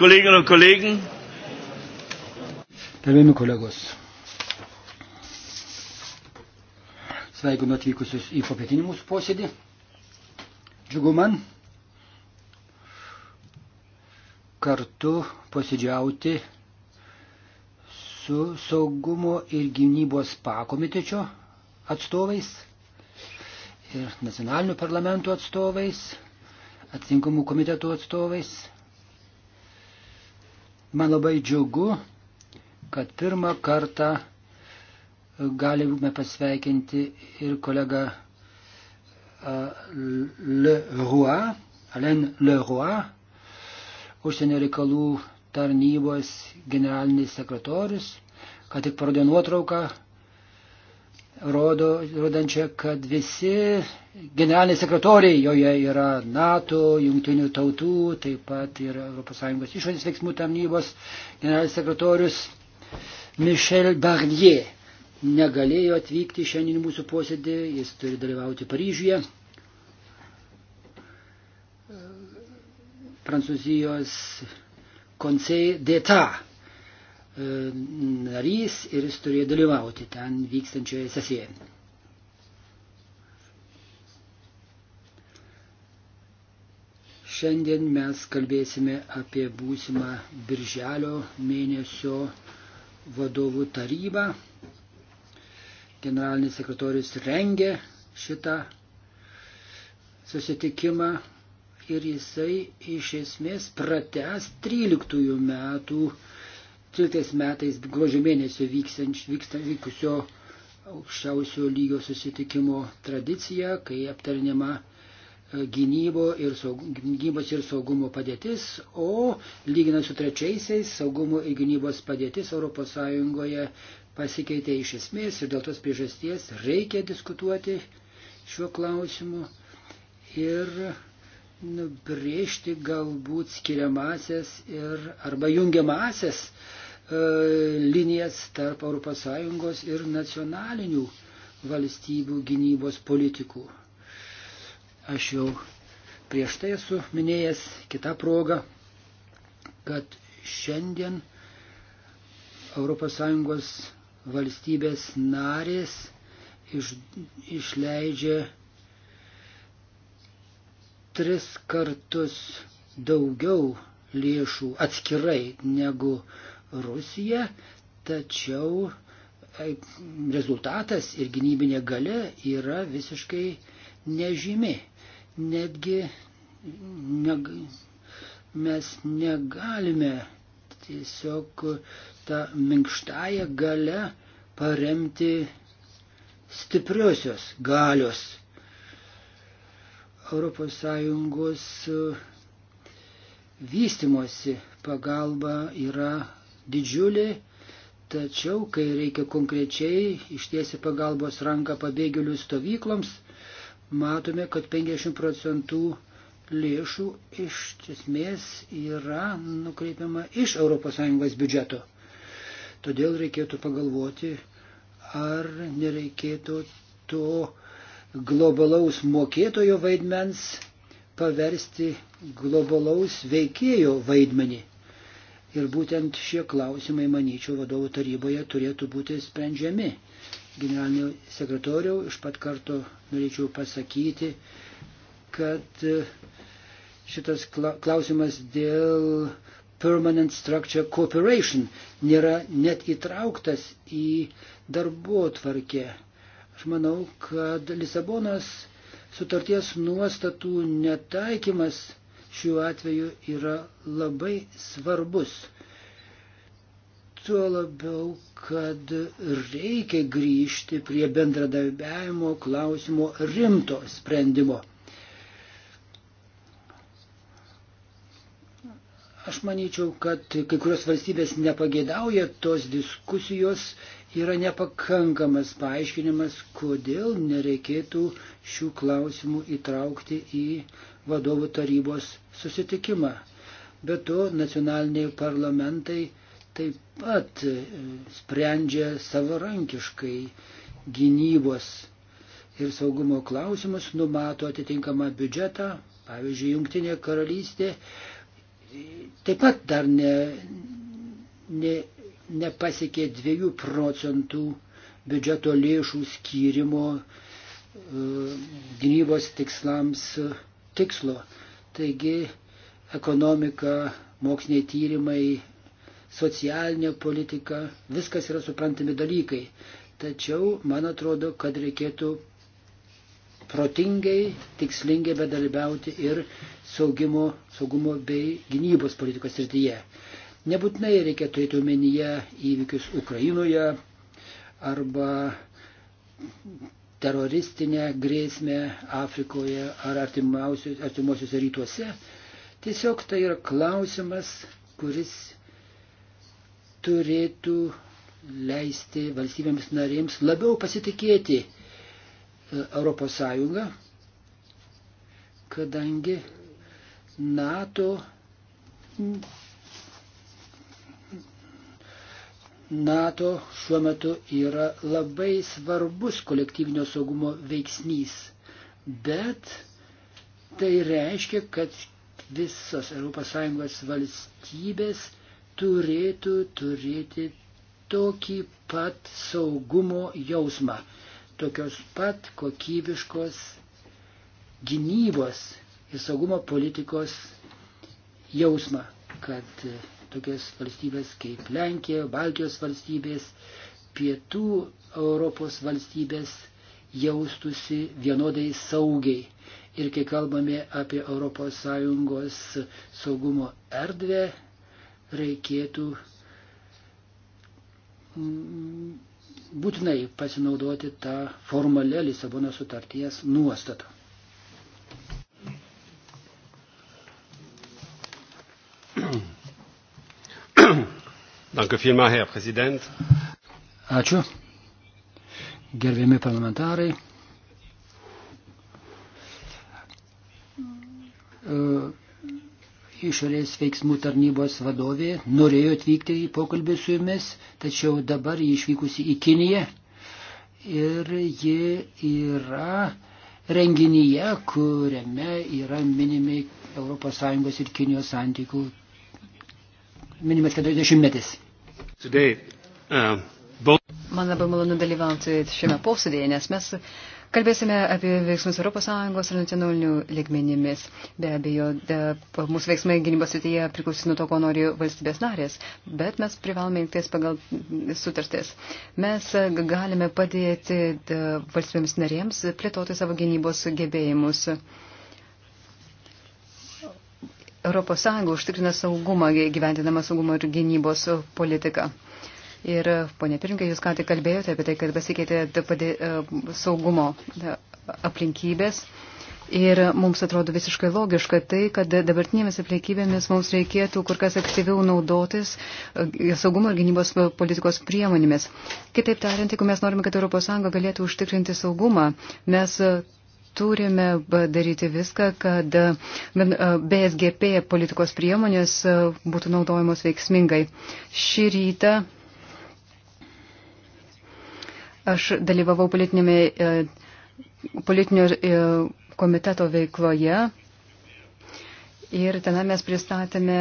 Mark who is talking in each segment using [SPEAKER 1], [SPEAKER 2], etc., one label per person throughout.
[SPEAKER 1] Kolleginnen und Kollegen. Gerbiami kolegos. Sveikinu atvykusius į popietinį mūsų posėdį. Džiugu man kartu posėdžiauti su saugumo ir gynybos pakomitečio atstovais ir nacionalinių parlamentų atstovais, atsinkamų komitetų atstovais, Man labai džiugu, kad pirmą kartą galime pasveikinti ir kolegą Le Roy, Alain Le Roy, užsienio reikalų tarnybos generalinis sekretorius, kad tik parodė nuotrauką rodo, rodančią, kad visi generaliniai sekretoriai joje yra NATO, jungtinių tautų, taip pat ir ES išorės veiksmų tarnybos generalinis sekretorius Michel Barnier negalėjo atvykti šiandien mūsų posėdį, jis turi dalyvauti Paryžiuje. Prancūzijos Conseil d'État narys ir jis turėjo dalyvauti ten vykstančioje sesijoje. Šiandien mes kalbėsime apie būsimą birželio mėnesio vadovų tarybą. Generalinis sekretorius rengė šitą susitikimą ir jisai iš esmės prates 13 metų 13 metais gruožio mėnesio vyksta vykusio aukščiausio lygio susitikimo tradicija, kai aptarinima e, gynybo ir saug, gynybos ir saugumo padėtis, o lyginant su trečiaisiais saugumo ir gynybos padėtis ES pasikeitė iš esmės ir dėl tos priežasties reikia diskutuoti šiuo klausimu. Ir nubrėžti galbūt skiriamasias ir arba jungiamasias e, linijas tarp ES ir nacionalinių valstybių gynybos politikų. Aš jau prieš tai esu minėjęs kitą progą, kad šiandien ES valstybės narės iš, išleidžia tris kartus daugiau lėšų atskirai negu Rusija, tačiau e, rezultatas ir gynybinė gale yra visiškai nežymi. Netgi neg mes negalime tiesiog tą minkštąją galę paremti stipriosios galios ES e, vystimosi pagalba yra didžiulė, tačiau kai reikia konkrečiai ištiesi pagalbos ranką pabėgėlių stovykloms, matome, kad 50 procentų lėšų iš esmės yra nukreipiama iš ES biudžeto. Todėl reikėtų pagalvoti, ar nereikėtų to globalaus mokėtojo vaidmens paversti globalaus veikėjo vaidmenį. Ir būtent šie klausimai, manyčiau, vadovų taryboje turėtų būti sprendžiami. Generalinio sekretoriau iš pat karto norėčiau pasakyti, kad e, šitas klausimas dėl Permanent Structure Cooperation nėra net įtrauktas į darbo tvarkę Aš manau, kad Lisabonos sutarties nuostatų netaikymas šiuo atveju yra labai svarbus. Tuo labiau, kad reikia grįžti prie bendradarbiavimo klausimo rimto sprendimo. Aš manyčiau, kad kai kurios valstybės nepagėdauja tos diskusijos yra nepakankamas paaiškinimas, kodėl nereikėtų šių klausimų įtraukti į vadovų tarybos susitikimą. Be to, nacionaliniai parlamentai taip pat e, sprendžia savarankiškai gynybos ir saugumo klausimus, numato atitinkamą biudžetą, pavyzdžiui, Junktinė karalystė taip pat dar ne, ne nepasiekė 2 procentų biudžeto lėšų skyrimo e, gynybos tikslams e, tikslo. Taigi ekonomika, moksliniai tyrimai, socialinė politika, viskas yra suprantami dalykai. Tačiau man atrodo, kad reikėtų protingai, tikslingai bedarbiauti ir saugimo, saugumo bei gynybos politikos srityje. Nebūtinai reikia turėti omenyje įvykius Ukrainoje arba teroristinę grėsmę Afrikoje ar artimuosiuose rytuose. Tiesiog tai yra klausimas, kuris turėtų leisti valstybėms narėms labiau pasitikėti ES, kadangi NATO NATO šiuo metu yra labai svarbus kolektyvinio saugumo veiksnys, bet tai reiškia, kad visos ES valstybės turėtų turėti tokį pat saugumo jausmą, tokios pat kokybiškos gynybos ir saugumo politikos jausmą, kad tokias valstybės kaip Lenkija, Baltijos valstybės, pietų Europos valstybės jaustusi vienodai saugiai. Ir kai kalbame apie ES saugumo erdvę, reikėtų mm, būtinai pasinaudoti tą formalią Lisabono sutarties nuostatą. Ačiū. Gerbiami parlamentarai. E, išorės veiksmų tarnybos vadovė norėjo atvykti į pokalbį su jumis, tačiau dabar jį išvykusi į Kiniją ir ji yra renginyje, kuriame yra minimi ES ir Kinijos santykių minimas 40 metis.
[SPEAKER 2] Today, uh, both...
[SPEAKER 3] Man labai malonu dalyvauti šiame posėdėje, nes mes Kalbėsime apie veiksmus ES ir nacionalinių ligmenimis. Be abejo, de, mūsų veiksmai gynybos srityje priklausys nuo to, ko nori valstybės narės, bet mes privalome elgtis pagal sutartis. Mes galime padėti de, valstybėms narėms plėtoti savo gynybos gebėjimus. ES užtikrina saugumą, gyventinamą saugumo ir gynybos politiką. Ir, ponė Pirinkai, jūs ką tik kalbėjote apie tai, kad pasikeitė padė, e, saugumo e, aplinkybės. Ir mums atrodo visiškai logiška tai, kad dabartinėmis aplinkybėmis mums reikėtų kur kas aktyviau naudotis e, saugumo ir gynybos politikos priemonėmis. Kitaip tariant, jeigu mes norime, kad ES galėtų užtikrinti saugumą, mes turime daryti viską, kad e, BSGP e, politikos priemonės e, būtų naudojamos veiksmingai. Šį rytą aš dalyvavau politinėme, politinio komiteto veikloje ir ten mes pristatėme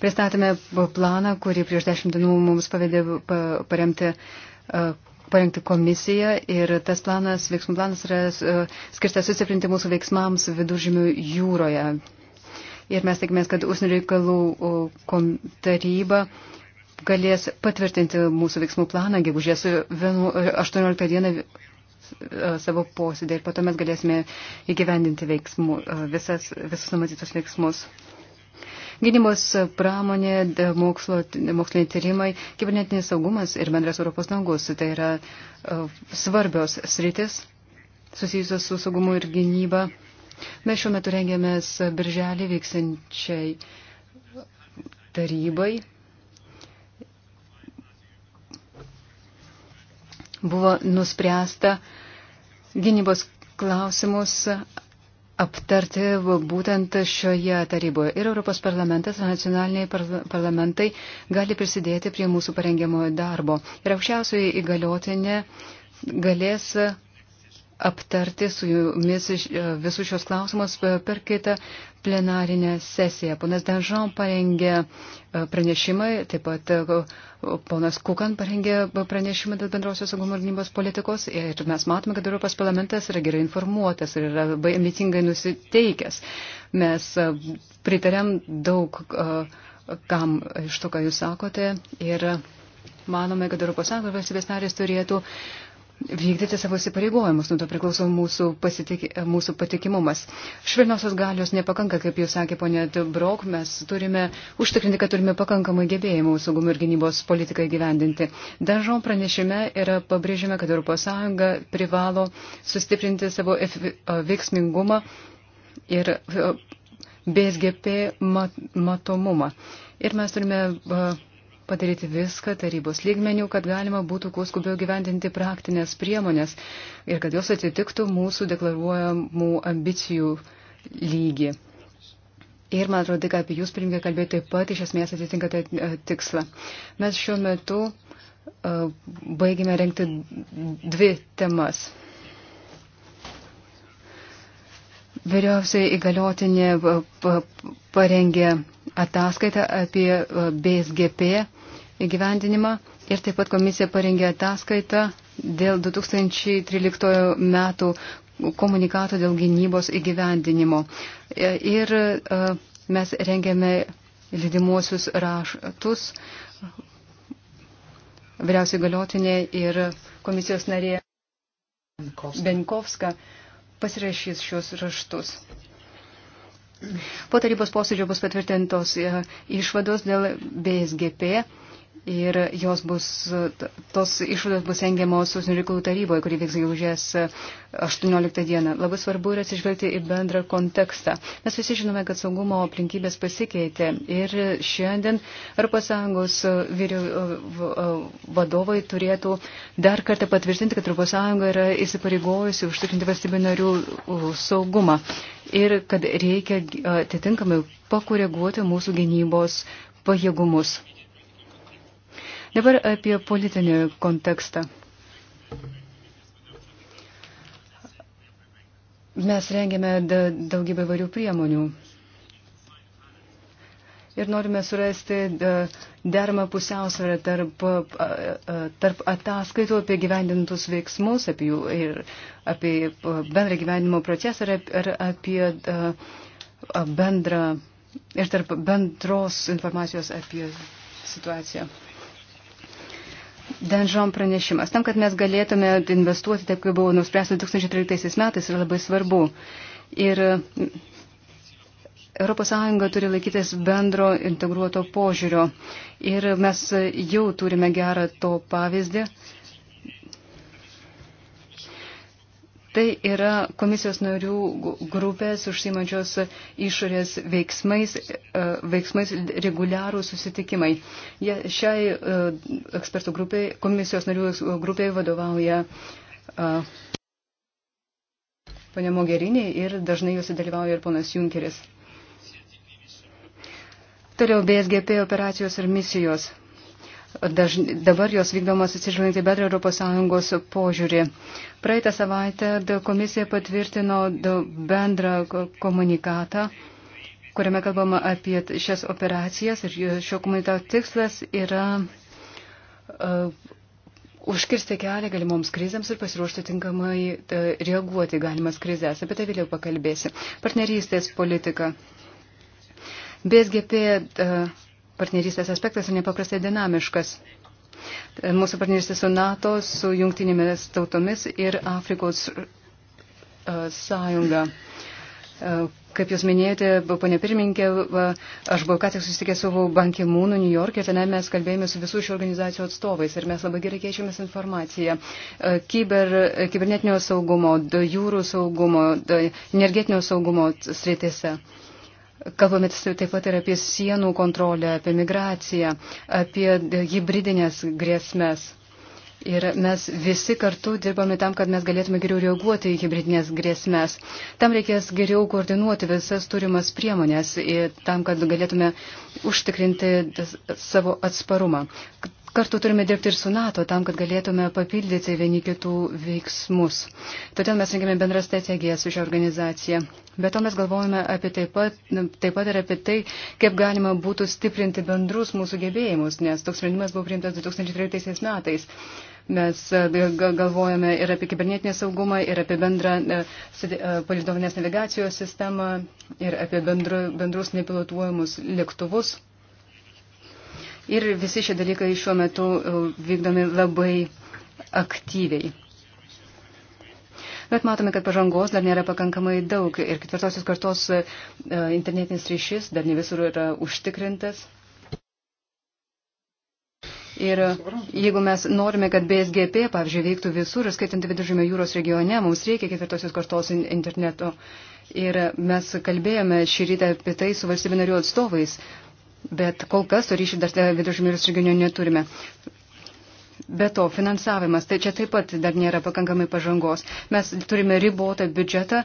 [SPEAKER 3] Pristatėme planą, kurį prieš dešimt dienų mums pavėdė paremti parengti komisija ir tas planas, veiksmų planas yra e, skirtas sustiprinti mūsų veiksmams viduržymių jūroje. Ir mes tikimės, kad užsienio reikalų taryba galės patvirtinti mūsų veiksmų planą gegužės 18 e, dieną e, savo posėdį ir po to mes galėsime įgyvendinti veiksmų, visas, visus numatytus veiksmus. Gynybos pramonė, mokslo, moksliniai tyrimai, kibernetinis saugumas ir bendras Europos dangus. Tai yra e, svarbios sritis susijusios su saugumu ir gynyba. Mes šiuo metu rengiamės birželį vyksinčiai tarybai. Buvo nuspręsta gynybos klausimus aptarti būtent šioje taryboje. Ir Europos parlamentas, nacionaliniai parlamentai gali prisidėti prie mūsų parengiamojo darbo. Ir aukščiausioji įgaliotinė galės aptarti su jumis visus šios klausimus e, per kitą plenarinę sesiją. Ponas Danžon parengė e, pranešimą, taip pat e, ponas Kukan parengė pranešimą dėl bendrosios saugumo ir gynybos politikos ir mes matome, kad Europos parlamentas yra gerai informuotas ir yra labai ambicingai nusiteikęs. Mes e, pritarėm daug kam iš to, ką jūs sakote ir manome, kad ES valstybės narės turėtų uh, vykdyti savo įsipareigojimus, nuo to priklauso mūsų, pasitik, mūsų patikimumas. Švelniosios galios nepakanka, kaip jūs sakė ponė Brok, mes turime užtikrinti, kad turime pakankamai gebėjimų saugumo ir gynybos politiką įgyvendinti. Danžon pranešime yra pabrėžime, kad ES privalo sustiprinti savo veiksmingumą ir BSGP mat matomumą. Ir mes turime uh, padaryti viską tarybos lygmenių, kad galima būtų kuo skubiau gyvendinti praktinės priemonės ir kad jos atitiktų mūsų deklaruojamų ambicijų lygį. Ir man atrodo, kad apie jūs pirmie kalbėti taip pat iš esmės atitinkate e, tikslą. Mes šiuo metu e, baigime renkti dvi temas. Vyriausiai įgaliotinė e, parengė ataskaitą apie BSGP įgyvendinimą ir taip pat komisija parengė ataskaitą dėl 2013 metų komunikato dėl gynybos įgyvendinimo. E, ir e, mes rengėme lydimuosius raštus vyriausiai galiotinė ir komisijos narė Benkovska pasirašys šios raštus. Po tarybos posėdžio bus patvirtintos e, išvados dėl BSGP Ir jos bus, tos išvados bus engiamos užsienio reikalų taryboje, kuri vyks gegužės 18 e, dieną. Labai svarbu yra atsižvelgti į bendrą kontekstą. Mes visi žinome, kad saugumo aplinkybės pasikeitė ir šiandien ES e, e, vadovai turėtų dar kartą patvirtinti, kad ES yra įsipareigojusi užtikrinti valstybių narių saugumą ir kad reikia atitinkamai pakoreguoti mūsų gynybos pajėgumus. Dabar apie politinį kontekstą. Mes rengiame daugybę varių priemonių ir norime surasti deramą pusiausvyrą tarp, tarp ataskaitų apie gyvendintus veiksmus, apie, jų, ir, apie bendrą gyvenimo procesą ir, ir apie bendrą ir tarp bendros informacijos apie situaciją. Danžom pranešimas. Tam, kad mes galėtume investuoti taip, kaip buvo nuspręsta 2013 metais, yra labai svarbu. Ir mm, ES turi laikytis bendro integruoto požiūrio. Ir mes jau turime gerą to pavyzdį. Tai yra komisijos narių grupės užsimančios išorės veiksmais, e, veiksmais reguliarų susitikimai. Ja, šiai e, ekspertų grupiai, komisijos narių grupiai vadovauja e, ponia Mogerinė ir dažnai juose dalyvauja ir ponas Junkeris. Toliau BSGP operacijos ir misijos. Daž, dabar jos vykdomos atsižvelgiant į bendrą ES požiūrį. Praeitą savaitę komisija patvirtino bendrą komunikatą, kuriame kalbama apie šias operacijas ir šio komunikato tikslas yra uh, užkirsti kelią galimoms krizėms ir pasiruošti tinkamai uh, reaguoti galimas krizės. Apie tai vėliau pakalbėsiu. Partnerystės politika. BSGP uh, partnerystės aspektas yra nepaprastai dinamiškas. Mūsų partnerystė su NATO, su jungtinėmis tautomis ir Afrikos e, sąjunga. E, kaip jūs minėjote, ponė pirmininkė, aš buvau ką tik susitikęs su bankė Mūnų New York ir tenai mes kalbėjome su visų šių organizacijų atstovais ir mes labai gerai keičiamės informaciją. E, kiber, kibernetinio saugumo, jūrų saugumo, energetinio saugumo sritėse. Kalbame taip pat ir apie sienų kontrolę, apie migraciją, apie hybridinės grėsmės. Ir mes visi kartu dirbame tam, kad mes galėtume geriau reaguoti į hybridinės grėsmės. Tam reikės geriau koordinuoti visas turimas priemonės, tam, kad galėtume užtikrinti savo atsparumą kartu turime dirbti ir su NATO tam, kad galėtume papildyti vieni kitų veiksmus. Todėl mes rengėme bendrą strategiją su šią organizaciją. Be to mes galvojame apie taip pat, taip pat ir apie tai, kaip galima būtų stiprinti bendrus mūsų gebėjimus, nes toks sprendimas buvo priimtas 2013 metais. Mes e, galvojame ir apie kibernetinę saugumą, ir apie bendrą e, e, palidovinės navigacijos sistemą, ir apie bendru, bendrus nepilotuojamus lėktuvus. Ir visi šie dalykai šiuo metu e, vykdomi labai aktyviai. Bet matome, kad pažangos dar nėra pakankamai daug ir ketvirtosios kartos e, internetinis ryšys dar ne visur yra užtikrintas. Ir jeigu mes norime, kad BSGP, pavyzdžiui, veiktų visur, skaitant viduržymio jūros regione, mums reikia ketvirtosios kartos interneto. Ir mes kalbėjome šį rytą apie tai su valstybinarių atstovais. Bet kol kas to ryšį dar e, viduržymirius regione neturime. Be to, finansavimas, tai čia taip pat dar nėra pakankamai pažangos. Mes turime ribotą biudžetą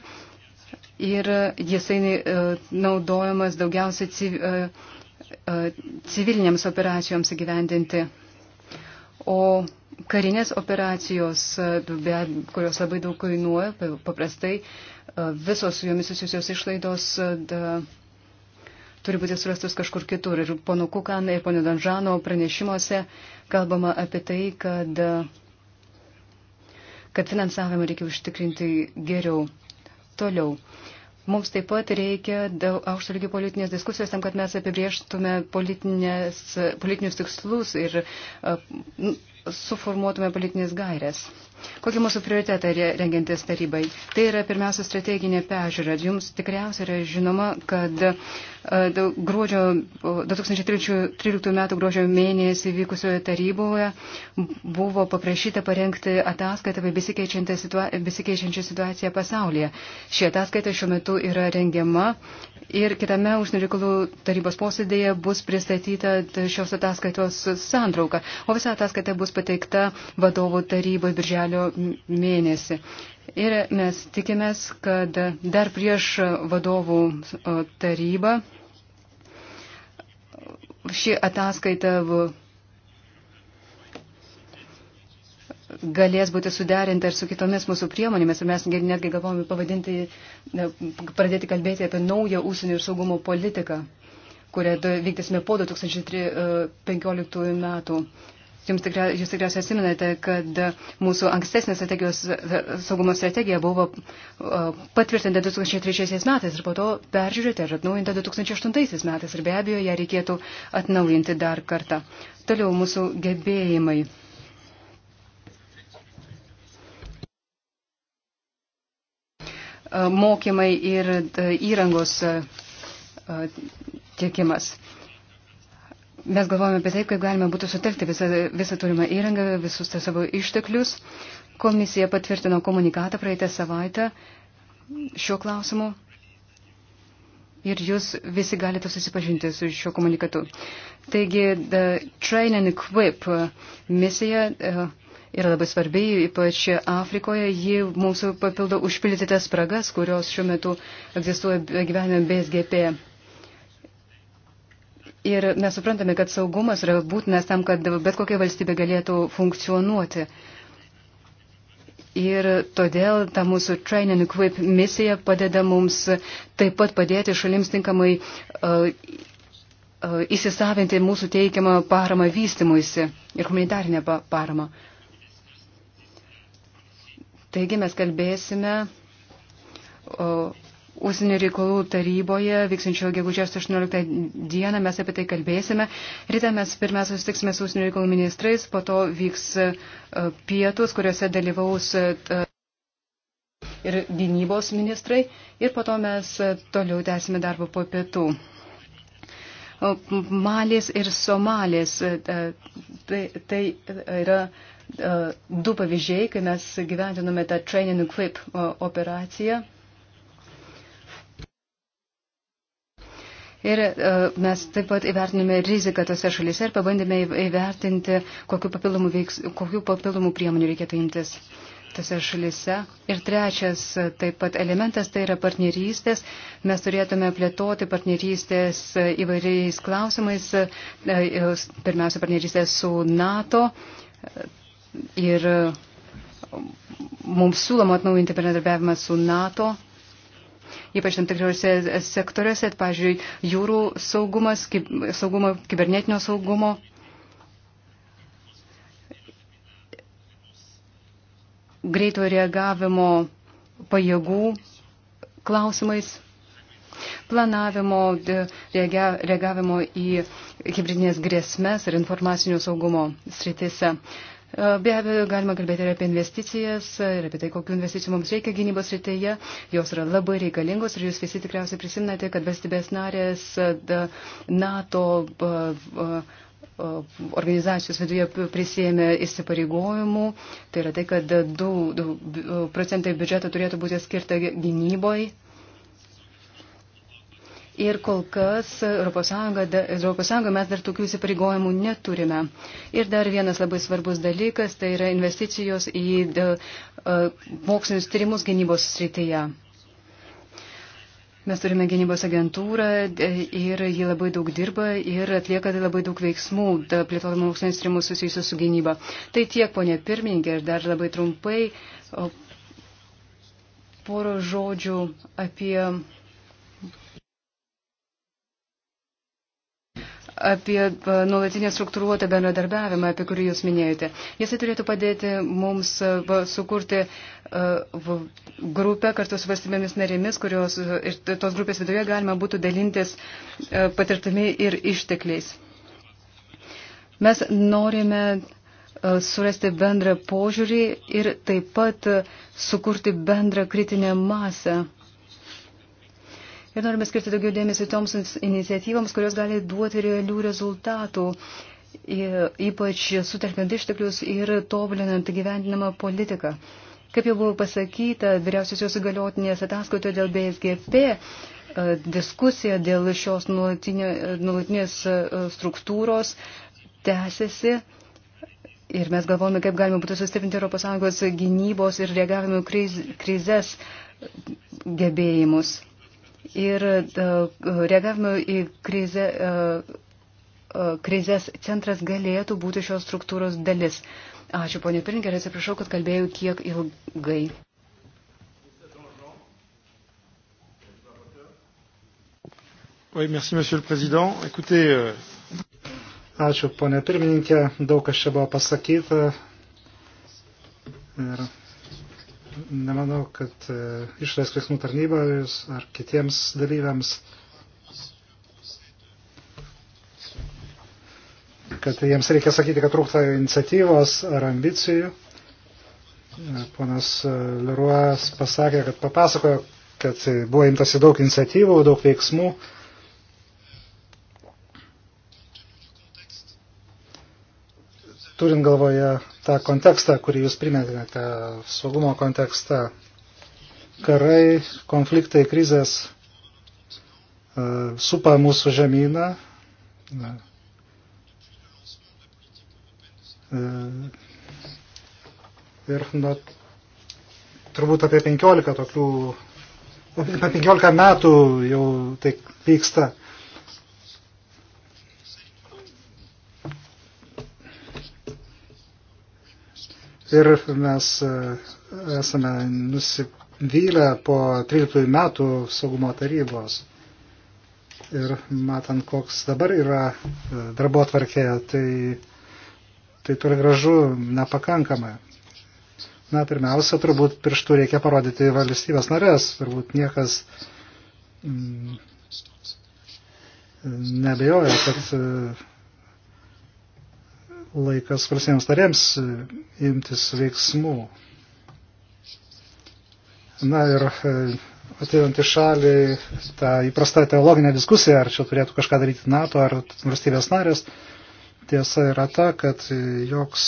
[SPEAKER 3] ir jisai e, naudojamas daugiausiai civ, e, civilinėms operacijoms įgyvendinti. O karinės operacijos, kurios labai daug kainuoja, paprastai visos su jomis susijusios išlaidos. Da, turi būti surastas kažkur kitur. Ir pono Kukan ir pono Danžano pranešimuose kalbama apie tai, kad, kad finansavimą reikia užtikrinti geriau. Toliau. Mums taip pat reikia aukšto lygio politinės diskusijos tam, kad mes apibrieštume politinius tikslus ir uh, suformuotume politinės gairias. Kokie mūsų prioritetai rengiantis tarybai? Tai yra pirmiausia strateginė pežiūra. Jums tikriausiai yra žinoma, kad e, gruodžio, 2013 m. gruodžio mėnesį vykusioje taryboje buvo paprašyta parengti ataskaitą apie besikeičiančią situaciją pasaulyje. Ši ataskaita šiuo metu yra rengiama Ir kitame užsienio reikalų tarybos posėdėje bus pristatyta šios ataskaitos santrauka, o visa ataskaita bus pateikta vadovų tarybai birželio mėnesį. Ir mes tikimės, kad dar prieš vadovų tarybą ši ataskaita galės būti suderinta ir su kitomis mūsų priemonėmis. Ir mes netgi galvojame pavadinti, pradėti kalbėti apie naują užsienio ir saugumo politiką, kurią vykdysime po 2015 e, metų. Jums tikria, jūs tikriausiai atsiminate, kad mūsų ankstesnė strategijos, e, saugumo strategija buvo e, patvirtinta 2003 metais ir po to peržiūrėta ir atnaujinta 2008 metais ir be abejo ją reikėtų atnaujinti dar kartą. Toliau mūsų gebėjimai. E, mokymai ir e, įrangos e, tiekimas. Mes galvojame apie tai, kaip galima būtų sutelkti visą, visą turimą įrangą, visus tą savo išteklius. Komisija patvirtino komunikatą praeitą savaitę šiuo klausimu ir jūs visi galite susipažinti su šiuo komunikatu. Taigi, the Train and Equip misija. Uh, yra labai svarbi, ypač Afrikoje. Ji mūsų papildo užpildyti tas spragas, kurios šiuo metu egzistuoja gyvenime BSGP. Ir mes suprantame, kad saugumas yra būtinas tam, kad bet kokia valstybė galėtų funkcionuoti. Ir todėl ta mūsų Train and Equip misija padeda mums taip pat padėti šalims tinkamai uh, uh, įsisavinti mūsų teikiamą paramą vystimuisi ir humanitarinę paramą. Uh, Taigi mes kalbėsime Užsienio reikalų taryboje vyksinčio gegužės 18 dieną mes apie tai kalbėsime. Ryte mes pirmiausia susitiksime su užsienio reikalų ministrais, po to vyks e, pietus, kuriuose dalyvaus e, ir gynybos ministrai ir po to mes e, toliau tęsime darbą po pietų. Malės ir Somalės tai, tai yra E, du pavyzdžiai, kai mes gyventinome tą Train and Equip operaciją. Ir e, mes taip pat įvertinome riziką tose šalyse ir pabandėme įvertinti, kokiu papildomų, veiks, kokiu papildomų priemonių reikėtų imtis tose šalyse. Ir trečias e, taip pat elementas tai yra partnerystės. Mes turėtume plėtoti partnerystės įvairiais klausimais, pirmiausia, partnerystės su NATO ir e, mums siūloma atnaujinti bendradarbiavimą su NATO, ypač tam tikrose sektoriuose, pavyzdžiui, jūrų saugumas, kib, saugumo, kibernetinio saugumo. greito reagavimo pajėgų klausimais, planavimo, e, reagia, reagavimo į hybridinės grėsmes ir informacinio saugumo sritise. Uh, Be abejo, galima kalbėti ir apie investicijas, ir apie tai, kokiu investiciju mums reikia gynybos rytėje. Jos yra labai reikalingos ir jūs visi tikriausiai prisimnate, kad valstybės narės NATO organizacijos viduje prisėmė įsipareigojimų. Tai yra tai, kad 2 procentai biudžeto turėtų būti skirta gynyboj Ir kol kas ES, ES mes dar tokių įsipareigojimų neturime. Ir dar vienas labai svarbus dalykas, tai yra investicijos į mokslinius tyrimus gynybos srityje. Mes turime gynybos agentūrą ir ji labai daug dirba ir atlieka tai labai daug veiksmų, plėtodama mokslinis tyrimus susijusius su gynyba. Tai tiek, ponė pirmininkė, ir dar labai trumpai porą žodžių apie apie e, nuolatinę struktūruotą bendradarbiavimą, apie kurį jūs minėjote. Jisai turėtų padėti mums e, sukurti e, grupę kartu su valstybėmis narėmis, kurios ir tos grupės viduje galima būtų dalintis patirtimi ir ištekliais. Mes norime surasti bendrą požiūrį ir taip pat sukurti bendrą kritinę masę ir norime skirti daugiau dėmesio toms iniciatyvams, kurios gali duoti realių rezultatų, ypač sutelkiant išteklius ir tobulinant gyvendinamą politiką. Kaip jau buvo pasakyta, vyriausiosios įgaliotinės ataskaitoje dėl BSGP e, diskusija dėl šios nuolatinės e, struktūros tęsiasi. Ir mes galvojame, kaip galima būtų sustiprinti ES gynybos ir reagavimo kriz, krizės gebėjimus ir e, reagavimo į krizę, e, e, krizės centras galėtų būti šios struktūros dalis. Ačiū, ponė Pirinkė, ir atsiprašau, kad kalbėjau tiek ilgai. Oui,
[SPEAKER 4] merci, monsieur le président. Écoutez, euh... Ačiū, ponė pirmininkė, daug kas čia buvo pasakyta. Ir nemanau, kad e, išorės veiksmų tarnybos ar kitiems dalyviams, kad jiems reikia sakyti, kad trūksta iniciatyvos ar ambicijų. E, ponas e, Leruas pasakė, kad papasakojo, kad buvo imtasi daug iniciatyvų, daug veiksmų. Turint galvoje tą kontekstą, kurį jūs primetinate, saugumo kontekstą. Karai, konfliktai, krizės e, supa mūsų žemyną. E, ir nu, turbūt apie 15 tokių, apie 15 metų jau tai vyksta. Ir mes e, esame nusivylę po 13 metų saugumo tarybos. Ir matant, koks dabar yra e, darbo tvarkė, tai, tai turi gražu nepakankama. Na, pirmiausia, turbūt pirštų reikia parodyti valstybės narės. Turbūt niekas mm, nebejoja, kad e, laikas valstybėms tarėms e, imtis veiksmų. Na ir e, atėjant į šalį tą įprastą teologinę diskusiją, ar čia turėtų kažką daryti NATO ar valstybės narės, tiesa yra ta, kad joks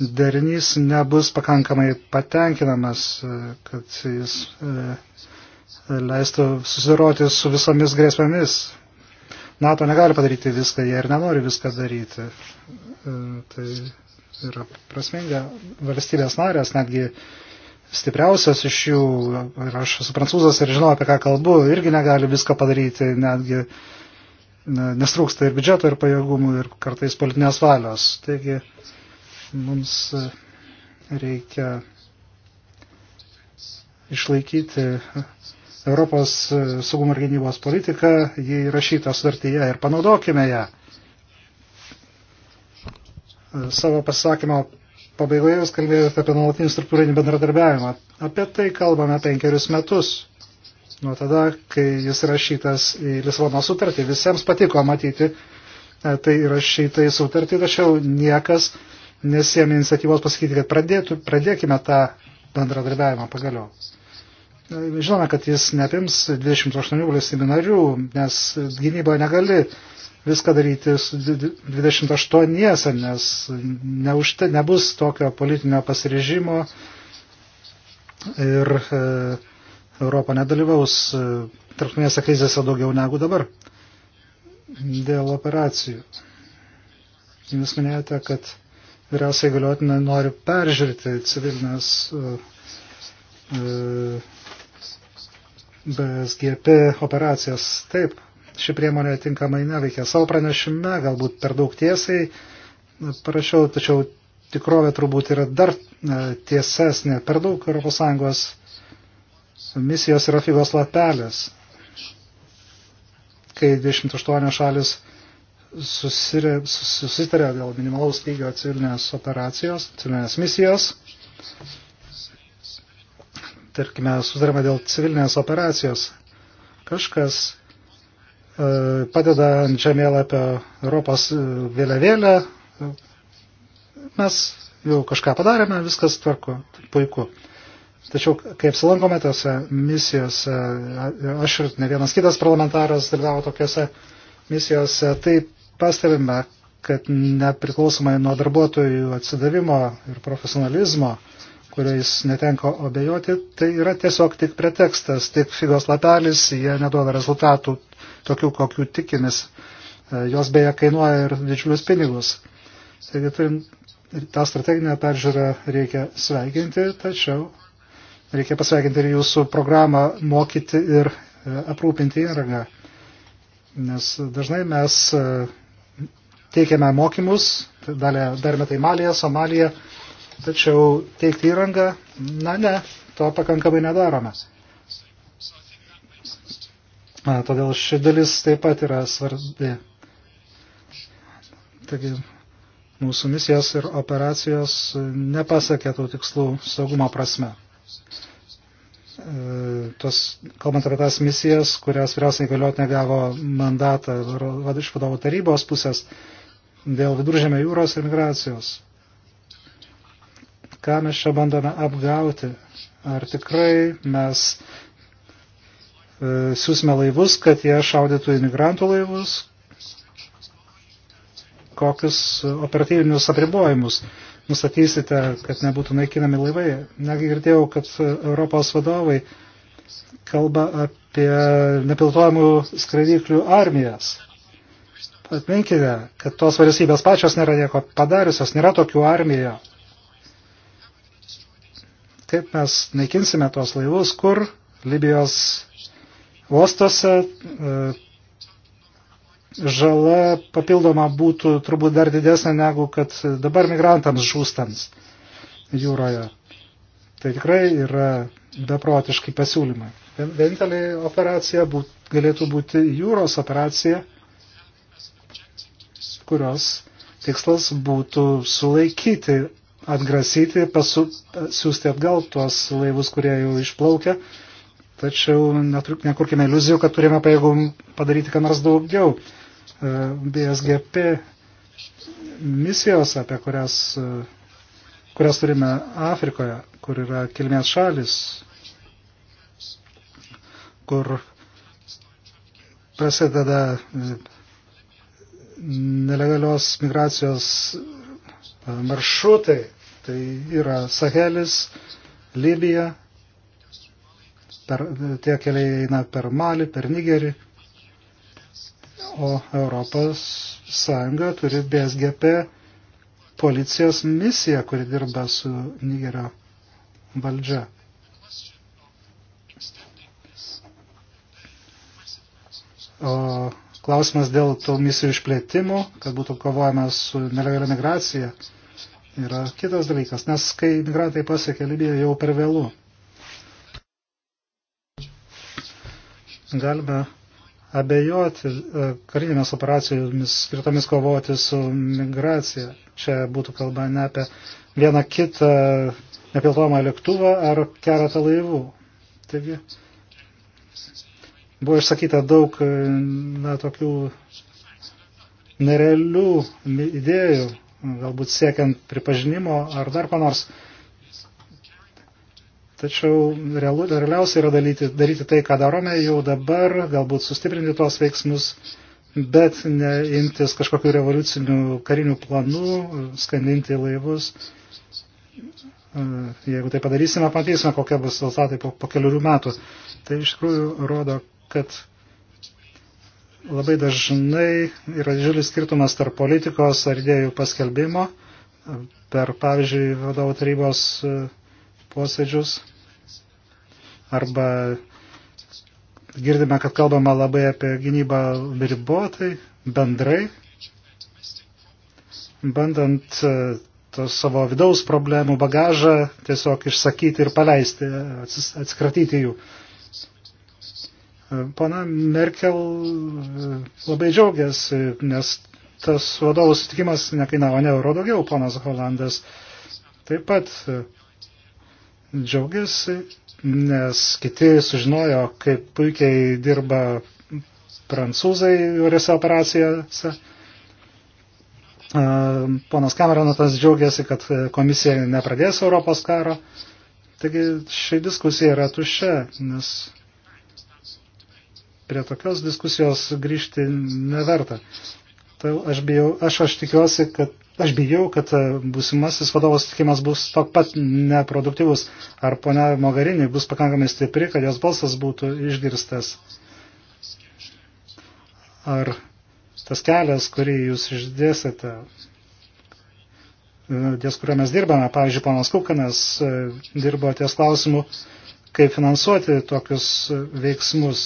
[SPEAKER 4] derinys nebus pakankamai patenkinamas, e, kad jis leistų susidoroti su visomis grėsmėmis. NATO negali padaryti viską, jie ir nenori viską daryti. E, tai yra prasminga. Valstybės narės, netgi stipriausias iš jų, ir aš esu prancūzas ir žinau, apie ką kalbu, irgi negali viską padaryti, netgi nes trūksta ir biudžeto, ir pajėgumų, ir kartais politinės valios. Taigi mums reikia išlaikyti Europos e, saugumo ir gynybos politika, ji įrašyta sutartyje ir panaudokime ją. E, savo pasakymo pabaigoje jūs kalbėjote apie nuolatinį struktūrinį bendradarbiavimą. Apie tai kalbame penkerius metus. Nuo tada, kai jis rašytas į Lisvono sutartį, visiems patiko matyti e, tai įrašyta į sutartį, tačiau niekas nesėmė iniciatyvos pasakyti, kad pradėtų, pradėkime tą bendradarbiavimą pagaliau. Žinome, kad jis neapims 28 valstybių narių, nes gynyboje negali viską daryti su 28-iese, nes neužte, nebus tokio politinio pasirežimo ir e, Europa nedalyvaus e, tarptautinėse krizėse daugiau negu dabar dėl operacijų. Jūs minėjote, kad vyriausiai galiotinai nori peržiūrėti civilinės e, e, BSGP operacijas. Taip, ši priemonė tinkamai neveikia. Savo pranešime galbūt per daug tiesiai parašiau, tačiau tikrovė turbūt yra dar e, tiesesnė. Per daug ES misijos yra figos lapelės, kai 28 šalis susirė, susitarė dėl minimalaus lygio civilinės operacijos, civilinės misijos tarkime, susidarėme dėl civilinės operacijos, kažkas e, padeda ant žemėlapio Europos e, vėliavėlę, mes jau kažką padarėme, viskas tvarko, puiku. Tačiau, kai apsilankome tose misijose, aš ir ne vienas kitas parlamentaras dalyvavo tokiuose misijose, tai pastebime, kad nepriklausomai nuo darbuotojų atsidavimo ir profesionalizmo, kuriais netenko obejoti, tai yra tiesiog tik pretekstas, tik figos lapelis, jie neduoda rezultatų tokių, kokių tikimės. E, jos beje kainuoja ir didžiulius pinigus. Taigi turim tą strateginę peržiūrą reikia sveikinti, tačiau reikia pasveikinti ir jūsų programą mokyti ir e, aprūpinti įrangą. Nes dažnai mes e, teikiame mokymus, darėme tai Malija, Somalija, Somalija Tačiau teikti įrangą, na ne, to pakankamai nedarome. Todėl ši dalis taip pat yra svarbi. Taigi mūsų misijos ir operacijos nepasakė tų tikslų saugumo prasme. E, tos, kalbant apie tas misijas, kurias vyriausiai galiot negavo mandatą iš vadovų tarybos pusės dėl viduržėmio jūros ir migracijos ką mes čia bandome apgauti. Ar tikrai mes e, siūsime laivus, kad jie šaudytų imigrantų laivus, kokius operatyvinius apribojimus nustatysite, kad nebūtų naikinami laivai. Negi girdėjau, kad Europos vadovai kalba apie nepilotuojamų skraidyklių armijas. Atminkite, kad tos valstybės pačios nėra nieko padariusios, nėra tokių armijų Kaip mes naikinsime tuos laivus, kur Libijos uostose e, žala papildoma būtų turbūt dar didesnė negu kad dabar migrantams žūstams jūroje. Tai tikrai yra beprotiškai pasiūlymai. Vienintelė operacija būt, galėtų būti jūros operacija, kurios tikslas būtų sulaikyti atgrasyti, pasu, siūsti atgal tuos laivus, kurie jau išplaukia. Tačiau netruk, nekurkime iliuzijų, kad turime pajėgum padaryti ką nors daugiau. E, BSGP misijos, apie kurias, e, kurias turime Afrikoje, kur yra kilmės šalis, kur prasideda e, nelegalios migracijos maršrutai Tai yra Sahelis, Libija, per, tie keliai eina per Mali, per Nigerį, o Europos Sąjunga turi BSGP policijos misiją, kuri dirba su Nigerio valdžia. O klausimas dėl tų misijų išplėtimų, kad būtų kovojama su nelegalia migracija yra kitas dalykas, nes kai migrantai pasiekia Libiją jau per vėlų. Galime abejoti e, karinėmis operacijomis skirtomis kovoti su migracija. Čia būtų kalba ne apie vieną kitą nepiltojamą lėktuvą ar keletą laivų. Taigi buvo išsakyta daug e, na, tokių nerealių idėjų galbūt siekiant pripažinimo ar dar panors. Tačiau realu, realiausia yra daryti, daryti tai, ką darome jau dabar, galbūt sustiprinti tuos veiksmus, bet ne imtis kažkokių revoliucinių karinių planų, skandinti laivus. Jeigu tai padarysime, matysime, kokie bus rezultatai po, po keliurių metų. Tai iš tikrųjų rodo, kad Labai dažnai yra didžiulis skirtumas tarp politikos ar idėjų paskelbimo per, pavyzdžiui, vadovų tarybos e, posėdžius arba girdime, kad kalbama labai apie gynybą ribotai, bendrai, bandant e, savo vidaus problemų bagažą tiesiog išsakyti ir paleisti, atsikratyti jų. Pana Merkel e, labai džiaugiasi, nes tas vadovų sutikimas nekainavo ne euro daugiau, ponas Holandas taip pat e, džiaugiasi, nes kiti sužinojo, kaip puikiai dirba prancūzai įvairiose operacijose. E, ponas Kameronatas džiaugiasi, kad komisija nepradės Europos karo. Taigi ši diskusija yra tuščia, nes prie tokios diskusijos grįžti neverta. Tai aš, bijau, aš, aš tikiuosi, kad aš bijau, kad būsimasis vadovos tikimas bus tok pat neproduktyvus. Ar ponia Mogarinė bus pakankamai stipri, kad jos balsas būtų išgirstas? Ar tas kelias, kurį jūs išdėsite, ties kurio mes dirbame, pavyzdžiui, ponas Kukanas e, dirbo ties klausimu, kaip finansuoti tokius veiksmus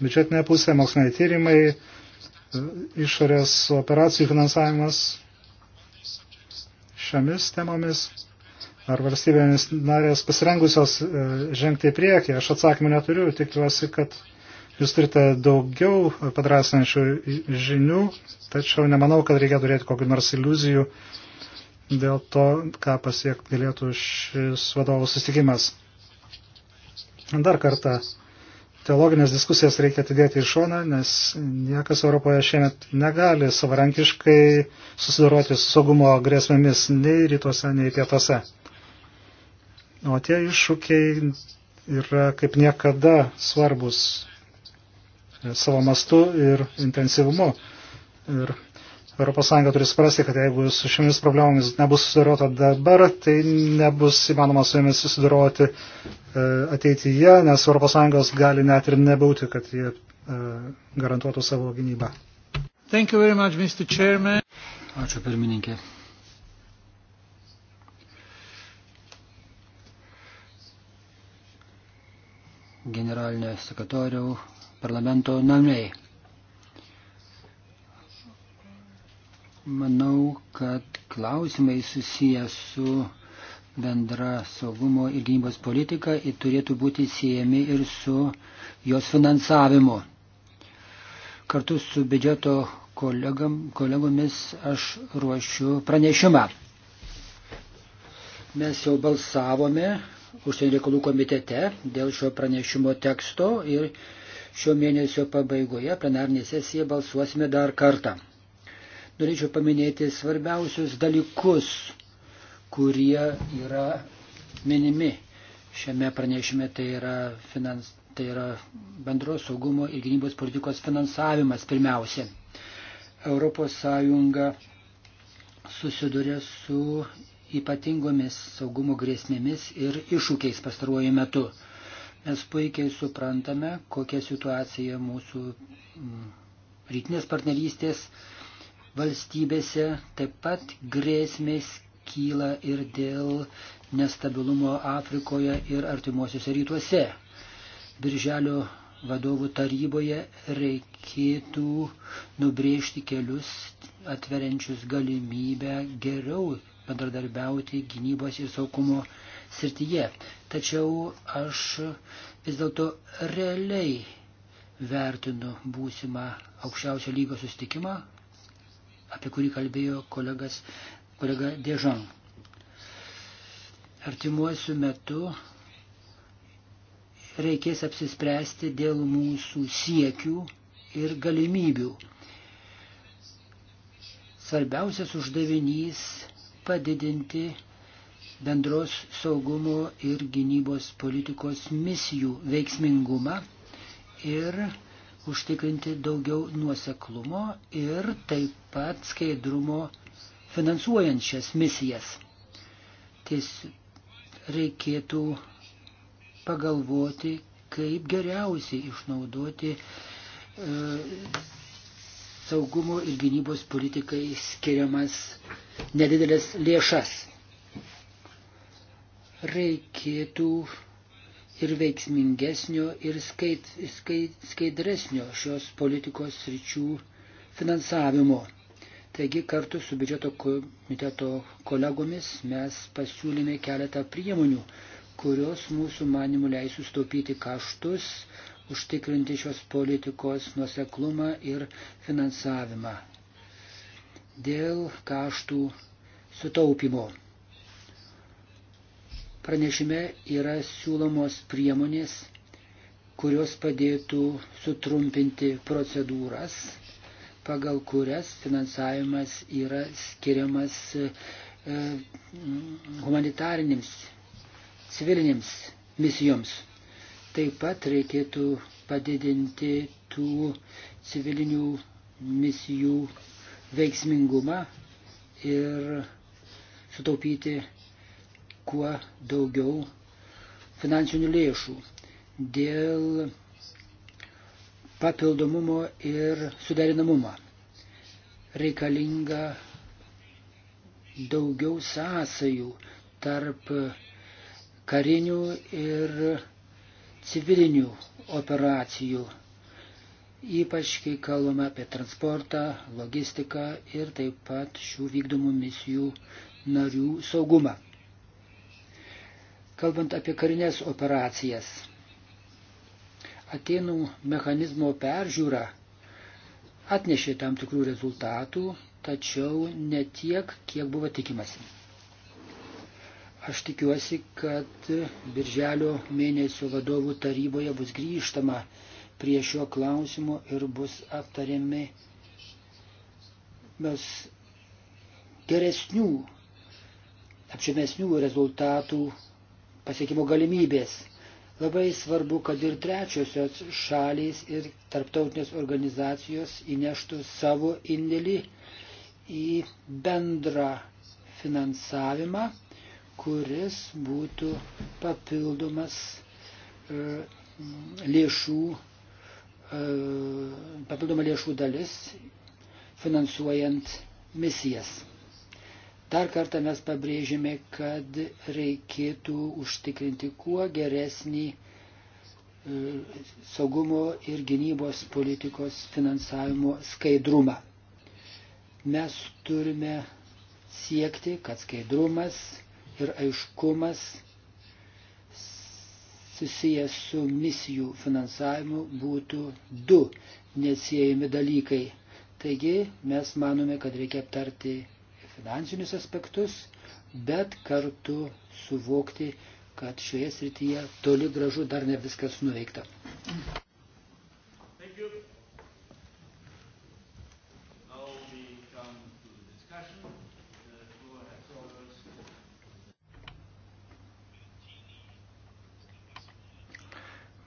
[SPEAKER 4] Biudžetinė pusė, moksliniai tyrimai, išorės operacijų finansavimas šiomis temomis. Ar valstybėmis narės pasirengusios e, žengti į priekį? Aš atsakymų neturiu, tikiuosi, kad jūs turite daugiau padrasinančių žinių, tačiau nemanau, kad reikia turėti kokių nors iliuzijų dėl to, ką pasiekti galėtų šis vadovų susitikimas. Dar kartą teologinės diskusijas reikia atidėti į šoną, nes niekas Europoje šiemet negali savarankiškai susidoroti su saugumo grėsmėmis nei rytuose, nei pietuose. O tie iššūkiai yra kaip niekada svarbus savo mastu ir intensyvumu. Ir ES turi suprasti, kad jeigu su šiomis problemomis nebus susidorota dabar, tai nebus įmanoma su jomis susidoroti e, ateityje, nes ES gali net ir nebūti, kad jie e, garantuotų savo gynybą.
[SPEAKER 1] Much, Ačiū pirmininkė. Generalinio sekretoriau parlamento namiai. Manau, kad klausimai susiję su bendra saugumo ir gynybos politika ir turėtų būti siejami ir su jos finansavimu. Kartu su biudžeto kolegam, kolegomis aš ruošiu pranešimą. Mes jau balsavome užsienio reikalų komitete dėl šio pranešimo teksto ir šio mėnesio pabaigoje plenarnė sesija balsuosime dar kartą norėčiau paminėti svarbiausius dalykus, kurie yra minimi šiame pranešime. Tai yra, finans, tai yra bendros saugumo ir gynybos politikos finansavimas pirmiausia. Europos Sąjunga susiduria su ypatingomis saugumo grėsmėmis ir iššūkiais pastaruoju metu. Mes puikiai suprantame, kokia situacija mūsų mm, rytinės partnerystės uh, valstybėse taip pat grėsmės kyla ir dėl nestabilumo Afrikoje ir artimuosiuose rytuose. Birželio vadovų taryboje reikėtų nubrėžti kelius atveriančius galimybę geriau bendradarbiauti gynybos ir saugumo srityje. Tačiau aš vis dėlto realiai vertinu būsimą aukščiausio lygio sustikimą, apie kurį kalbėjo kolegas, kolega Dežan. Artimuosiu metu reikės apsispręsti dėl mūsų siekių ir galimybių. Svarbiausias uždavinys - padidinti bendros saugumo ir gynybos politikos misijų veiksmingumą ir užtikrinti daugiau nuoseklumo ir taip pat skaidrumo finansuojančias misijas. Ties reikėtų pagalvoti, kaip geriausiai išnaudoti e, saugumo ir gynybos politikai skiriamas nedidelės lėšas. Reikėtų ir veiksmingesnio ir skait, skait, skaidresnio šios politikos sričių finansavimo. Taigi kartu su biudžeto komiteto kolegomis mes pasiūlėme keletą priemonių, kurios mūsų manimų leisų staupyti kaštus, užtikrinti šios politikos nuoseklumą ir finansavimą. Dėl kaštų sutaupimo Pranešime yra siūlomos priemonės, kurios padėtų sutrumpinti procedūras, pagal kurias finansavimas yra skiriamas e, humanitarinėms, civilinėms misijoms. Taip pat reikėtų padidinti tų civilinių misijų veiksmingumą ir sutaupyti kuo daugiau finansinių lėšų dėl papildomumo ir suderinamumo. Reikalinga daugiau sąsajų tarp karinių ir civilinių operacijų, ypač kai kalbame apie transportą, logistiką ir taip pat šių vykdomų misijų narių saugumą. Kalbant apie karinės operacijas, Atenų mechanizmo peržiūra atnešė tam tikrų rezultatų, tačiau ne tiek, kiek buvo tikimasi. Aš tikiuosi, kad Birželio mėnesio vadovų taryboje bus grįžtama prie šio klausimo ir bus aptariami mes geresnių, apčiamesnių rezultatų pasiekimo galimybės. Labai svarbu, kad ir trečiosios šalys ir tarptautinės organizacijos įneštų savo indėlį į bendrą finansavimą, kuris būtų papildomas e, lėšų, e, papildoma lėšų dalis finansuojant misijas. Dar kartą mes pabrėžėme, kad reikėtų užtikrinti kuo geresnį e, saugumo ir gynybos politikos finansavimo skaidrumą. Mes turime siekti, kad skaidrumas ir aiškumas susijęs su misijų finansavimu būtų du neatsiejami dalykai. Taigi mes manome, kad reikia aptarti finansinius aspektus, bet kartu suvokti, kad šioje srityje toli gražu dar ne viskas nuveikta.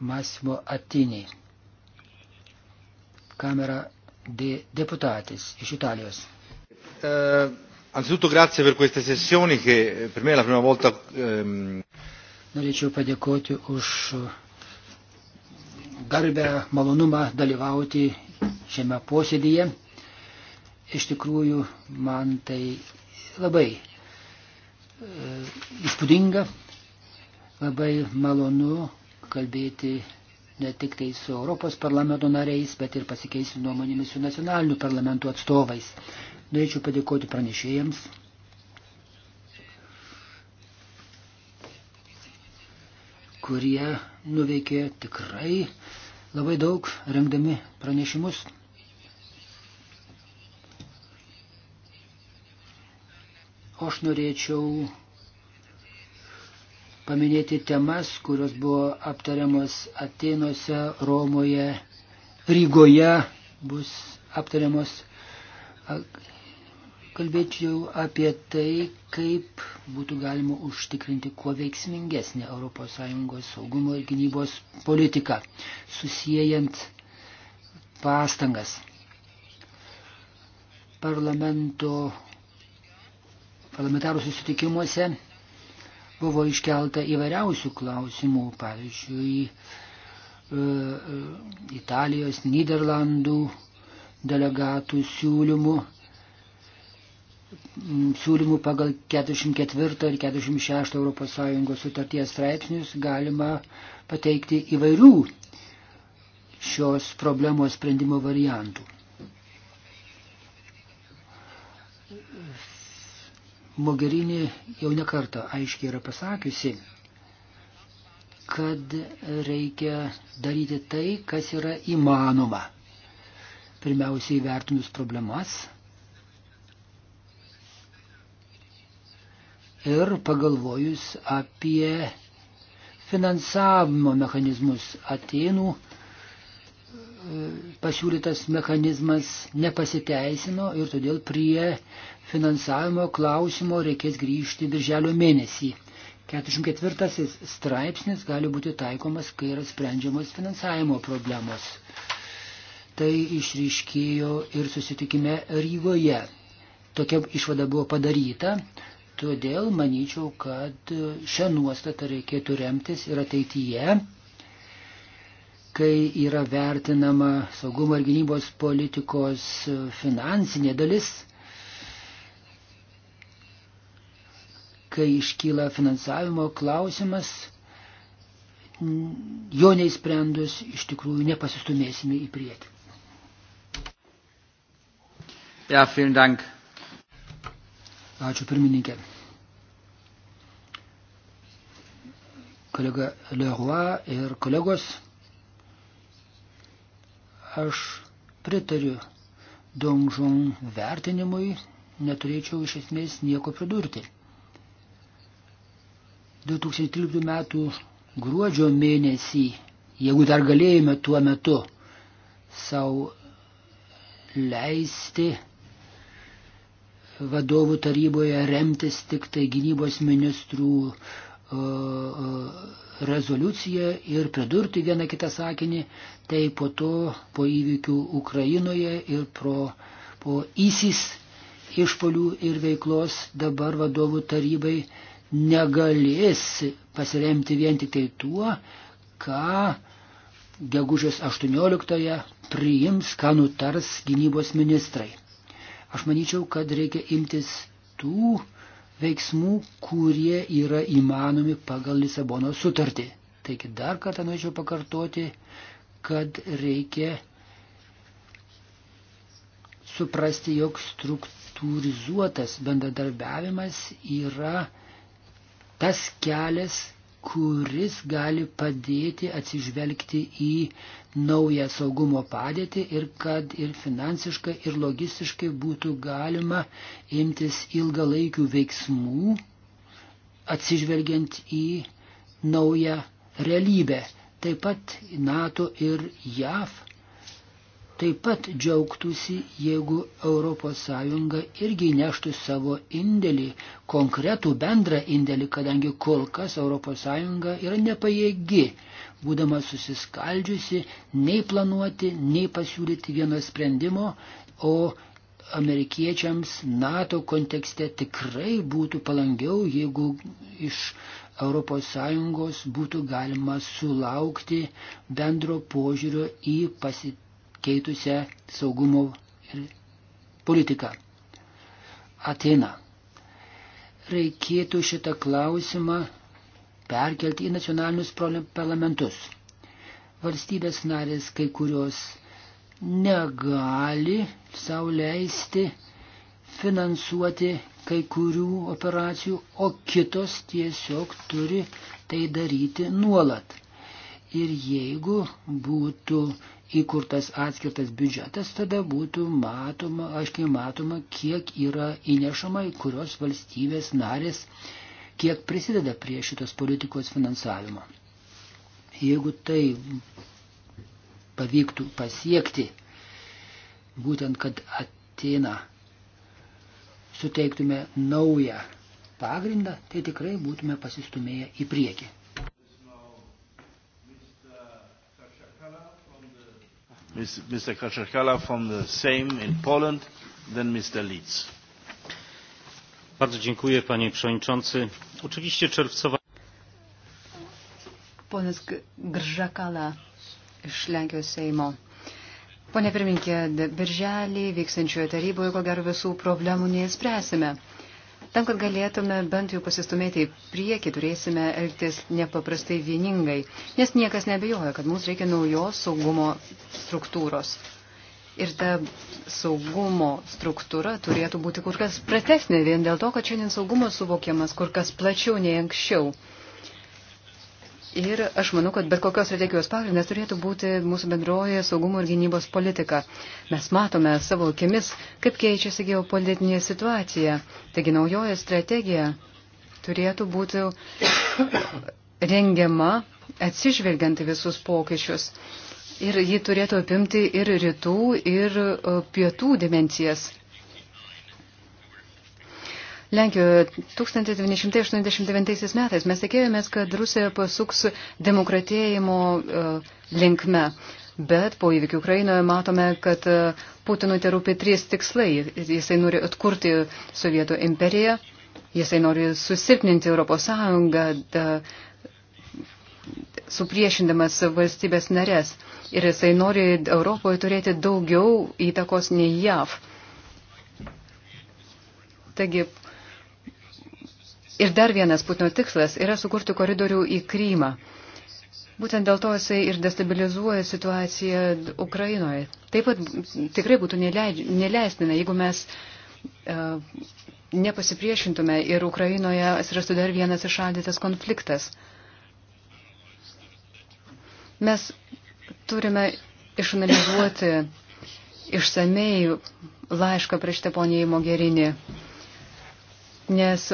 [SPEAKER 1] Massimo Attini, kamera de deputatis iš Italijos.
[SPEAKER 4] Uh. Anzitutto grazie per
[SPEAKER 2] queste sessioni che eh, per me è la prima volta. Ehm...
[SPEAKER 1] Norėčiau padėkoti už garbę malonumą dalyvauti šiame posėdyje. Iš tikrųjų, man tai labai e, įspūdinga, labai malonu kalbėti ne tik tai su Europos parlamento nariais, bet ir pasikeisti nuomonėmis su nacionaliniu parlamentu atstovais. Norėčiau padėkoti pranešėjams. kurie nuveikė tikrai labai daug rengdami pranešimus. Aš norėčiau paminėti temas, kurios buvo aptariamos Atenose, Romoje, Rygoje, bus aptariamos kalbėčiau apie tai, kaip būtų galima užtikrinti kuo veiksmingesnį ES saugumo ir gynybos politiką, susijęjant pastangas. Parlamento, parlamentarų susitikimuose buvo iškelta įvairiausių klausimų, pavyzdžiui, e, e, Italijos, Niderlandų delegatų siūlymų siūlymų pagal 44 ir 46 ES sutarties straipsnius galima pateikti įvairių šios problemos sprendimo variantų. Mogherini jau nekartą aiškiai yra pasakiusi, kad reikia daryti tai, kas yra įmanoma. Pirmiausiai vertinus problemas, ir pagalvojus apie finansavimo mechanizmus. Atenų e, pasiūlytas mechanizmas nepasiteisino ir todėl prie finansavimo klausimo reikės grįžti birželio mėnesį. 44 straipsnis gali būti taikomas, kai yra sprendžiamos finansavimo problemos. Tai išryškėjo ir susitikime Rygoje. Tokia išvada buvo padaryta, Todėl manyčiau, kad šią nuostatą reikėtų remtis ir ateityje, kai yra vertinama saugumo ir gynybos politikos finansinė dalis, kai iškyla finansavimo klausimas, jo neįsprendus iš tikrųjų nepasistumėsime į priekį. Ja, vielen Dank. Ačiū pirmininkė. kolega Lehua ir kolegos. Aš pritariu Dongžong vertinimui, neturėčiau iš esmės nieko pridurti. 2013 metų gruodžio mėnesį, jeigu dar galėjome tuo metu savo leisti vadovų taryboje remtis tik tai gynybos ministrų rezoliuciją ir pridurti vieną kitą sakinį, tai po to, po įvykių Ukrainoje ir pro, po įsis išpolių ir veiklos dabar vadovų tarybai negalės pasiremti vien tik tai tuo, ką gegužės 18-ąją priims, ką nutars gynybos ministrai. Aš manyčiau, kad reikia imtis tų veiksmų, kurie yra įmanomi pagal Lisabono sutartį. Taigi dar kartą norėčiau pakartoti, kad reikia suprasti, jog struktūrizuotas bendradarbiavimas yra tas kelias, kuris gali padėti atsižvelgti į naują saugumo padėtį ir kad ir finansiškai, ir logistiškai būtų galima imtis ilgalaikių veiksmų, atsižvelgiant į naują realybę. Taip pat NATO ir JAV taip pat džiaugtųsi, jeigu ES irgi neštų savo indėlį, konkretų bendrą indėlį, kadangi kol kas ES yra nepajėgi, būdama susiskaldžiusi, nei planuoti, nei pasiūlyti vieno sprendimo, o amerikiečiams NATO kontekste tikrai būtų palangiau, jeigu iš ES būtų galima sulaukti bendro požiūrio į pasitikėjimą pasikeitusią saugumo politiką. Atena. Reikėtų šitą klausimą perkelti į nacionalinius parlamentus. Valstybės narės kai kurios negali sauliaisti finansuoti kai kurių operacijų, o kitos tiesiog turi tai daryti nuolat. Ir jeigu būtų įkurtas atskirtas biudžetas, tada būtų matoma, aiškiai matoma, kiek yra įnešama, kurios valstybės narės, kiek prisideda prie šitos politikos finansavimo. Jeigu tai pavyktų pasiekti, būtent kad Atena suteiktume naują pagrindą, tai tikrai būtume pasistumėję į priekį.
[SPEAKER 3] Mr. Kaczakala from the Sejm in Poland, then Mr. Leeds. Bardzo dziękuję,
[SPEAKER 4] panie przewodniczący. Oczywiście czerwcowa...
[SPEAKER 3] Ponas Gržakala iš Lenkijos Seimo. Pone pirminkė, birželį vyksančioje taryboje, ko gero visų problemų neįspręsime. Tam, kad galėtume bent jau pasistumėti į priekį, turėsime elgtis nepaprastai vieningai, nes niekas nebejoja, kad mums reikia naujos saugumo struktūros. Ir ta saugumo struktūra turėtų būti kur kas pratesnė vien dėl to, kad šiandien saugumas suvokiamas kur kas plačiau nei anksčiau. Ir aš manau, kad bet kokios strategijos pagrindas turėtų būti mūsų bendroje saugumo ir gynybos politika. Mes matome savo akimis, kaip keičiasi geopolitinė situacija. Taigi naujoji strategija turėtų būti rengiama atsižvelgiant į visus pokyčius. Ir ji turėtų apimti ir rytų, ir e, pietų dimensijas. Lenkijoje 1989 metais mes tikėjomės, kad Rusija pasuks demokratėjimo e, linkme. Bet po įvykių Ukrainoje matome, kad e, Putinui tai rūpi trys tikslai. Jisai nori atkurti Sovietų imperiją, jisai nori susilpninti Europos Sąjungą, supriešindamas valstybės narės. Ir jisai nori Europoje turėti daugiau įtakos nei JAV. Taigi Ir dar vienas Putino tikslas yra sukurti koridorių į Krymą. Būtent dėl to jisai ir destabilizuoja situaciją Ukrainoje. Taip pat tikrai būtų neleistina, jeigu mes uh, nepasipriešintume ir Ukrainoje atsirastų dar vienas išaldytas konfliktas. Mes turime išanalizuoti išsamei laišką prieš Teponiją į Mogerinį, nes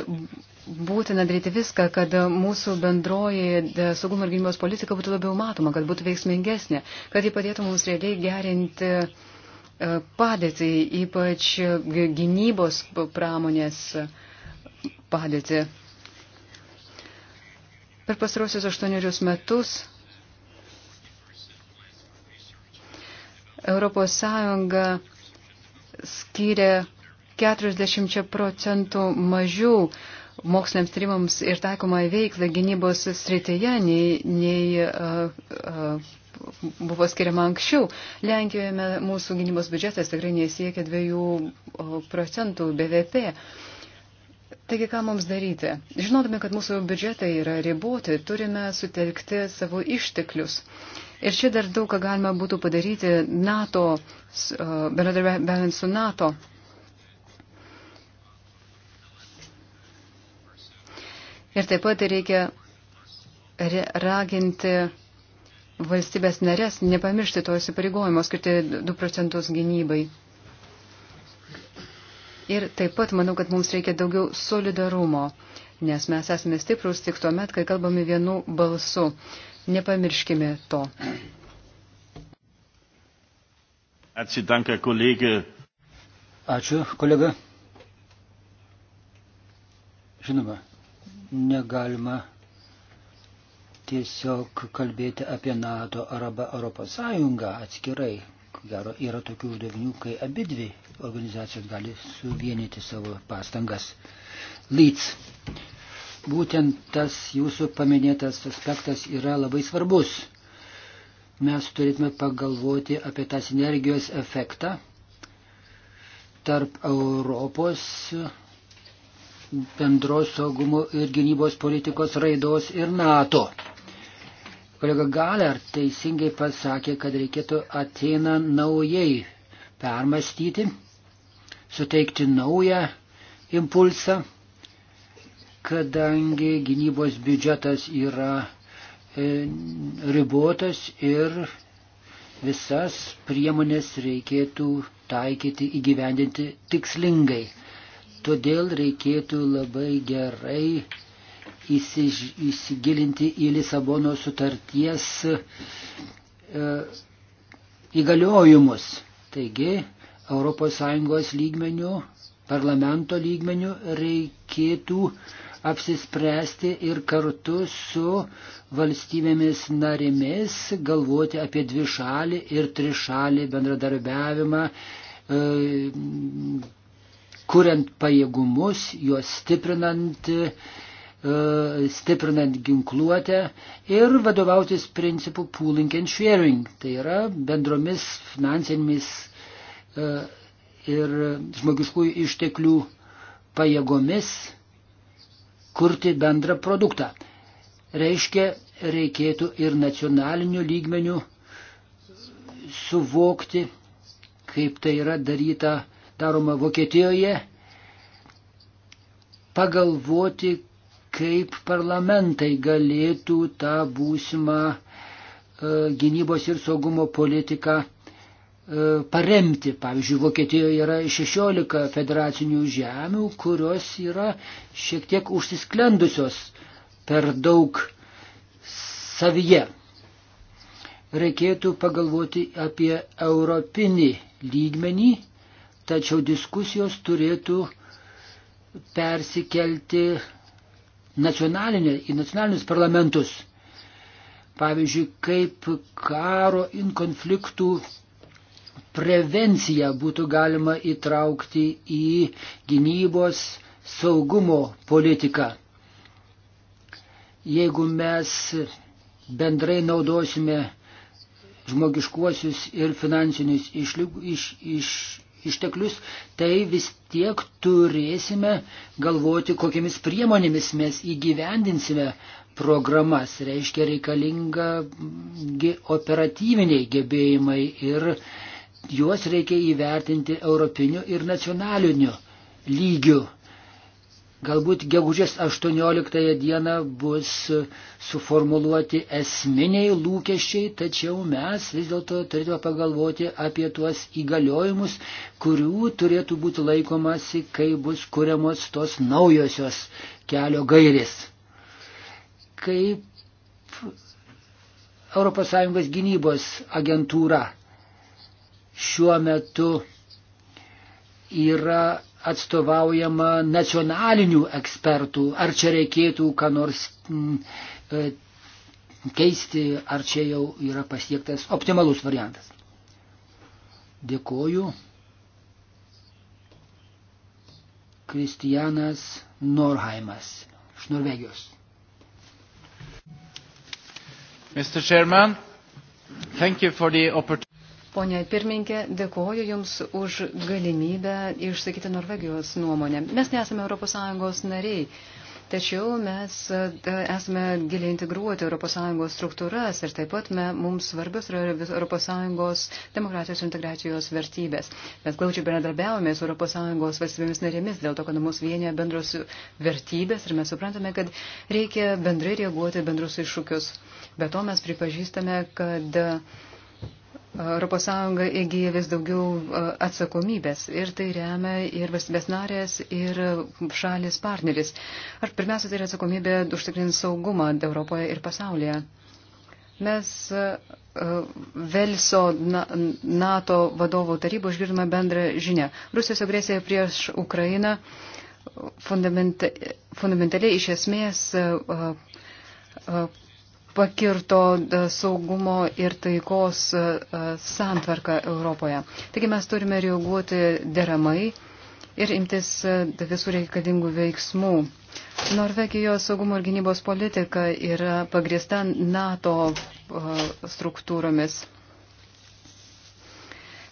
[SPEAKER 3] būtina daryti viską, kad mūsų bendroji e, saugumo ir gynybos politika būtų labiau matoma, kad būtų veiksmingesnė, kad ji padėtų mums realiai gerinti e, padėtį, ypač gynybos pramonės padėtį. Per pastarosius aštuonerius metus Europos Sąjunga skyrė 40 procentų mažiau uh, moksliniams tyrimams ir taikomai veiklai gynybos srityje nei, nei uh, uh, buvo skiriama anksčiau. Lenkijoje mūsų gynybos biudžetas tikrai nesiekia 2 procentų BVP. Taigi, ką mums daryti? Žinodami, kad mūsų biudžetai yra riboti, turime sutelkti savo išteklius. Ir čia dar daug ką galima būtų padaryti NATO, bendradarbiavant su NATO. Ir taip pat reikia raginti valstybės narės nepamiršti to įsipareigojimo skirti 2 procentus gynybai. Ir taip pat manau, kad mums reikia daugiau solidarumo, nes mes esame stiprus tik tuo met, kai kalbame vienu balsu. Nepamirškime to.
[SPEAKER 1] Ačiū, danka, kolegė. Ačiū, kolega. Žinoma, negalima tiesiog kalbėti apie NATO arba Europos Sąjungą atskirai. Gero, yra tokių uždavinių, kai abi dvi organizacijos gali suvienyti savo pastangas. Lyts. Būtent tas jūsų paminėtas aspektas yra labai svarbus. Mes turėtume pagalvoti apie tą sinergijos efektą tarp Europos bendros saugumo ir gynybos politikos raidos ir NATO. Kolega Galer teisingai pasakė, kad reikėtų Ateną naujai permastyti, suteikti naują impulsą, kadangi gynybos biudžetas yra e, ribotas ir visas priemonės reikėtų taikyti įgyvendinti tikslingai. Todėl reikėtų labai gerai įsigilinti į Lisabono sutarties e, įgaliojimus. Taigi, ES lygmenių, parlamento lygmenių reikėtų apsispręsti ir kartu su valstybėmis narimis galvoti apie dvišalį ir trišalį bendradarbiavimą e, kuriant pajėgumus, juos stiprinant, e, stiprinant ginkluotę ir vadovautis principu pooling and sharing, tai yra bendromis finansinėmis e, ir žmogiškųjų išteklių pajėgomis kurti bendrą produktą. Reiškia, reikėtų ir nacionaliniu lygmeniu suvokti, kaip tai yra daryta daroma Vokietijoje, pagalvoti, kaip parlamentai galėtų tą būsimą e, gynybos ir saugumo politiką e, paremti. Pavyzdžiui, Vokietijoje yra 16 federacinių žemių, kurios yra šiek tiek užsisklendusios per daug savyje. Reikėtų pagalvoti apie europinį lygmenį Tačiau diskusijos turėtų persikelti nacionalinė, į nacionalinius parlamentus. Pavyzdžiui, kaip karo in konfliktų prevenciją būtų galima įtraukti į gynybos saugumo politiką. Jeigu mes bendrai naudosime žmogiškuosius ir finansinius išlyg, iš, iš, išteklius, tai vis tiek turėsime galvoti, kokiamis priemonėmis mes įgyvendinsime programas. Reiškia reikalinga operatyviniai gebėjimai ir juos reikia įvertinti europiniu ir nacionaliniu lygiu. Galbūt gegužės 18 dieną bus suformuluoti esminiai lūkesčiai, tačiau mes vis dėlto turėtume pagalvoti apie tuos įgaliojimus, kurių turėtų būti laikomasi, kai bus kuriamos tos naujosios kelio gairės. Kaip ES gynybos agentūra šiuo metu yra atstovaujama nacionalinių ekspertų, ar čia reikėtų ką nors mm, e, keisti, ar čia jau yra pasiektas optimalus variantas. Dėkoju. Kristijanas Norheimas iš Norvegijos. Mr. Chairman, thank you for the opportunity.
[SPEAKER 3] Pone pirmininkė, dėkoju Jums už galimybę išsakyti Norvegijos nuomonę. Mes nesame ES nariai, tačiau mes e, esame giliai integruoti ES struktūras ir taip pat me, mums svarbios yra ES demokratijos ir integracijos vertybės. Mes glaučiai bendradarbiavome su ES valstybėmis narėmis dėl to, kad mus vienyje bendros vertybės ir mes suprantame, kad reikia bendrai reaguoti bendrus iššūkius. Be to mes pripažįstame, kad uh, ES įgyja vis daugiau atsakomybės ir tai remia ir valstybės narės, ir šalis partneris. Ar pirmiausia, tai yra atsakomybė užtikrinti saugumą Europoje ir pasaulyje. Mes Velso NATO vadovų tarybų išgirdome bendrą žinę. Rusijos agresija prieš Ukrainą fundamentaliai iš esmės pakirto e, saugumo ir taikos e, e, santvarką Europoje. Taigi mes turime reaguoti deramai ir imtis visų reikalingų veiksmų. Norvegijos saugumo ir gynybos politika yra pagrįsta NATO struktūromis.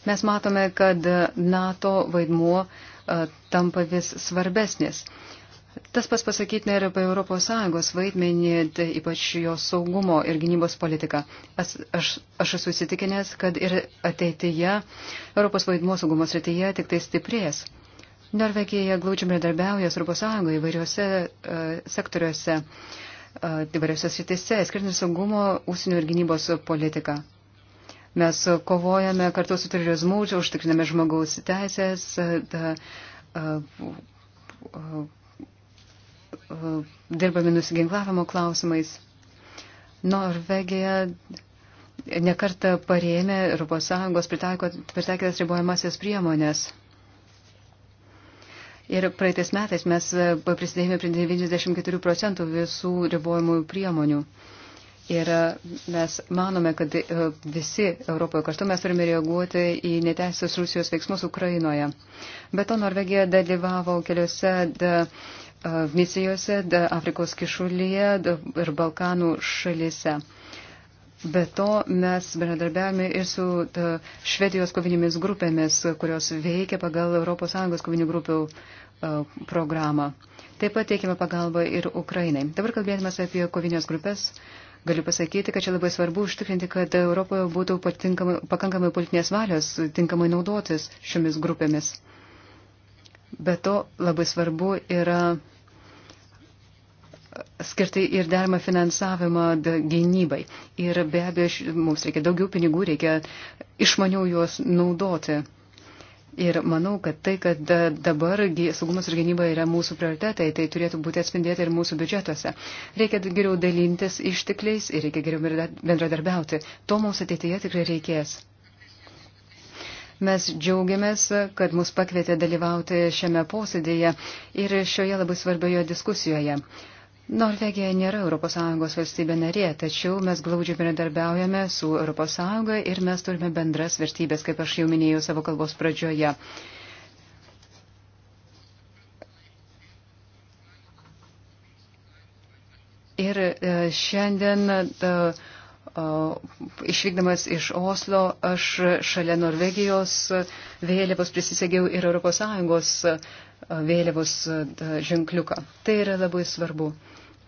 [SPEAKER 3] Mes matome, kad NATO vaidmuo tampa vis svarbesnis. Tas pas pasakytina ir apie ES vaidmenį, tai ypač jos saugumo ir gynybos politiką. Aš, aš, aš esu įsitikinęs, kad ir ateityje Europos vaidmuo saugumo srityje tik tai stiprės. Norvegija glaudžiam redarbiauja su ES įvairiuose uh, e, sektoriuose, uh, e, įvairiuose srityse, skirtinį saugumo, ūsinių ir gynybos politiką. Mes kovojame kartu su terorizmu, užtikriname žmogaus teisės. Uh, uh, uh, dirbame nusiginklavimo klausimais. Norvegija nekarta parėmė ES pritaikytas ribojamasias priemonės. Ir praeitais metais mes prisidėjome prie 94 procentų visų ribojimų priemonių. Ir mes manome, kad e, visi Europoje kartu mes turime reaguoti į neteisės Rusijos veiksmus Ukrainoje. Be to, Norvegija dalyvavo keliose E, misijose Afrikos kišulyje ir Balkanų šalyse. Be to mes bendradarbiavame ir su Švedijos kovinėmis grupėmis, kurios veikia pagal ES kovinių grupių e, programą. Taip pat teikime pagalbą ir Ukrainai. Dabar kalbėtume apie kovinės grupės. Galiu pasakyti, kad čia labai svarbu užtikrinti, kad Europoje būtų pakankamai politinės valios tinkamai naudotis šiomis grupėmis. Be to labai svarbu yra skirti ir deramą finansavimą gynybai. Ir be abejo, mums reikia daugiau pinigų, reikia išmaniau juos naudoti. Ir manau, kad tai, kad dabar saugumas ir gynyba yra mūsų prioritetai, tai turėtų būti atspindėti ir mūsų biudžetuose. Reikia geriau dalintis ištikliais ir reikia geriau bendradarbiauti. To mums ateityje tikrai reikės. Mes džiaugiamės, kad mus pakvietė dalyvauti šiame posėdėje ir šioje labai svarbioje diskusijoje. Norvegija nėra ES valstybė narė, tačiau mes glaudžiai bendradarbiaujame su ES ir mes turime bendras vertybės, kaip aš jau minėjau savo kalbos pradžioje. Ir e, šiandien uh, Išvykdamas iš Oslo, aš šalia Norvegijos vėliavos prisisegiau ir ES vėliavos ženkliuką. Tai yra labai svarbu,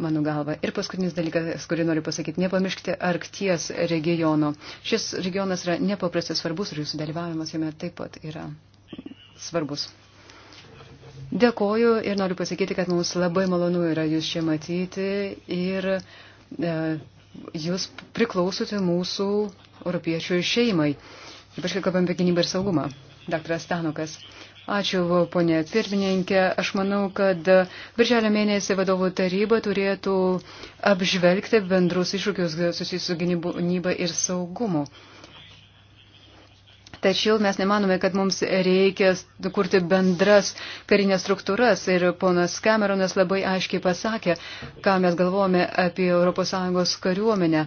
[SPEAKER 3] mano galva. Ir paskutinis dalykas, kurį noriu pasakyti, nepamirškite Arkties regiono. Šis regionas yra nepaprastai svarbus ir jūsų dalyvavimas jame taip pat yra svarbus. Dėkoju ir noriu pasakyti, kad mums labai malonu yra jūs čia matyti ir e, jūs priklausote mūsų europiečių šeimai, ypač kai kalbame apie gynybą ir saugumą. Daktaras Stanukas. Ačiū, ponė pirmininkė. Aš manau, kad birželio mėnesį vadovų taryba turėtų apžvelgti bendrus iššūkius susijusius su gynyba ir saugumu. Tačiau mes nemanome, kad mums reikia kurti bendras karinės struktūras ir ponas Cameronas labai aiškiai pasakė, ką mes galvojame apie ES kariuomenę.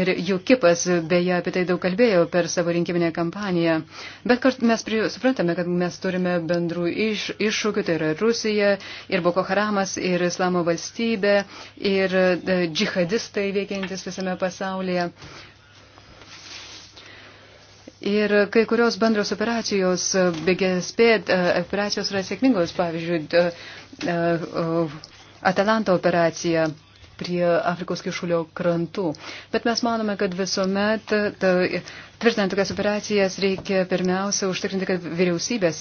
[SPEAKER 3] Ir jų kipas beje apie tai daug kalbėjo per savo rinkiminę kampaniją. Bet kart mes prie, suprantame, kad mes turime bendrų iš, iššūkių, tai yra Rusija ir Boko Haramas ir Islamo valstybė ir e, džihadistai veikiantis visame pasaulyje. Uh, Ir kai kurios bendros operacijos, e, BGSP e, operacijos yra sėkmingos, pavyzdžiui, e, Atalanto operacija prie Afrikos kišulio krantų. Bet mes manome, kad visuomet, ta, tvirtinant tokias operacijas, reikia pirmiausia užtikrinti, kad vyriausybės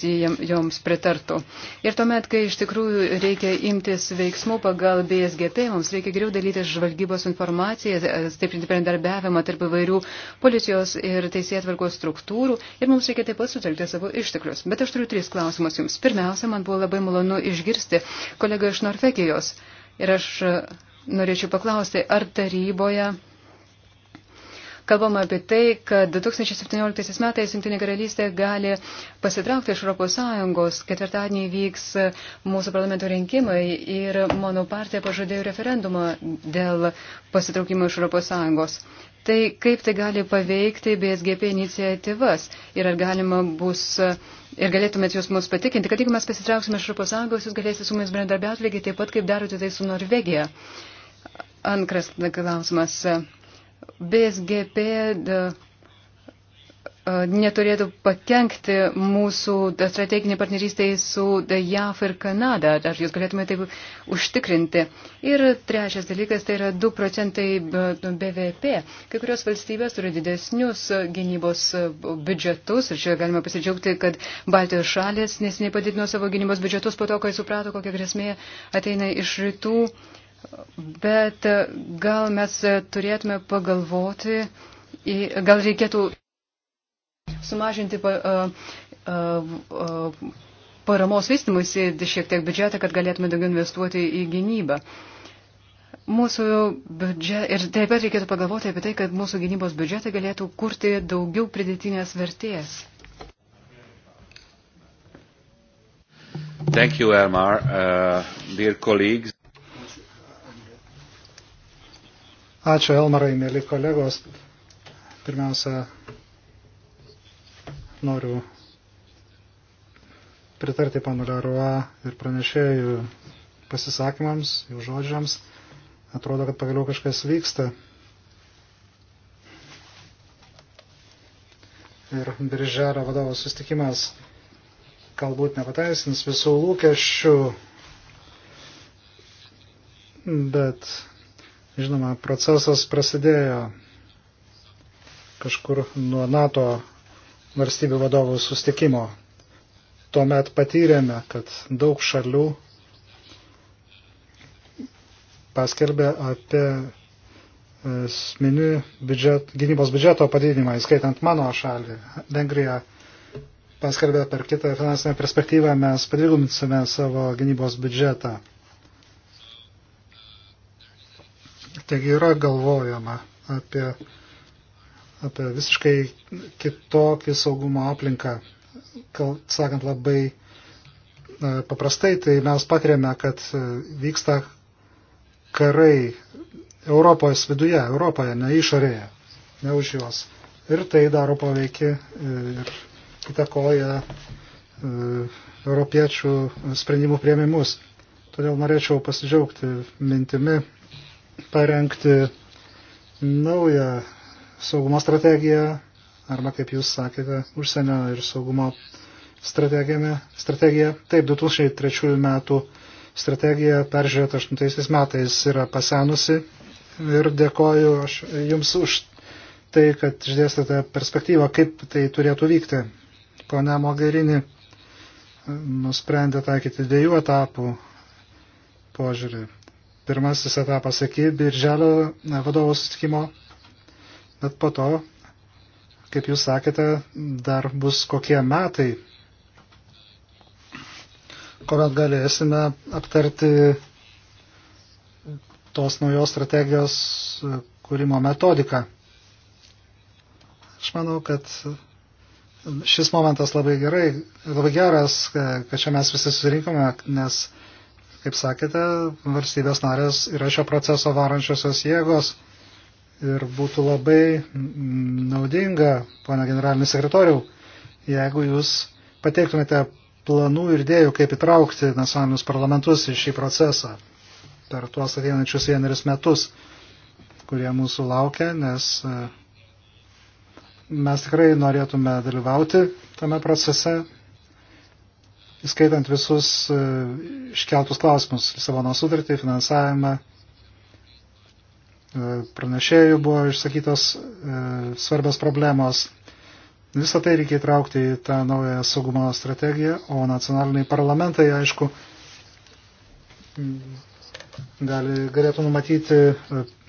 [SPEAKER 3] joms pritartų. Ir tuomet, kai iš tikrųjų reikia imtis veiksmų pagal BSGP, mums reikia geriau dalytis žvalgybos informaciją, stiprinti bendarbiavimą tarp įvairių policijos ir teisėtvarkos struktūrų. Ir mums reikia taip pat sutelkti savo išteklius. Bet aš turiu tris klausimus jums. Pirmiausia, man buvo labai malonu išgirsti kolegą iš Norvegijos. Ir aš norėčiau paklausti, ar taryboje kalbama apie tai, kad 2017 metais Junktinė karalystė gali pasitraukti iš Europos Sąjungos. Ketvirtadienį vyks mūsų parlamento rinkimai ir mano partija pažadėjo referendumą dėl pasitraukimo iš Europos Sąjungos. Tai kaip tai gali paveikti BSGP iniciatyvas ir ar galima bus ir galėtumėt jūs mus patikinti, kad jeigu mes pasitrauksime iš Europos Sąjungos, jūs galėsite su mumis bendradarbiauti lygiai taip pat, kaip darote tai su Norvegija. Uh, Antras klausimas. BSGP neturėtų pakengti mūsų strateginė partnerystė su JAF ir Kanada. Ar jūs galėtumėte taip užtikrinti? Ir trečias dalykas tai yra 2 procentai BVP. Kai kurios valstybės turi didesnius gynybos biudžetus. Ir čia galima pasidžiaugti, kad Baltijos šalės nesiniai padidino savo gynybos biudžetus po to, kai suprato, kokia grėsmė ateina iš rytų. Uh, Bet e, gal mes e, turėtume pagalvoti, gal reikėtų sumažinti pa, a, a, a, paramos vystimus šiek tiek biudžetą, kad galėtume daugiau investuoti į gynybą. Mūsų biudžet, ir taip pat reikėtų pagalvoti apie tai, kad mūsų gynybos biudžetai galėtų kurti daugiau pridėtinės vertės.
[SPEAKER 2] Thank you, Elmar. Uh, dear colleagues.
[SPEAKER 4] Ačiū Elmarai, mėly kolegos. Pirmiausia, noriu pritarti panu Leroa ir pranešėjų pasisakymams, jų žodžiams. Atrodo, kad pagaliau kažkas vyksta. Ir Birželio vadovo sustikimas galbūt nepateisins visų lūkesčių, bet Žinoma, procesas prasidėjo kažkur nuo NATO valstybių vadovų sustikimo. Tuomet patyrėme, kad daug šalių paskelbė apie esminį biudžet, gynybos biudžeto padidinimą, įskaitant mano šalį, Vengrija. Paskelbė per kitą finansinę perspektyvą mes padvigubinsime savo gynybos biudžetą. Taigi yra galvojama apie, apie visiškai kitokį saugumo aplinką. Kal, sakant labai e, paprastai, tai mes patiriame, kad e, vyksta karai Europos viduje, Europoje, ne išorėje, ne už juos. Ir tai daro poveikį e, ir įtakoja europiečių sprendimų prieimimus. Todėl norėčiau pasidžiaugti mintimi parengti naują saugumo strategiją arba, kaip jūs sakėte, užsienio ir saugumo strategiją. Taip, 2003 metų strategija peržiūrėta 8 metais yra pasenusi ir dėkoju aš, jums už tai, kad išdėstate perspektyvą, kaip tai turėtų vykti. Pone Mogherini nusprendė taikyti dviejų etapų požiūrį pirmasis etapas iki birželio e, vadovo sustikimo, bet po to, kaip jūs sakėte, dar bus kokie metai, kuomet galėsime aptarti tos naujos strategijos e, kūrimo metodiką. Aš manau, kad šis momentas labai gerai, labai geras, e, kad čia mes visi susirinkome, nes Kaip sakėte, valstybės narės yra šio proceso varančiosios jėgos ir būtų labai naudinga, pana generalinis sekretoriau, jeigu jūs pateiktumėte planų ir idėjų, kaip įtraukti nacionalinius parlamentus į šį procesą per tuos ateinančius vienerius metus, kurie mūsų laukia, nes e, mes tikrai norėtume dalyvauti tame procese įskaitant visus e, iškeltus klausimus - Lisabono sutartį, finansavimą. E, pranešėjų buvo išsakytos e, svarbios problemos. Visą tai reikia įtraukti į tą naują saugumo strategiją, o nacionaliniai parlamentai, aišku, gali, galėtų numatyti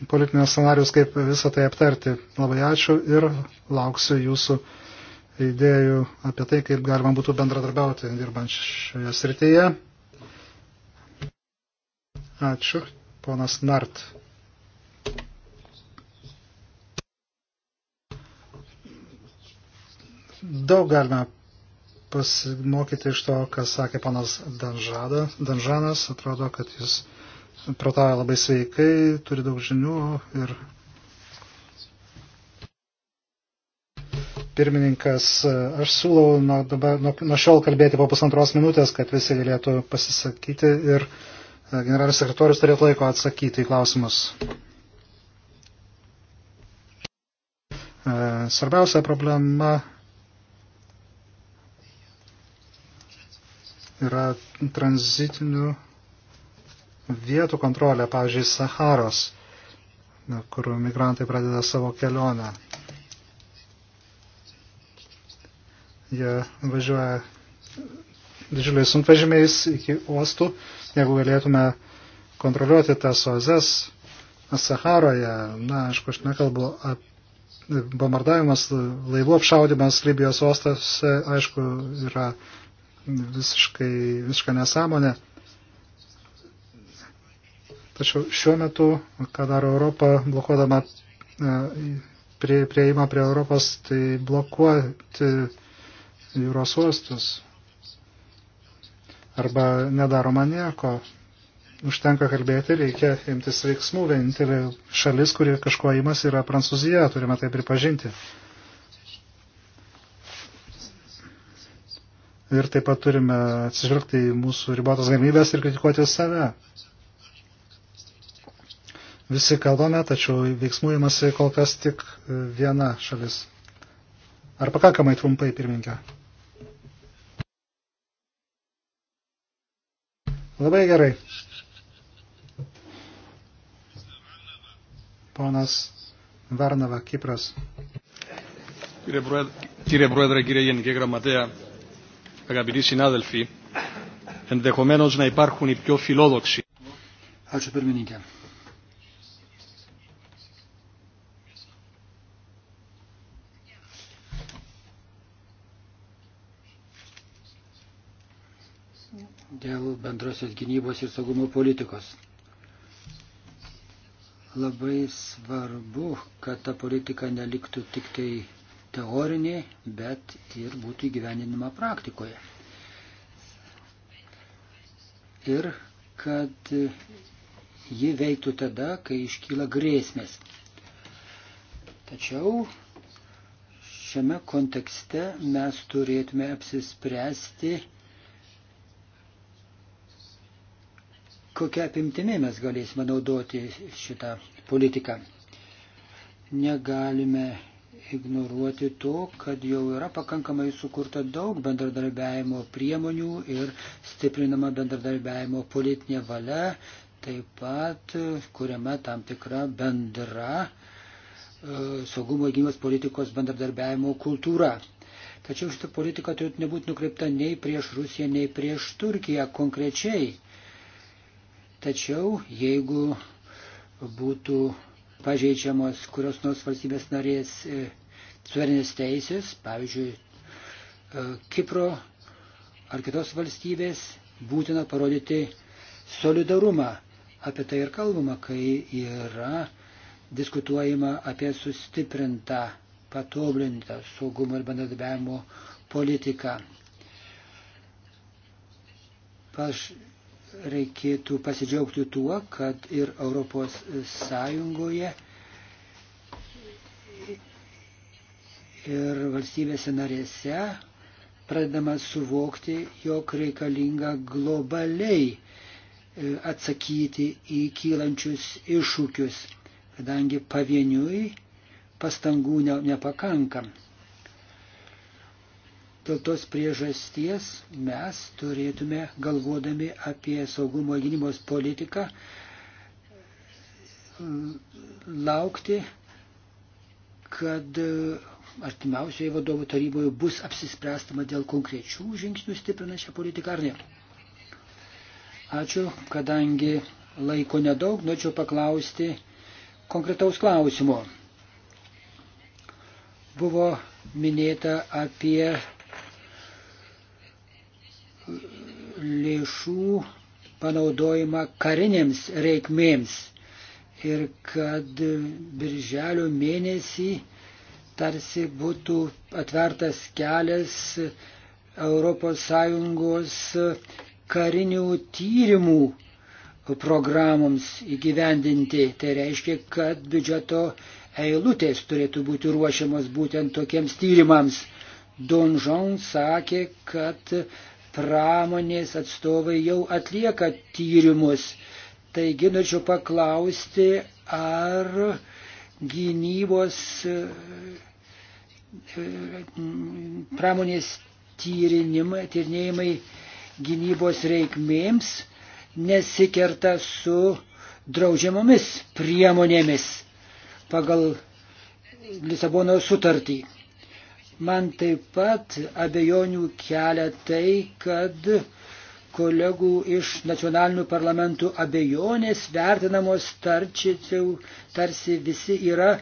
[SPEAKER 4] politinės scenarius, kaip visą tai aptarti. Labai ačiū ir lauksiu jūsų idėjų apie tai, kaip galima būtų bendradarbiauti dirbant šioje srityje. Ačiū, ponas Nart. Daug galime pasimokyti iš to, kas sakė panas Danžada. Danžanas. Atrodo, kad jis protavo labai sveikai, turi daug žinių ir pirmininkas, e, aš siūlau nuo, dabar, nuo, nuo šiol kalbėti po pusantros minutės, kad visi galėtų pasisakyti ir e, generalinis sekretorius turėtų laiko atsakyti į klausimus. E, svarbiausia problema yra tranzitinių vietų kontrolė, pavyzdžiui, Saharos, kur migrantai pradeda savo kelionę. Jie važiuoja didžiuliais sunkvežimiais iki uostų. Jeigu galėtume kontroliuoti tas ozes Saharoje, na, aišku, aš nekalbu apie bombardavimas, laivų apšaudimas Libijos uostose, aišku, yra visiškai, visiškai nesąmonė. Tačiau šiuo metu, ką daro Europa, blokuodama prieima prie, prie Europos, tai blokuoti jūros uostus. Arba nedaroma nieko. Užtenka kalbėti, reikia imtis veiksmų. Vienintelė šalis, kuri kažko įmas, yra Prancūzija, turime tai pripažinti. Ir taip pat turime atsižvelgti į mūsų ribotas galimybės ir kritikuoti save. Visi kalbame, tačiau veiksmų įmasi kol kas tik viena šalis. Ar pakankamai trumpai, pirmininkė? Labai gerai. Ponas Varnava, Kipras.
[SPEAKER 2] Κύριε Πρόεδρε, κύριε Γενική Γραμματέα, αγαπητοί συνάδελφοι, ενδεχομένως να υπάρχουν οι πιο φιλόδοξοι.
[SPEAKER 1] Ačiū pirmininkė. bendrosios gynybos ir saugumo politikos. Labai svarbu, kad ta politika neliktų tik tai teorinė, bet ir būtų įgyveninama praktikoje. Ir kad ji veiktų tada, kai iškyla grėsmės. Tačiau šiame kontekste mes turėtume apsispręsti, kokia apimtimi mes galėsime naudoti šitą politiką. Negalime ignoruoti to, kad jau yra pakankamai sukurta daug bendradarbiavimo priemonių ir stiprinama bendradarbiavimo politinė valia, taip pat kuriama tam tikra bendra e, saugumo gynybos politikos bendradarbiavimo kultūra. Tačiau šita politika turėtų nebūti nukreipta nei prieš Rusiją, nei prieš Turkiją konkrečiai. Tačiau jeigu būtų pažeidžiamos kurios nors valstybės narės e, suverenės teisės, pavyzdžiui, e, Kipro ar kitos valstybės, būtina parodyti solidarumą. Apie tai ir kalbama, kai yra diskutuojama apie sustiprintą, patoblintą saugumo ir bendradarbiavimo politiką. Paš reikėtų pasidžiaugti tuo, kad ir Europos Sąjungoje ir valstybėse narėse pradedama suvokti, jog reikalinga globaliai e, atsakyti į kylančius iššūkius, kadangi pavieniui pastangų nepakanka. Dėl tos priežasties mes turėtume, galvodami apie saugumo gynybos politiką, laukti, kad artimiausioje vadovų taryboje bus apsispręstama dėl konkrečių žingsnių stiprinant šią politiką ar ne. Ačiū, kadangi laiko nedaug, norėčiau paklausti konkretaus klausimo. Buvo minėta apie lėšų panaudojimą karinėms reikmėms ir kad birželio mėnesį tarsi būtų atvertas kelias ES karinių tyrimų programoms įgyvendinti. Tai reiškia, kad biudžeto eilutės turėtų būti ruošiamas būtent tokiems tyrimams. Donžon sakė, kad pramonės atstovai jau atlieka tyrimus. Taigi norėčiau paklausti, ar gynybos e, e, pramonės tyrinėjimai gynybos reikmėms nesikerta su draudžiamomis priemonėmis pagal Lisabono sutartį. Man taip pat abejonių kelia tai, kad kolegų iš nacionalinių parlamentų abejonės vertinamos tarčiau, tarsi visi yra e,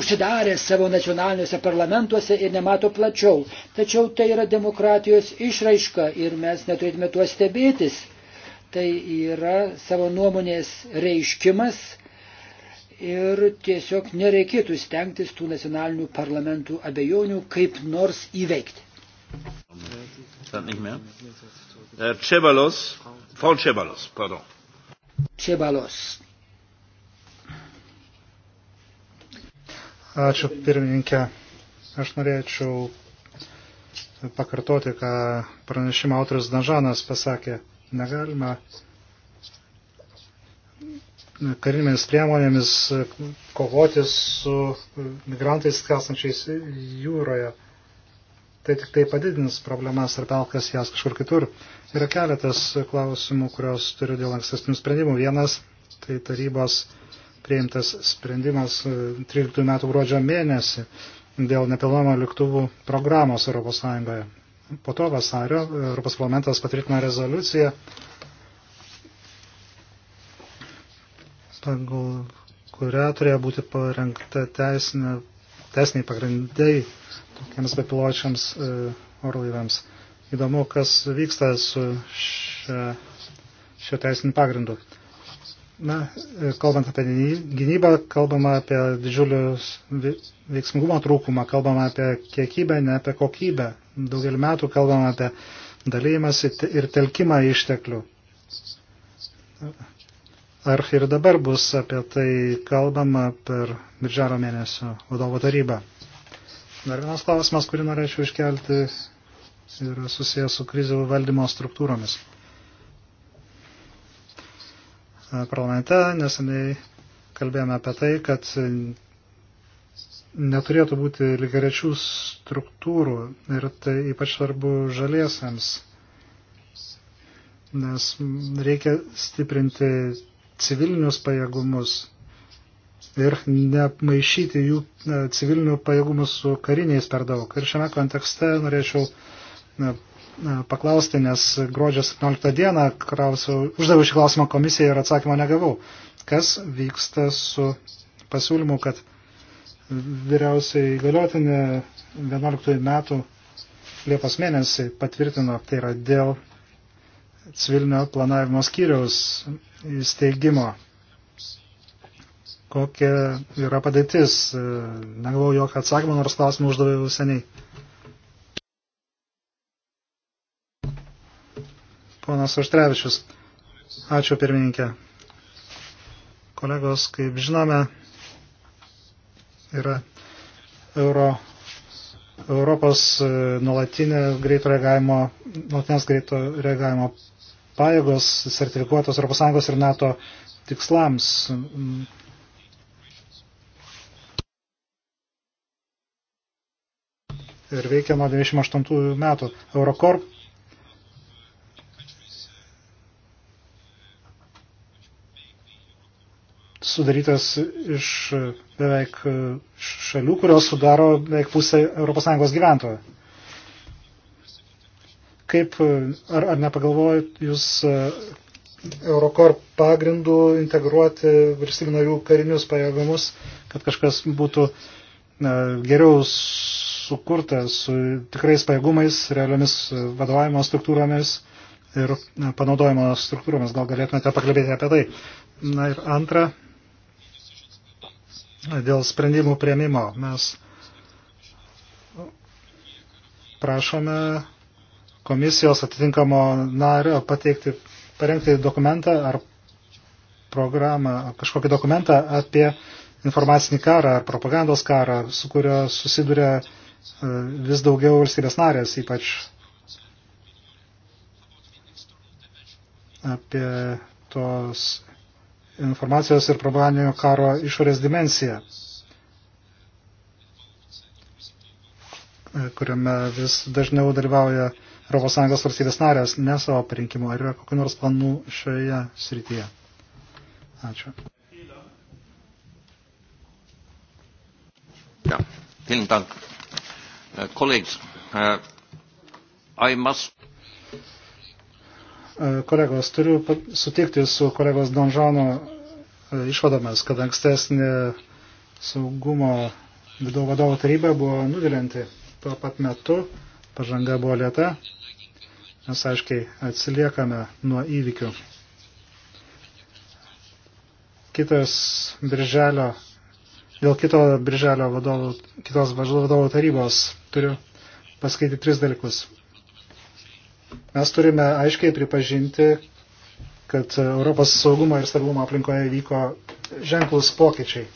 [SPEAKER 1] užsidarę savo nacionaliniuose parlamentuose ir nemato plačiau. Tačiau tai yra demokratijos išraiška ir mes neturėtume tuo stebėtis. Tai yra savo nuomonės reiškimas ir tiesiog nereikėtų stengtis tų nacionalinių parlamentų abejonių kaip nors įveikti. Čebalos, äh, Frau Čebalos, pardon. Čebalos.
[SPEAKER 4] Ačiū pirmininkė. Aš norėčiau pakartoti, ką pranešimo autoris Danžanas pasakė. Negalima uh, karinėmis priemonėmis e, kovoti su e, migrantais kasančiais jūroje. Tai tik tai padidins problemas ar pelkas jas kažkur kitur. Yra keletas klausimų, kurios turiu dėl ankstesnių sprendimų. Vienas tai tarybos priimtas sprendimas 13 e, metų gruodžio mėnesį dėl nepilnamo lėktuvų programos ES. Po to vasario Europos parlamentas patvirtino rezoliuciją pagal kurią turėjo būti parengta teisinė, teisiniai pagrindai tokiems bepiločiams e, orlaiviams. Įdomu, kas vyksta su šia, šio teisiniu pagrindu. Na, e, kalbant apie gynybą, kalbama apie didžiulius veiksmingumo trūkumą, kalbama apie kiekybę, ne apie kokybę. Daugelį metų kalbama apie dalymas ir telkimą išteklių Ar ir dabar bus apie tai kalbama per Birželio mėnesio vadovo tarybą? Dar vienas klausimas, kurį norėčiau iškelti, yra susijęs su krizių valdymo struktūromis. Parlamente neseniai kalbėjome apie tai, kad neturėtų būti lygarečių struktūrų ir tai ypač svarbu žaliesiams, nes reikia stiprinti civilinius pajėgumus ir nemaišyti jų e, civilinių pajėgumų su kariniais per daug. Ir šiame kontekste norėčiau paklausti, nes gruodžio 17 dieną klausiau, uždaviau šį klausimą komisijai ir atsakymo negavau. Kas vyksta su pasiūlymu, kad vyriausiai galiotinė 11 metų Liepos mėnesį patvirtino, tai yra dėl civilinio planavimo skyriaus įsteigimo. Kokia yra padėtis? Negavau jokio atsakymą, nors klausimą uždaviau seniai. Ponas Aštrevičius. Ačiū pirmininkė. Kolegos, kaip žinome, yra Euro, Europos e, nuolatinė greito reagavimo, nuolatinės greito reagavimo pajėgos sertifikuotos ES ir NATO tikslams. Ir veikia nuo 98 metų. Eurokorp sudarytas iš beveik šalių, kurios sudaro beveik pusę ES gyventojų. Kaip, e, ar, ar nepagalvojot jūs e, Eurokor pagrindų integruoti valstybių narių karinius pajėgumus, kad kažkas būtų e, geriau sukurta su tikrais pajėgumais, realiomis vadovavimo struktūromis ir panaudojimo struktūromis. Gal galėtumėte pakalbėti apie tai. Na ir antra, dėl sprendimų prieimimo mes prašome komisijos atitinkamo nario pateikti, parengti dokumentą ar programą, kažkokį dokumentą apie informacinį karą ar propagandos karą, su kurio susiduria e, vis daugiau valstybės narės, ypač apie tos informacijos ir propagandinio karo išorės dimensiją, kuriame vis dažniau dalyvauja ES valstybės narės ne savo parinkimu. Ar yra kokiu nors planų šioje srityje? Ačiū.
[SPEAKER 2] Ja, vielen Dank. Uh, äh, colleagues, uh, äh, I must
[SPEAKER 4] äh, kolegos, turiu sutikti su kolegos Donžano išvadomis, kad ankstesnė saugumo vidau vadovo taryba buvo nuvilinti tuo pat metu pažanga buvo lėta, mes aiškiai atsiliekame nuo įvykių. Kitas birželio, dėl kito birželio vadovų, kitos vadovų tarybos turiu pasakyti tris dalykus. Mes turime aiškiai pripažinti, kad Europos saugumo ir stabilumo aplinkoje vyko ženklus pokyčiai.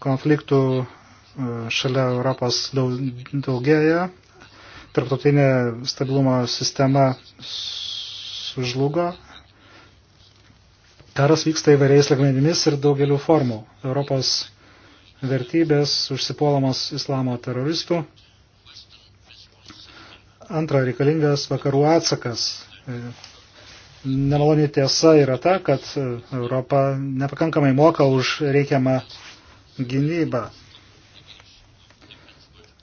[SPEAKER 4] Konfliktų e, šalia Europos daugėja, tarptautinė stabilumo sistema sužlugo. Karas vyksta įvairiais lagmenimis ir daugeliu formų. Europos vertybės užsipuolamos islamo teroristų. Antra, reikalingas vakarų atsakas. Nemaloni tiesa yra ta, kad Europa nepakankamai moka už reikiamą gynybą.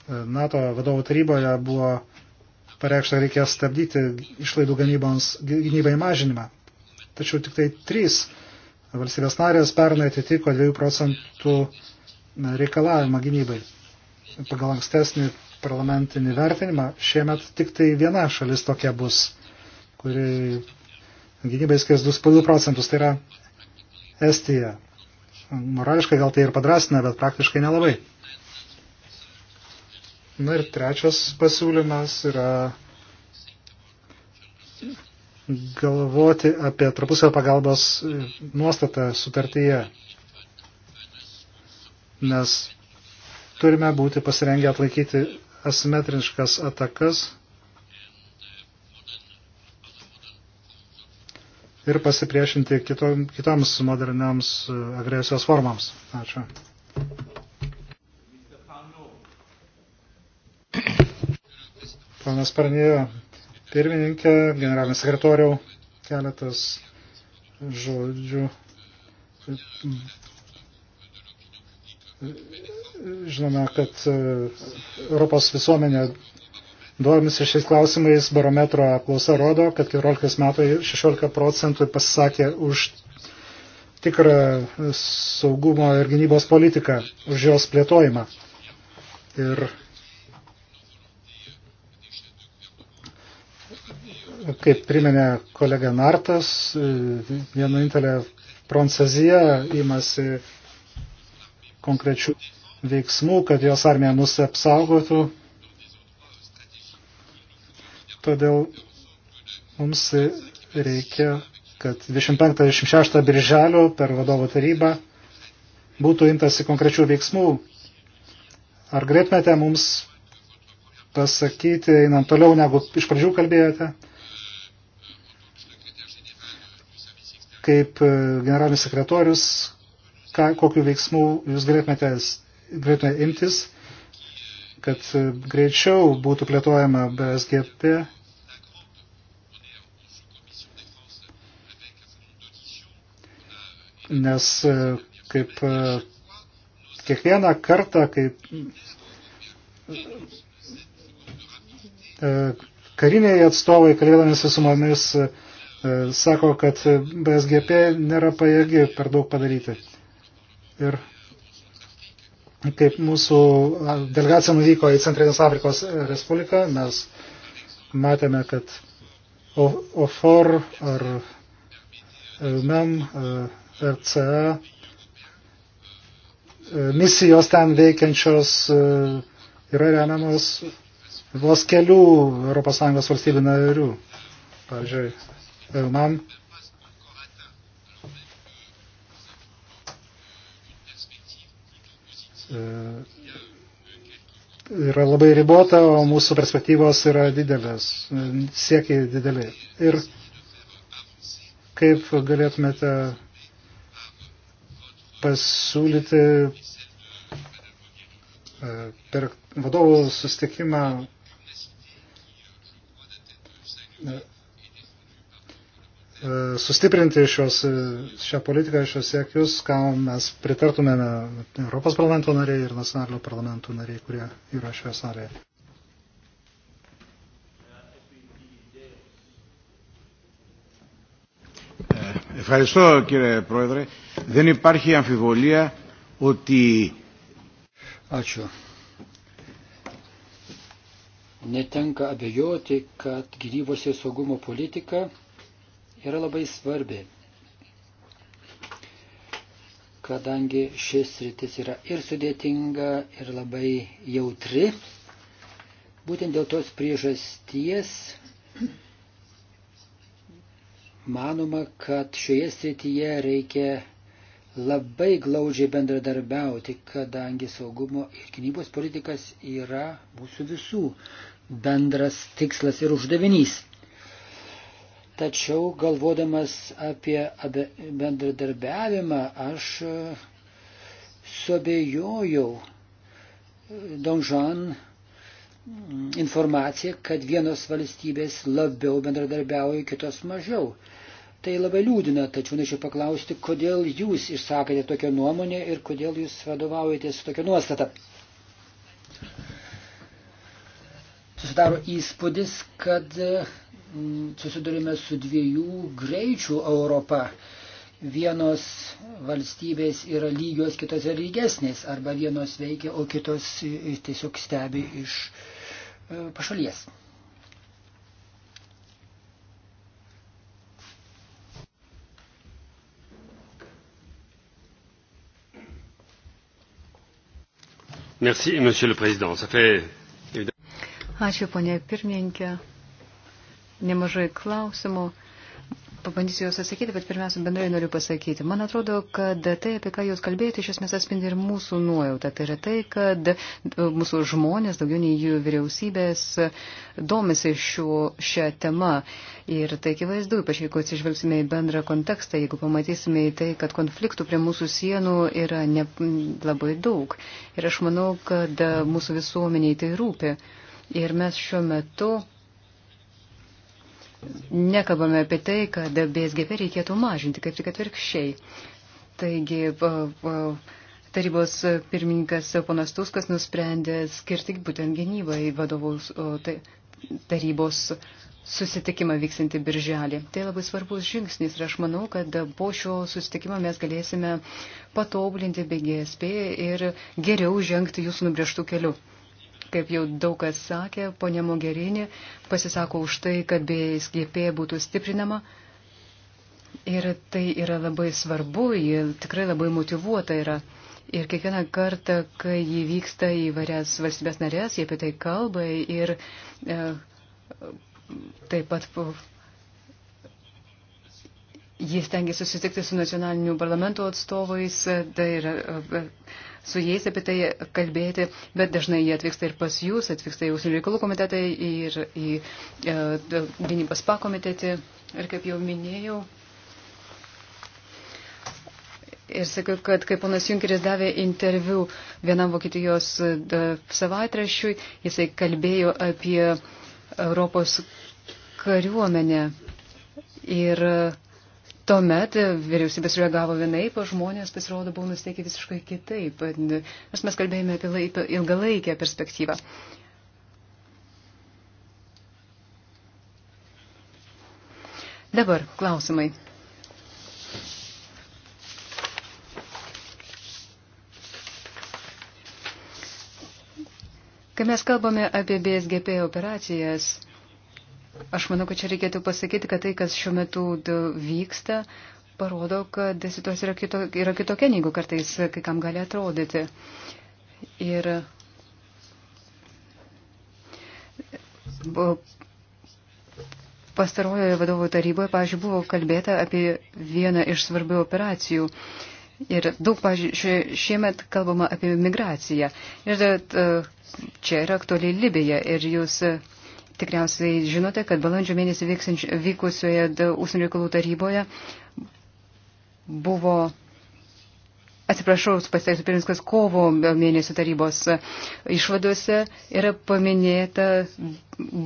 [SPEAKER 4] NATO vadovų taryboje buvo pareikšta, reikia stabdyti išlaidų gamybons, gynybai mažinimą. Tačiau tik tai trys valstybės narės pernai atitiko 2 procentų reikalavimą gynybai. Pagal ankstesnį parlamentinį vertinimą šiemet tik tai viena šalis tokia bus, kuri gynybai skirs 2 procentus, tai yra Estija. Morališkai gal tai ir padrasina, bet praktiškai nelabai. Na ir trečias pasiūlymas yra galvoti apie trapusio pagalbos nuostatą sutartyje, nes turime būti pasirengę atlaikyti asimetriškas atakas ir pasipriešinti kitom, kitoms moderniams agresijos formams. Ačiū. Ponas Parnėjo, pirmininkė, generalinis sekretoriau, keletas žodžių. Žinome, kad e, Europos visuomenė domisi šiais klausimais. Barometro apklausa rodo, kad 14 metų 16 procentų pasisakė už tikrą saugumo ir gynybos politiką, už jos plėtojimą. Ir kaip priminė kolega Nartas, e, vienintelė Prancūzija imasi konkrečių veiksmų, kad jos armija mus apsaugotų. Todėl mums reikia, kad 25-26 birželio per vadovų tarybą būtų imtasi konkrečių veiksmų. Ar galėtumėte mums pasakyti, einant toliau negu iš pradžių kalbėjote, kaip e, generalinis sekretorius, ką, kokiu veiksmu jūs galėtumėte, galėtumėte imtis, kad e, greičiau būtų plėtojama BSGP. Nes e, kaip kiekvieną kartą, kaip kariniai atstovai, kalbėdami su mumis, E, sako, kad BSGP nėra pajėgi per daug padaryti. Ir kaip mūsų delegacija nuvyko į Centrinės Afrikos Respubliką, mes matėme, kad OFOR ar MEM, e e, RCA, misijos ten veikiančios yra remiamos vos kelių ES valstybių narių. Pavyzdžiui, man e, yra labai ribota, o mūsų perspektyvos yra didelės, e, siekiai dideliai. Ir kaip galėtumėte pasiūlyti e, per vadovų sustikimą E, sustiprinti šios, e, šią politiką, šios siekius, ką mes pritartumėme Europos parlamento nariai ir nacionalinio parlamento nariai, kurie yra šioje salėje. E, Ευχαριστώ κύριε Πρόεδρε. Δεν υπάρχει αμφιβολία ότι...
[SPEAKER 1] Ačiū. Netenka abejoti, kad gynybos ir saugumo politika yra labai svarbi, kadangi šis rytis yra ir sudėtinga, ir labai jautri. Būtent dėl tos priežasties manoma, kad šioje srityje reikia labai glaudžiai bendradarbiauti, kadangi saugumo ir gynybos politikas yra mūsų visų bendras tikslas ir uždavinys. Tačiau galvodamas apie bendradarbiavimą, aš e, sobejojau e, Donžan mm, informacija, kad vienos valstybės labiau bendradarbiauja, kitos mažiau. Tai labai liūdina, tačiau norėčiau paklausti, kodėl jūs išsakėte tokią nuomonę ir kodėl jūs vadovaujatės tokią nuostatą. Susidaro įspūdis, kad e, susidurime su dviejų greičių Europa. Vienos valstybės yra lygios, kitos yra lygesnės, arba vienos veikia, o kitos tiesiog stebi iš e, pašalies.
[SPEAKER 2] Merci, Monsieur le Président. Ça fait...
[SPEAKER 3] Ačiū, ponė pirmininkė nemažai klausimų. Pabandysiu juos atsakyti, bet pirmiausia, bendrai noriu pasakyti. Man atrodo, kad tai, apie ką jūs kalbėjote, iš esmės atspindi ir mūsų nuojautą. Tai yra tai, kad mūsų žmonės, daugiau nei jų vyriausybės, domisi šiuo, šią temą. Ir tai akivaizdu, ypač jeigu atsižvelgsime į bendrą kontekstą, jeigu pamatysime į tai, kad konfliktų prie mūsų sienų yra ne, labai daug. Ir aš manau, kad mūsų visuomeniai tai rūpi. Ir mes šiuo metu nekalbame apie tai, kad BSGP reikėtų mažinti, kaip tik atvirkščiai. Taigi, tarybos pirmininkas ponas Tuskas nusprendė skirti būtent gynybai vadovaus tai, tarybos susitikimą vyksinti birželį. Tai labai svarbus žingsnis ir aš manau, kad po šio susitikimo mes galėsime patobulinti BGSP ir geriau žengti jūsų nubrieštų kelių kaip jau daug kas sakė, ponė Mogerinė pasisako už tai, kad BSGP būtų stiprinama. Ir tai yra labai svarbu, ji tikrai labai motivuota yra. Ir kiekvieną kartą, kai jį vyksta į varias valstybės narės, jie apie tai kalba ir e, taip pat Jis tengiasi susitikti su nacionaliniu parlamento atstovais tai ir e, e, su jais apie tai kalbėti, bet dažnai jie atvyksta ir pas jūs, atvyksta į užsienio reikalų komitetą ir į e, gynybos pakomitetį. Ir kaip jau minėjau, Ir sakiau, kad kai ponas Junkeris davė interviu vienam Vokietijos savaitrašiui, jisai kalbėjo apie Europos kariuomenę. Ir uh, Tuomet e, vyriausybės reagavo vienaip, o žmonės pasirodo buvo nusteikę visiškai kitaip. Nes mes kalbėjome apie laip, ilgalaikę perspektyvą. Dabar klausimai. Kai mes kalbame apie BSGP operacijas, aš manau, kad čia reikėtų pasakyti, kad tai, kas šiuo metu vyksta, parodo, kad situacija yra, kito, yra kitokia, negu kartais kai kam gali atrodyti. Ir pastarojoje vadovų taryboje, pažiūrėjau, buvo kalbėta apie vieną iš svarbių operacijų. Ir daug, pažiūrėjau, šiemet kalbama apie migraciją. Ir čia yra aktualiai Libija. Ir jūs Tikriausiai žinote, kad balandžio mėnesį vykusioje užsienio reikalų taryboje buvo, atsiprašau, pasiteisų pirmininkas kovo mėnesio tarybos išvadose yra paminėta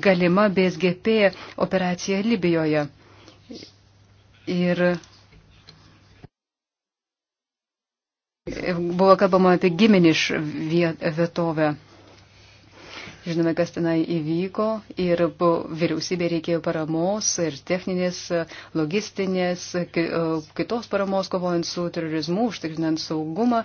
[SPEAKER 3] galima BSGP operacija Libijoje. Ir buvo kalbama apie giminiš vietovę. Viet, Žinome, kas tenai įvyko ir vyriausybė reikėjo paramos ir techninės, logistinės, kitos paramos kovojant su terorizmu, užtikrinant saugumą.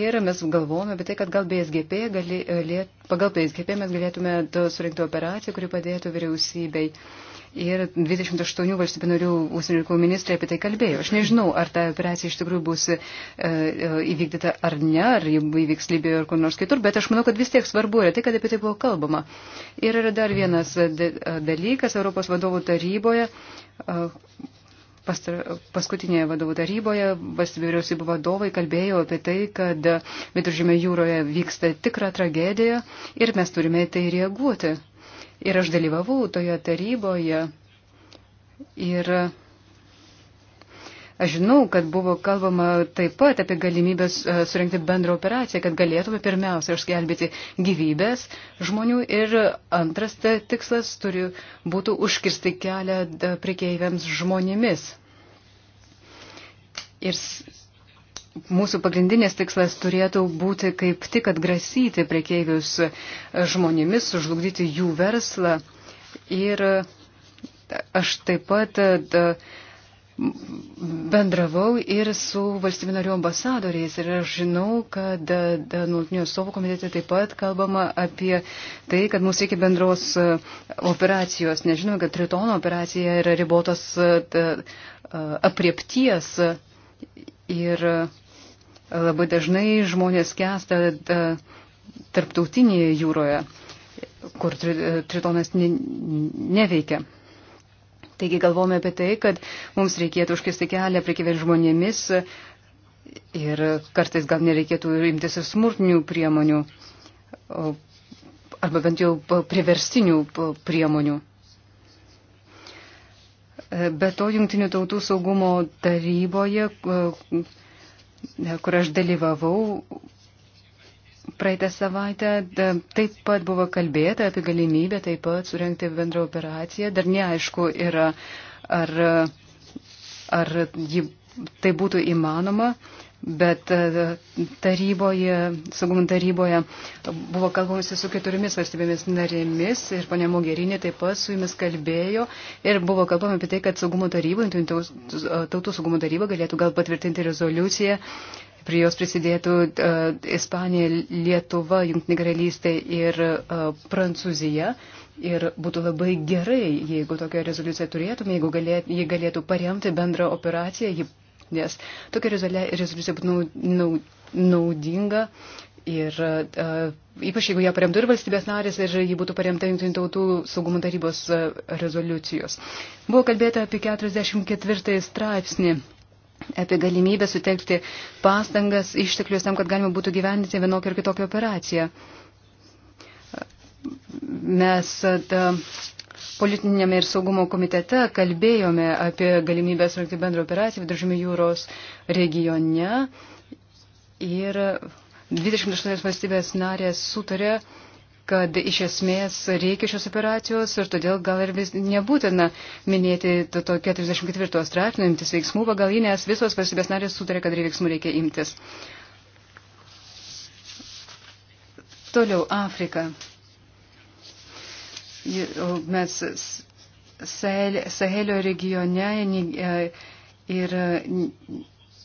[SPEAKER 3] Ir mes galvojame apie tai, kad gal BSGP gali, e, pagal BSGP mes galėtume e, surinkti operaciją, kuri padėtų vyriausybei. Uh, Ir 28 valstybių narių užsienio reikalų ministrai apie tai kalbėjo. Aš nežinau, ar ta operacija iš tikrųjų bus e, e, įvykdyta ar ne, ar ji įvyks Libijoje ar kur nors kitur, bet aš manau, kad vis tiek svarbu yra tai, kad apie tai buvo kalbama. Ir yra dar vienas e, e, dalykas Europos vadovų taryboje. E, paskutinėje vadovų taryboje valstybių vyriausybių vadovai kalbėjo apie tai, kad viduržymė jūroje vyksta tikra tragedija ir mes turime tai reaguoti. Ir aš dalyvavau toje taryboje. Ir aš žinau, kad buvo kalbama taip pat apie galimybės e, surinkti bendrą operaciją, kad galėtume pirmiausia išgelbėti gyvybės žmonių. Ir antras tikslas turi būtų užkirsti kelią e, priekeiviams žmonėmis. Ir mūsų pagrindinis tikslas turėtų būti kaip tik atgrasyti priekeivius žmonėmis, sužlugdyti jų verslą. Ir aš taip pat bendravau ir su valstybių narių ambasadoriais ir aš žinau, kad nuolatinio stovų komitete taip pat kalbama apie tai, kad mums reikia bendros operacijos. Nežinau, kad tritono operacija yra ribotos apriepties ir Labai dažnai žmonės kesta e, tarptautinėje jūroje, kur e, tritonas neveikia. Taigi galvome apie tai, kad mums reikėtų užkisti kelią prekybės žmonėmis ir kartais gal nereikėtų imtis ir smurtinių priemonių, arba bent jau priverstinių priemonių. E, be to, Junktinių tautų saugumo taryboje, kur aš dalyvavau praeitą savaitę, taip pat buvo kalbėta apie galimybę taip pat surenkti bendrą operaciją. Dar neaišku yra, ar, ar ji, tai būtų įmanoma bet e, taryboje, saugumo taryboje buvo kalbamasi su keturiomis valstybėmis narėmis ir ponia Mogerinė taip pat su jumis kalbėjo ir buvo kalbama apie tai, kad saugumo taryba, e, tautų saugumo taryba galėtų gal patvirtinti rezoliuciją. Prie jos prisidėtų uh, Ispanija, Lietuva, Junktinė karalystė ir uh, Prancūzija. Ir būtų labai gerai, jeigu tokią rezoliuciją turėtume, jeigu galėt, jie galėtų paremti bendrą operaciją, ji nes tokia rezoliucija būtų naudinga Ir uh, ypač jeigu ją paremtų ir valstybės narės, ir ji būtų paremta Junktinių tautų saugumo tarybos uh, rezoliucijos. Buvo kalbėta apie 44 straipsnį apie galimybę sutelkti pastangas išteklius tam, kad galima būtų gyvendinti vienokią ir kitokią operaciją. Mes uh, politinėme ir saugumo komitete kalbėjome apie galimybę surinkti bendrą operaciją Viduržymio jūros regione ir 28 valstybės narės sutarė, kad iš esmės reikia šios operacijos ir todėl gal ir vis nebūtina minėti to, to 44 straipsnio imtis veiksmų, pagal jį, nes visos valstybės narės sutarė, kad veiksmų reikia imtis. Toliau Afrika mes Sahelio regione e, ir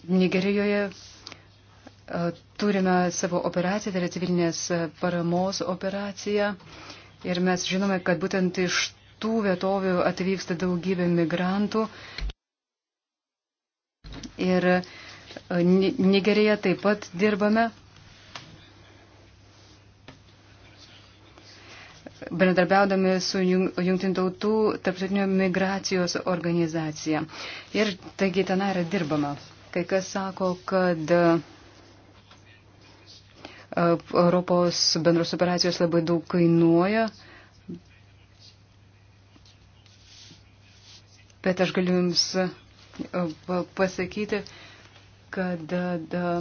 [SPEAKER 3] Nigerijoje e, turime savo operaciją, tai yra civilinės paramos operacija. Ir mes žinome, kad būtent iš tų vietovių atvyksta daugybė migrantų. Ir e, Nigerija taip pat dirbame. bendradarbiaudami su Jungtinių tautų tarptautinio migracijos organizacija. Ir taigi ten yra dirbama. Kai kas sako, kad e, Europos bendros operacijos labai daug kainuoja, bet aš galiu Jums e, pasakyti, kad e, da,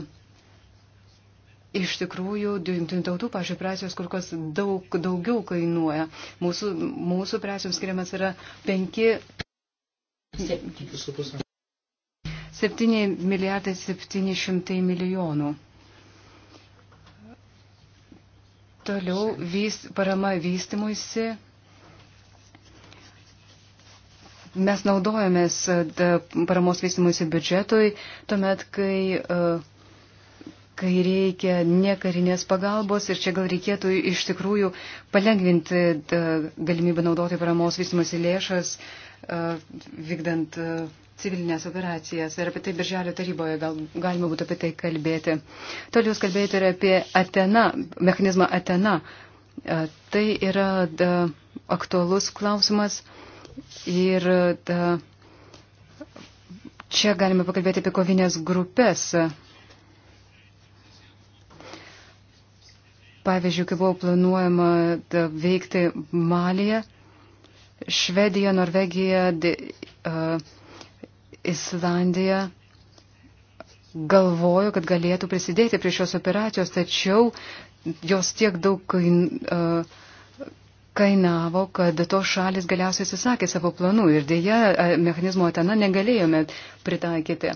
[SPEAKER 3] Iš tikrųjų, jungtinių tautų, pažiūrėjau, presijos kur kas daug, daugiau kainuoja. Mūsų, mūsų presijoms skiriamas yra 5. 7 milijardai 700 milijonų. Toliau vyst, parama vystimuisi. Mes naudojamės paramos vystimuisi biudžetui, tuomet, kai uh, kai reikia nekarinės pagalbos ir čia gal reikėtų iš tikrųjų palengvinti galimybę naudoti paramos vystimasi lėšas, vykdant civilinės operacijas. Ir apie tai Birželio taryboje gal, galima būtų apie tai kalbėti. Toliau jūs kalbėjote ir apie Atena, mechanizmą Atena. Tai yra da, aktualus klausimas ir da, čia galime pakalbėti apie kovinės grupės. Pavyzdžiui, kai buvo planuojama veikti Malyje, Švedija, Norvegija, Islandija galvojo, kad galėtų prisidėti prie šios operacijos, tačiau jos tiek daug kain, kainavo, kad tos šalis galiausiai atsisakė savo planų ir dėja mechanizmo atena negalėjome pritaikyti.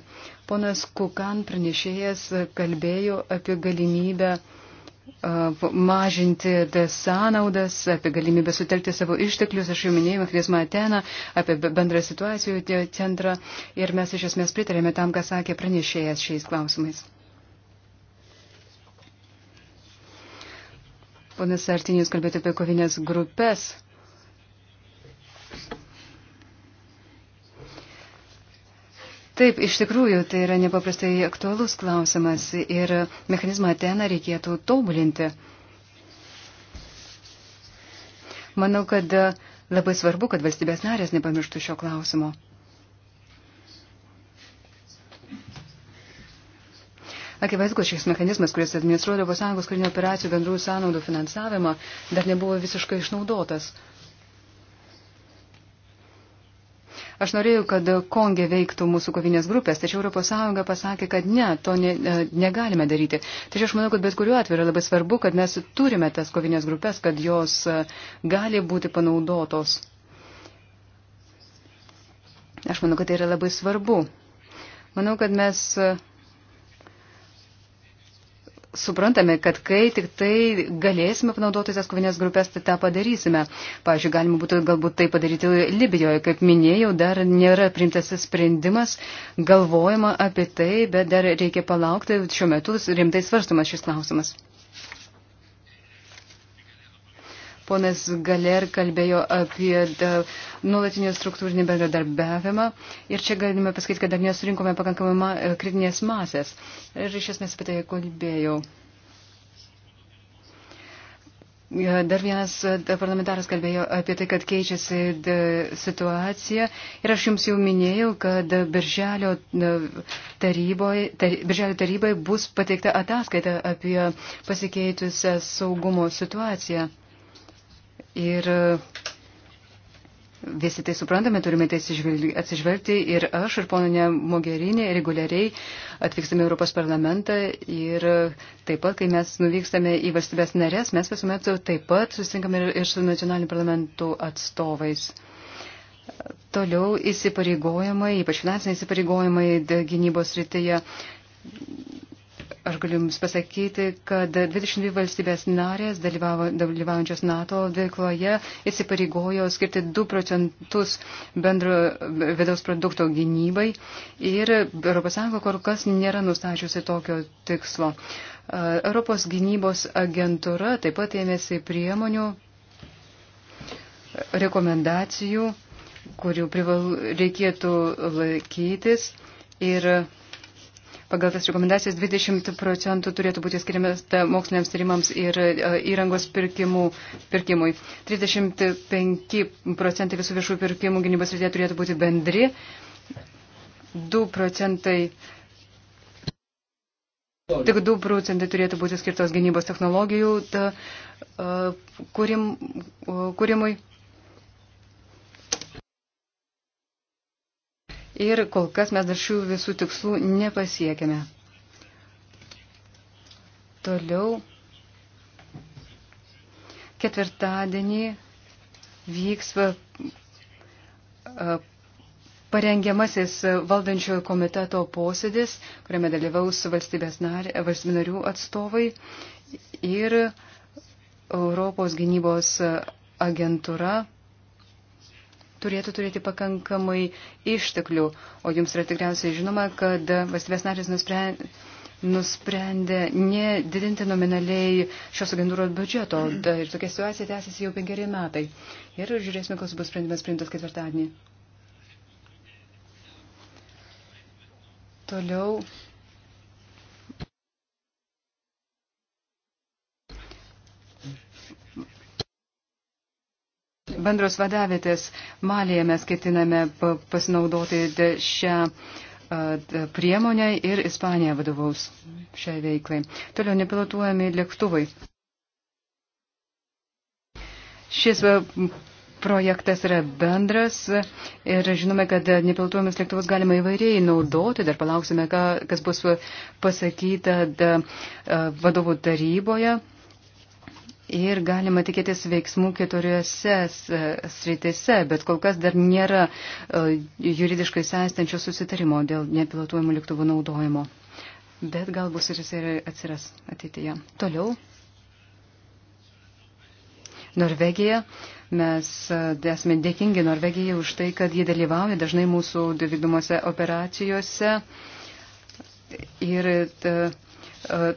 [SPEAKER 3] Ponas Kukan pranešėjas kalbėjo apie galimybę uh, mažinti sąnaudas, apie galimybę sutelkti savo išteklius. Aš jau minėjau Kviesmą Ateną, apie bendrą situacijų centrą ir mes iš esmės pritarėme tam, ką sakė pranešėjas šiais klausimais. Ponas Artinys kalbėti apie kovinės grupės. Taip, iš tikrųjų, tai yra nepaprastai aktualus klausimas ir mechanizmą teną reikėtų tobulinti. Manau, kad labai svarbu, kad valstybės narės nepamirštų šio klausimo. Akivaizdu, šis mechanizmas, kuris administruoja Europos Sąjungos karinių operacijų bendrųjų sąnaudų finansavimą, dar nebuvo visiškai išnaudotas. Aš norėjau, kad Kongė veiktų mūsų kovinės grupės, tačiau ES pasakė, kad ne, to ne, e, negalime daryti. Tačiau aš manau, kad bet kuriuo atveju yra labai svarbu, kad mes turime tas kovinės grupės, kad jos e, gali būti panaudotos. Aš manau, kad tai yra labai svarbu. Manau, kad mes e, suprantame, kad kai tik tai galėsime panaudoti tas kovinės grupės, tai tą padarysime. Pavyzdžiui, galima būtų galbūt tai padaryti Libijoje. Kaip minėjau, dar nėra primtas sprendimas, galvojama apie tai, bet dar reikia palaukti šiuo metu rimtai svarstumas šis klausimas. Ponas Galer kalbėjo apie e, nuolatinį struktūrinį bendradarbiavimą ir čia galime pasakyti, kad dar nesurinkome pakankamai ma e, kritinės masės. Ir iš esmės apie tai kalbėjau. E, dar vienas parlamentaras kalbėjo apie tai, kad keičiasi situacija ir aš jums jau minėjau, kad Birželio, taryboj, tar, birželio tarybai bus pateikta ataskaita apie pasikeitusią saugumo situaciją. Ir e, visi tai suprantame, turime tai atsižvelgti ir aš, ir poninė Mogerinė reguliariai atvykstame į Europos parlamentą ir taip pat, kai mes nuvykstame į valstybės narės, mes visuomet taip pat susitinkame ir su nacionaliniu parlamentu atstovais. Toliau įsipareigojimai, ypač finansiniai įsipareigojimai gynybos rytyje Aš galiu Jums pasakyti, kad 22 valstybės narės dalyvavo, dalyvaujančios NATO veikloje įsipareigojo skirti 2 procentus bendro vidaus produkto gynybai ir ES kol kas nėra nustačiusi tokio tikslo. Europos gynybos agentūra taip pat ėmėsi priemonių, rekomendacijų, kurių prival, reikėtų laikytis ir pagal tas rekomendacijas 20 procentų turėtų būti skiriamas moksliniams tyrimams ir e, įrangos pirkimų, pirkimui. 35 procentai visų viešų pirkimų gynybos srityje turėtų būti bendri. 2 procentai. Tik 2 procentai turėtų būti skirtos gynybos technologijų ta, uh, kūrim, uh, kūrimui. ir kol kas mes dar šių visų tikslų nepasiekėme. Toliau ketvirtadienį vyks e, parengiamasis valdančiojo komiteto posėdis, kuriame dalyvaus valstybės narių atstovai ir Europos gynybos agentūra turėtų turėti pakankamai išteklių. O jums yra tikriausiai žinoma, kad valstybės narės nusprendė, nusprendė nedidinti nominaliai šios agentūros biudžeto. Ir tokia situacija tęsiasi jau penkeri metai. Ir žiūrėsime, koks bus sprendimas priimtas ketvirtadienį. Toliau bendros vadavėtės Malėje mes ketiname pasinaudoti šią priemonę ir Ispanija vadovaus šiai veiklai. Toliau nepilotuojami lėktuvai. Šis projektas yra bendras ir žinome, kad nepilotuojamas lėktuvus galima įvairiai naudoti. Dar palauksime, kas bus pasakyta vadovų taryboje ir galima tikėtis veiksmų keturiose e, sritise, bet kol kas dar nėra e, juridiškai sąstančio susitarimo dėl nepilotuojamų lėktuvų naudojimo. Bet gal bus ir jisai atsiras ateityje. Toliau. Norvegija. Mes e, esame dėkingi Norvegijai už tai, kad jie dalyvauja dažnai mūsų vykdomose operacijose. Ir ta,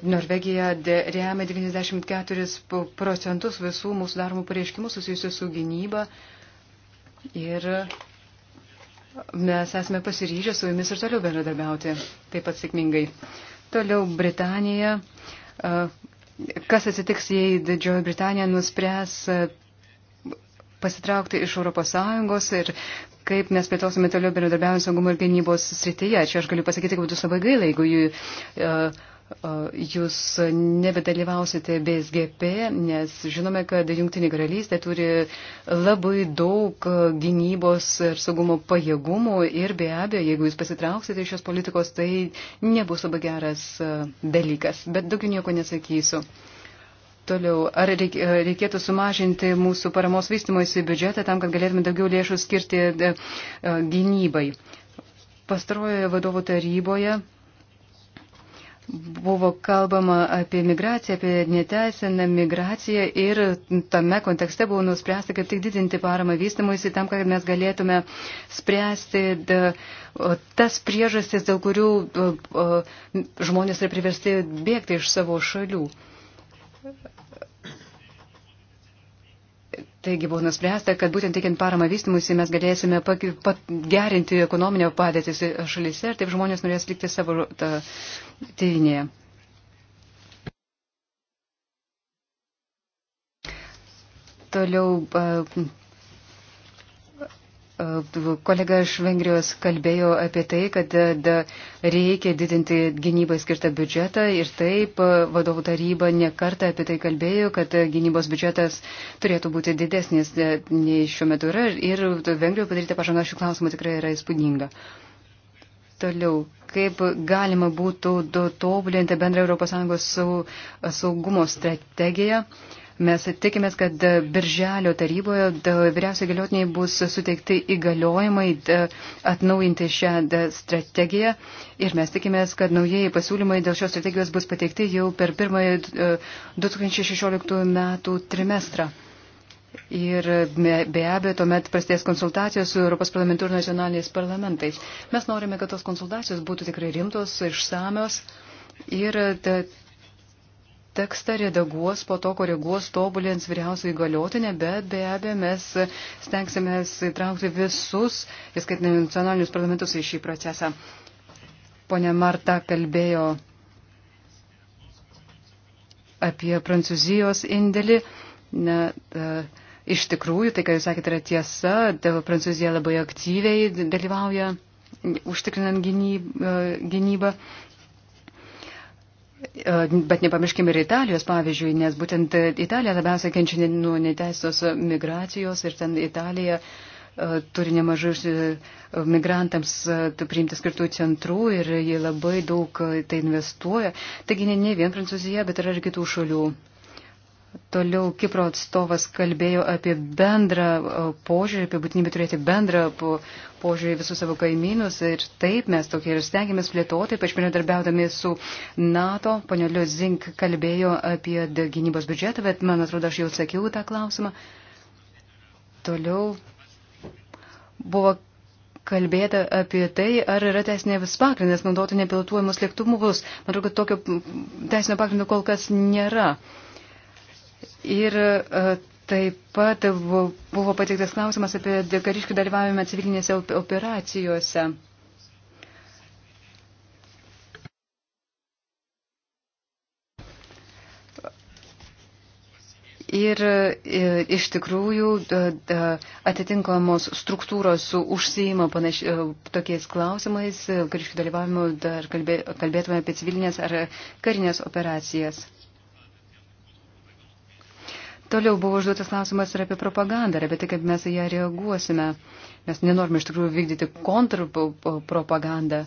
[SPEAKER 3] Norvegija remia 94 procentus visų mūsų daromų pareiškimų susijusių su gynyba ir mes esame pasiryžę su jumis ir toliau bendradarbiauti taip pat sėkmingai. Toliau Britanija. Kas atsitiks, jei Didžioji Britanija nuspręs pasitraukti iš ES ir kaip mes plėtosime toliau bendradarbiavimą saugumo ir gynybos srityje. Čia aš galiu pasakyti, kad būtų labai gaila, jeigu jų uh, jūs nebedalyvausite BSGP, nes žinome, kad Junktinė karalystė turi labai daug gynybos ir saugumo pajėgumų ir be abejo, jeigu jūs pasitrauksite iš šios politikos, tai nebus labai geras dalykas. Bet daugiau nieko nesakysiu. Toliau, ar reikėtų sumažinti mūsų paramos vystymoisi biudžetą tam, kad galėtume daugiau lėšų skirti gynybai? Pastarojoje vadovo taryboje buvo kalbama apie migraciją, apie neteisiną migraciją ir tame kontekste buvo nuspręsta, kaip tik didinti paramą vystimuisi tam, kad mes galėtume spręsti tas priežastis, dėl kurių žmonės yra priversti bėgti iš savo šalių. Taigi buvo nuspręsta, kad būtent teikiant paramą vystimusi mes galėsime pagerinti ekonominę padėtį šalyse ir taip žmonės norės likti savo tėvinėje. Toliau Kolega iš Vengrijos kalbėjo apie tai, kad e, reikia didinti gynybai skirtą biudžetą ir taip e, vadovų taryba nekarta apie tai kalbėjo, kad e, gynybos biudžetas turėtų būti didesnis nei šiuo metu yra ir Vengrijoje padaryta pažanga šių klausimų tikrai yra įspūdinga. Toliau, kaip galima būtų tobulinti bendrą ES saugumo strategiją. Uh, Mes tikimės, kad Birželio taryboje vyriausiai galiotiniai bus suteikti įgaliojimai atnaujinti šią strategiją ir mes tikimės, kad naujieji pasiūlymai dėl šios strategijos bus pateikti jau per pirmąjį 2016 metų trimestrą. Ir be abejo, tuomet prasidės konsultacijos su Europos parlamentu ir nacionaliniais parlamentais. Mes norime, kad tos konsultacijos būtų tikrai rimtos, išsamios ir tekstą redaguos, po to koreguos, tobulins vyriausiai galiotinė, bet be abejo mes stengsime įtraukti visus, įskaitinant nacionalinius parlamentus į šį procesą. Pone Marta kalbėjo apie Prancūzijos indėlį. Ne, uh, iš tikrųjų, tai, ką jūs sakėte, yra tiesa, tai Prancūzija labai aktyviai dalyvauja užtikrinant e, gynybą E, bet nepamirškime ir Italijos, pavyzdžiui, nes būtent Italija labiausiai kenčia nuo neteisėtos migracijos ir ten Italija e, turi nemažai e, migrantams priimti skirtų centrų ir jie labai daug tai investuoja. Taigi ne, ne vien Prancūzija, bet yra ir kitų šalių. Toliau Kipro atstovas kalbėjo apie bendrą e, požiūrį, apie būtinybę turėti bendrą požiūrį visus savo kaimynus. Ir taip mes tokie ir stengiamės plėtoti, ypač bendradarbiaudami su NATO. Panelio Zink kalbėjo apie gynybos biudžetą, bet man atrodo, aš jau atsakiau tą klausimą. Toliau buvo kalbėta apie tai, ar yra teisinė vis pagrindas naudoti nepilotuojamus lėktuvus. Man atrodo, kad tokio teisinio pagrindo kol kas nėra. Uh, Ir e, taip pat buvo pateiktas klausimas apie kariškių dalyvavimą civilinėse operacijose. Ir e, iš tikrųjų atitinkamos struktūros užsijima panaši, e, tokiais klausimais, kariškių dalyvavimu, dar kalbėtume apie civilinės ar karinės operacijas. Toliau buvo užduotas klausimas ir apie propagandą, ir apie tai, kaip mes į ją reaguosime. Mes nenorime iš tikrųjų vykdyti kontrpropagandą.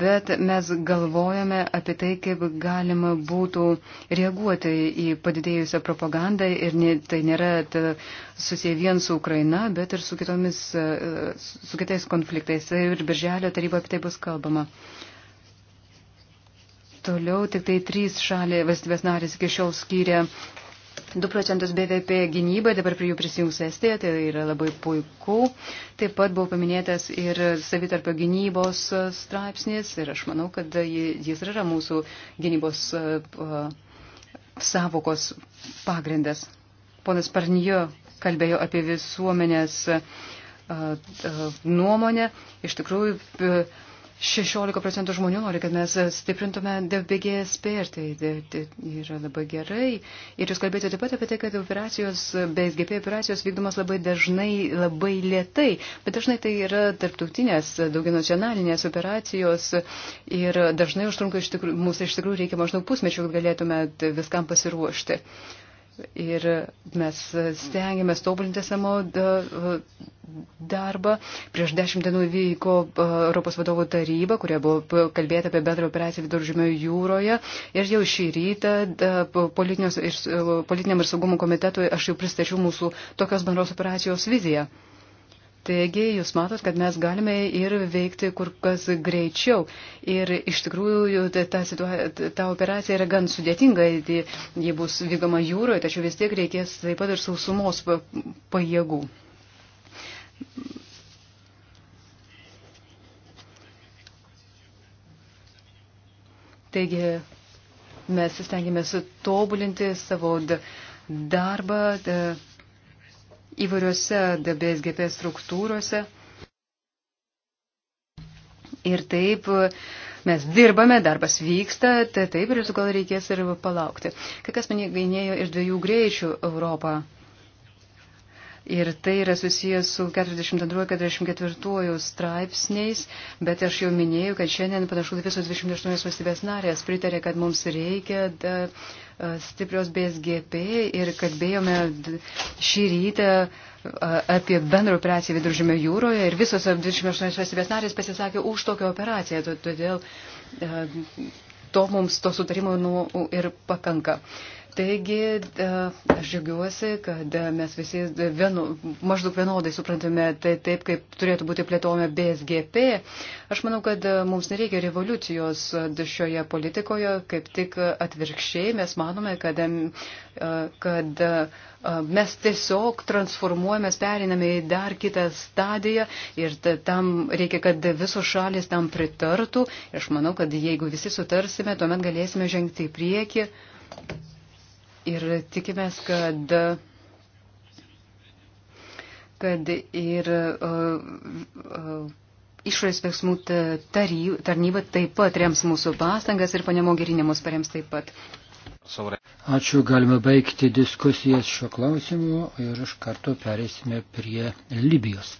[SPEAKER 3] Bet mes galvojame apie tai, kaip galima būtų reaguoti į padidėjusią propagandą ir ne, tai nėra ta, susiję vien su Ukraina, bet ir su, kitomis, su kitais konfliktais. Ir Birželio taryba apie tai bus kalbama. Uh, Toliau tik tai trys šalė valstybės narės iki šiol skyrė 2 procentus BVP gynybai, dabar prie jų prisijungs Estija, tai yra labai puiku. Taip pat buvo paminėtas ir savitarpio gynybos straipsnis ir aš manau, kad jis yra mūsų gynybos savokos pagrindas. Ponas Parnijo kalbėjo apie visuomenės nuomonę. Iš tikrųjų, 16 procentų žmonių nori, kad mes stiprintume DBGSP ir tai, tai, tai yra labai gerai. Ir jūs kalbėjote taip pat apie tai, kad operacijos, BSGP operacijos vykdomas labai dažnai, labai lietai, bet dažnai tai yra tarptautinės, daugianacionalinės operacijos ir dažnai užtrunka iš tikrųjų, mums iš tikrųjų reikia maždaug pusmečio, kad galėtume viskam pasiruošti. Uh, Ir mes stengiamės tobulinti savo darbą. Prieš dešimt dienų vyko Europos vadovų taryba, kurioje buvo kalbėta apie bendrą operaciją viduržymio jūroje. Ir jau šį rytą politiniam ir saugumo komitetui aš jau pristačiau mūsų tokios bendros operacijos viziją. Taigi, jūs matot, kad mes galime ir veikti kur kas greičiau. Ir iš tikrųjų ta, situa, ta operacija yra gan sudėtinga, ji bus vykdoma jūroje, tačiau vis tiek reikės taip pat ir sausumos pajėgų. Taigi, mes stengiamės tobulinti savo darbą. De, įvairiuose BSGP struktūrose. Ir taip mes dirbame, darbas vyksta, tai taip ir gal reikės ir palaukti. Kai kas mane gainėjo ir dviejų greičių Europą. Ir tai yra susijęs su 42-44 straipsniais, bet aš jau minėjau, kad šiandien panašu, kad visos 28 valstybės narės pritarė, kad mums reikia da, stiprios BSGP ir kalbėjome šį rytą apie bendrą operaciją viduržėmio jūroje ir visos 28 valstybės narės pasisakė už tokią operaciją. Todėl to mums to sutarimo nu, ir pakanka. Uh, Taigi, e, aš džiaugiuosi, kad mes visi vienu, maždaug vienodai suprantame tai taip, kaip turėtų būti plėtojama BSGP. Aš manau, kad mums nereikia revoliucijos šioje politikoje, kaip tik atvirkščiai mes manome, kad, e, kad e, mes tiesiog transformuojamės, periname į dar kitą stadiją ir tam reikia, kad visos šalis tam pritartų. Ir aš manau, kad jeigu visi sutarsime, tuomet galėsime žengti į priekį. Ir tikimės, kad, kad ir uh, uh, išorės veiksmų tarnyba taip pat rems mūsų pastangas ir ponė Mogerinė mus parems taip pat.
[SPEAKER 1] Ačiū, galime baigti diskusijas šio klausimu ir iš karto perėsime prie Libijos.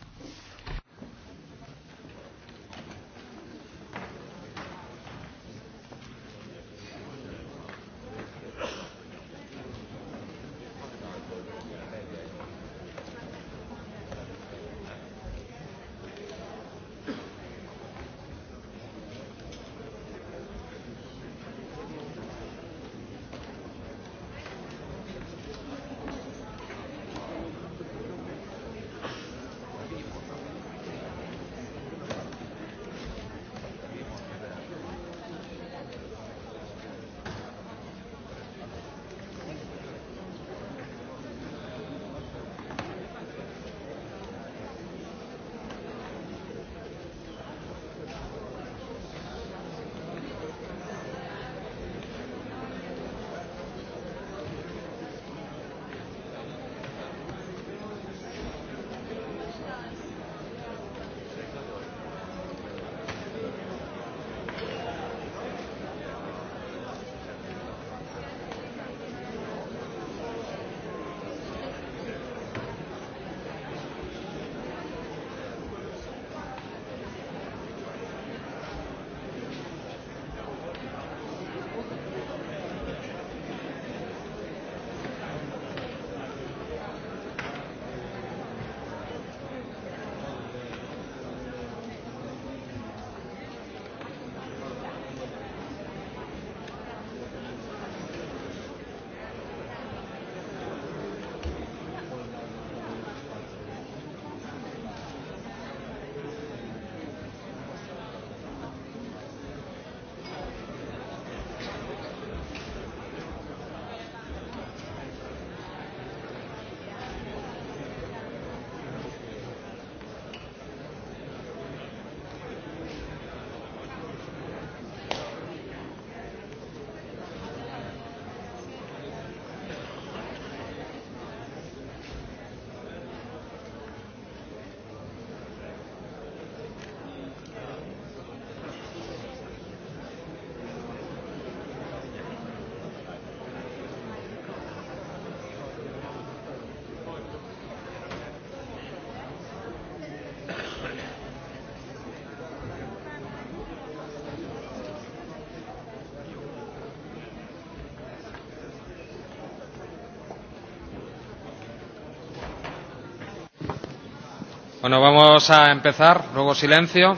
[SPEAKER 2] Bueno, vamos a empezar. Luego silencio.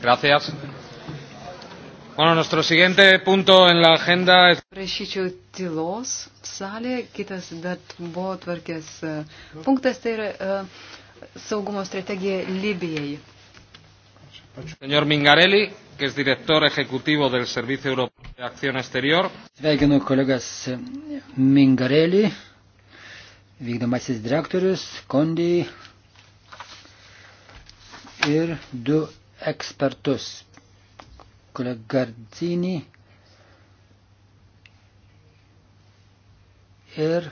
[SPEAKER 2] Gracias. Bueno, nuestro siguiente punto en la agenda es...
[SPEAKER 3] Prašyčiau tylos salėje, kitas darbo tvarkės e, punktas tai yra uh, saugumo strategija Libijai.
[SPEAKER 2] Señor Mingarelli, que es director ejecutivo del Servicio Europeo de Acción Exterior.
[SPEAKER 1] Sveikinu kolegas Mingarelli vykdomasis direktorius Kondi ir du ekspertus. Kolegardzinį ir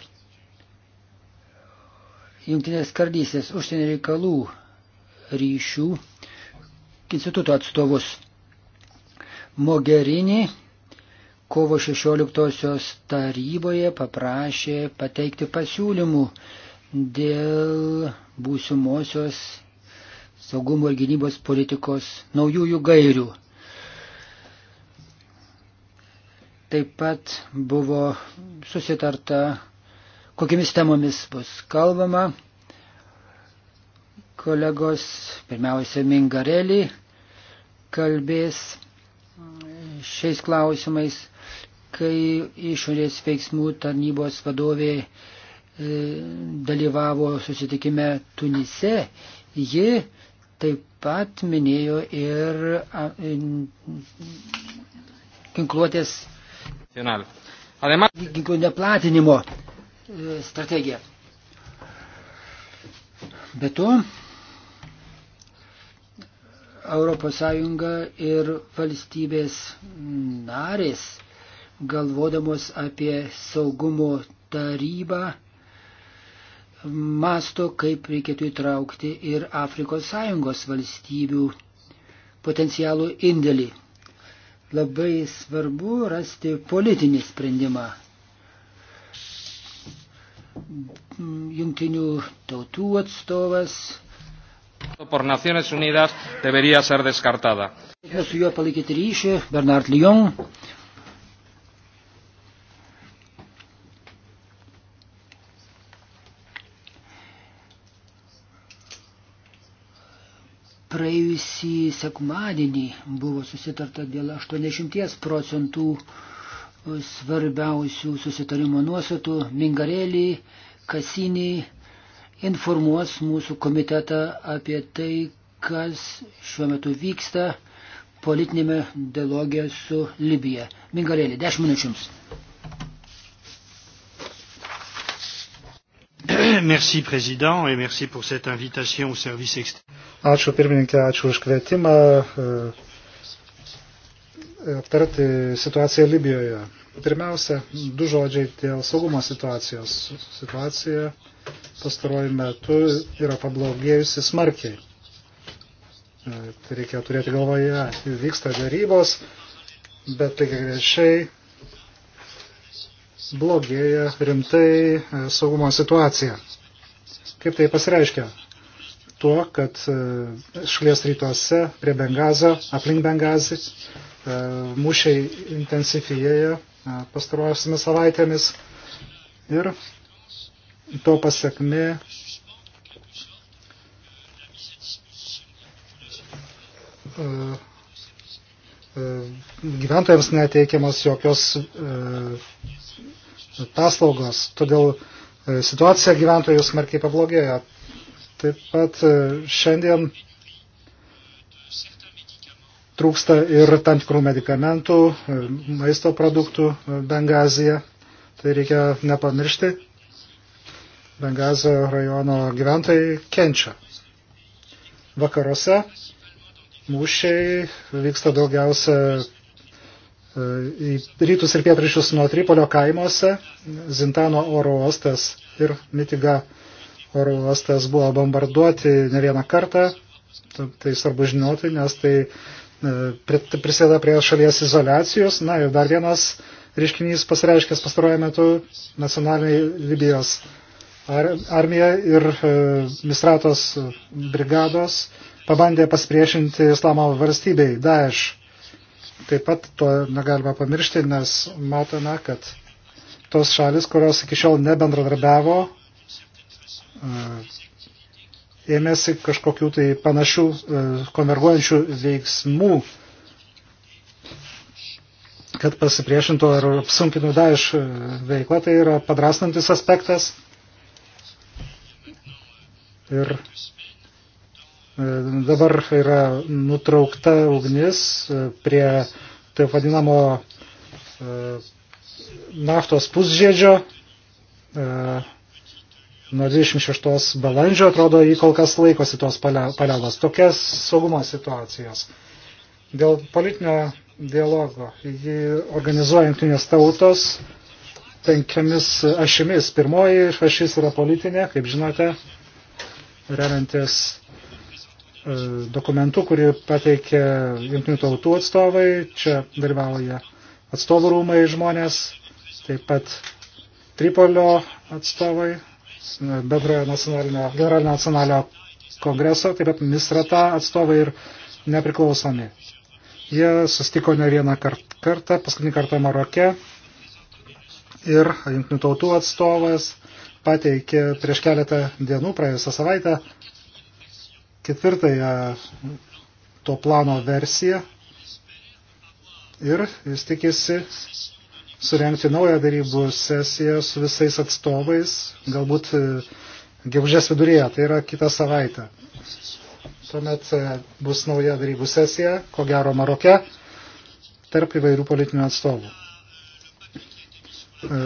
[SPEAKER 1] Jungtinės karalystės užsienio reikalų ryšių instituto atstovus. Mogherini kovo 16-osios taryboje paprašė pateikti pasiūlymų dėl būsimosios saugumo ir gynybos politikos naujųjų gairių. Taip pat buvo susitarta, kokiamis temomis bus kalbama. Kolegos, pirmiausia, Mingarelį kalbės šiais klausimais kai išorės veiksmų tarnybos vadovė e, dalyvavo susitikime Tunise, ji taip pat minėjo ir ginkluotės ginklų neplatinimo e, strategiją. Be to, ES ir valstybės narės galvodamos apie saugumo tarybą, masto, kaip reikėtų įtraukti ir Afrikos Sąjungos valstybių potencialų indėlį. Labai svarbu rasti politinį sprendimą. Jungtinių tautų atstovas.
[SPEAKER 2] Por Naciones Unidas debería ser descartada.
[SPEAKER 1] Su juo palaikyti ryšį Bernard Lyon, praėjusį sekmadienį buvo susitarta dėl 80 procentų svarbiausių susitarimo nuostatų. Mingarelį, Kasinį informuos mūsų komitetą apie tai, kas šiuo metu vyksta politinėme dialogė su Libija. Mingarelį, 10 minučių jums.
[SPEAKER 4] Merci, Président, et merci pour cette invitation au service extérieur. Ačiū pirmininkė, ačiū už kvietimą e, aptarti situaciją Libijoje. Pirmiausia, du žodžiai dėl saugumo situacijos. Situacija pastaruoju metu yra pablogėjusi smarkiai. E, tai reikia turėti galvoje, vyksta darybos, bet tai grešiai blogėja rimtai e, saugumo situacija. Kaip tai pasireiškia? tuo, kad e, šalies rytuose prie Bengazo, aplink Bengazį, e, mūšiai intensifėja e, pastaruosiamis savaitėmis ir to pasiekmi gyventojams neteikiamas jokios paslaugos. Todėl situacija gyventojų smarkiai pablogėjo. Taip pat e, šiandien trūksta ir tam tikrų medikamentų, e, maisto produktų e, Bengazija. Tai reikia nepamiršti. Bengazio rajono gyventojai kenčia. Vakaruose mūšiai vyksta daugiausia į rytus ir pietryčius nuo Tripolio kaimuose, Zintano oro uostas ir Mitiga oro uostas buvo bombarduoti ne vieną kartą. Tai svarbu žinoti, nes tai, e, tai prisideda prie šalies izolacijos. Na ir dar vienas reiškinys pasireiškęs pastaruoju metu nacionaliniai Libijos armija ir e, Misratos brigados pabandė pasipriešinti islamo valstybei Daesh. Taip pat to negalima pamiršti, nes matome, kad tos šalis, kurios iki šiol nebendradarbiavo ėmėsi kažkokių tai panašių konverguojančių veiksmų, kad pasipriešintų ar apsunkintų daiš veiklą. Tai yra padrasnantis aspektas. Ir dabar yra nutraukta ugnis prie taip vadinamo naftos pusžėdžio nuo 26 balandžio, atrodo, jį kol kas laikosi tos paliaubos. Tokias saugumo situacijos. Dėl politinio dialogo jį organizuoja jungtinės tautos penkiamis ašimis. Pirmoji ašis yra politinė, kaip žinote, remiantis e, dokumentu, kurį pateikė jungtinių tautų atstovai. Čia dalyvauja atstovų rūmai žmonės, taip pat Tripolio atstovai, bendrojo nacionalinio, generalinio nacionalinio kongreso, taip pat misrata atstovai ir nepriklausomi. Jie sustiko ne vieną kartą, paskutinį kartą Maroke ir jungtinių tautų atstovas pateikė prieš keletą dienų, praėjusią savaitę, ketvirtąją to plano versiją ir jis tikisi surenkti naują darybų sesiją su visais atstovais, galbūt e, gegužės viduryje, tai yra kitą savaitę. Tuomet e, bus nauja darybų sesija, ko gero Maroke, tarp įvairių politinių atstovų. E,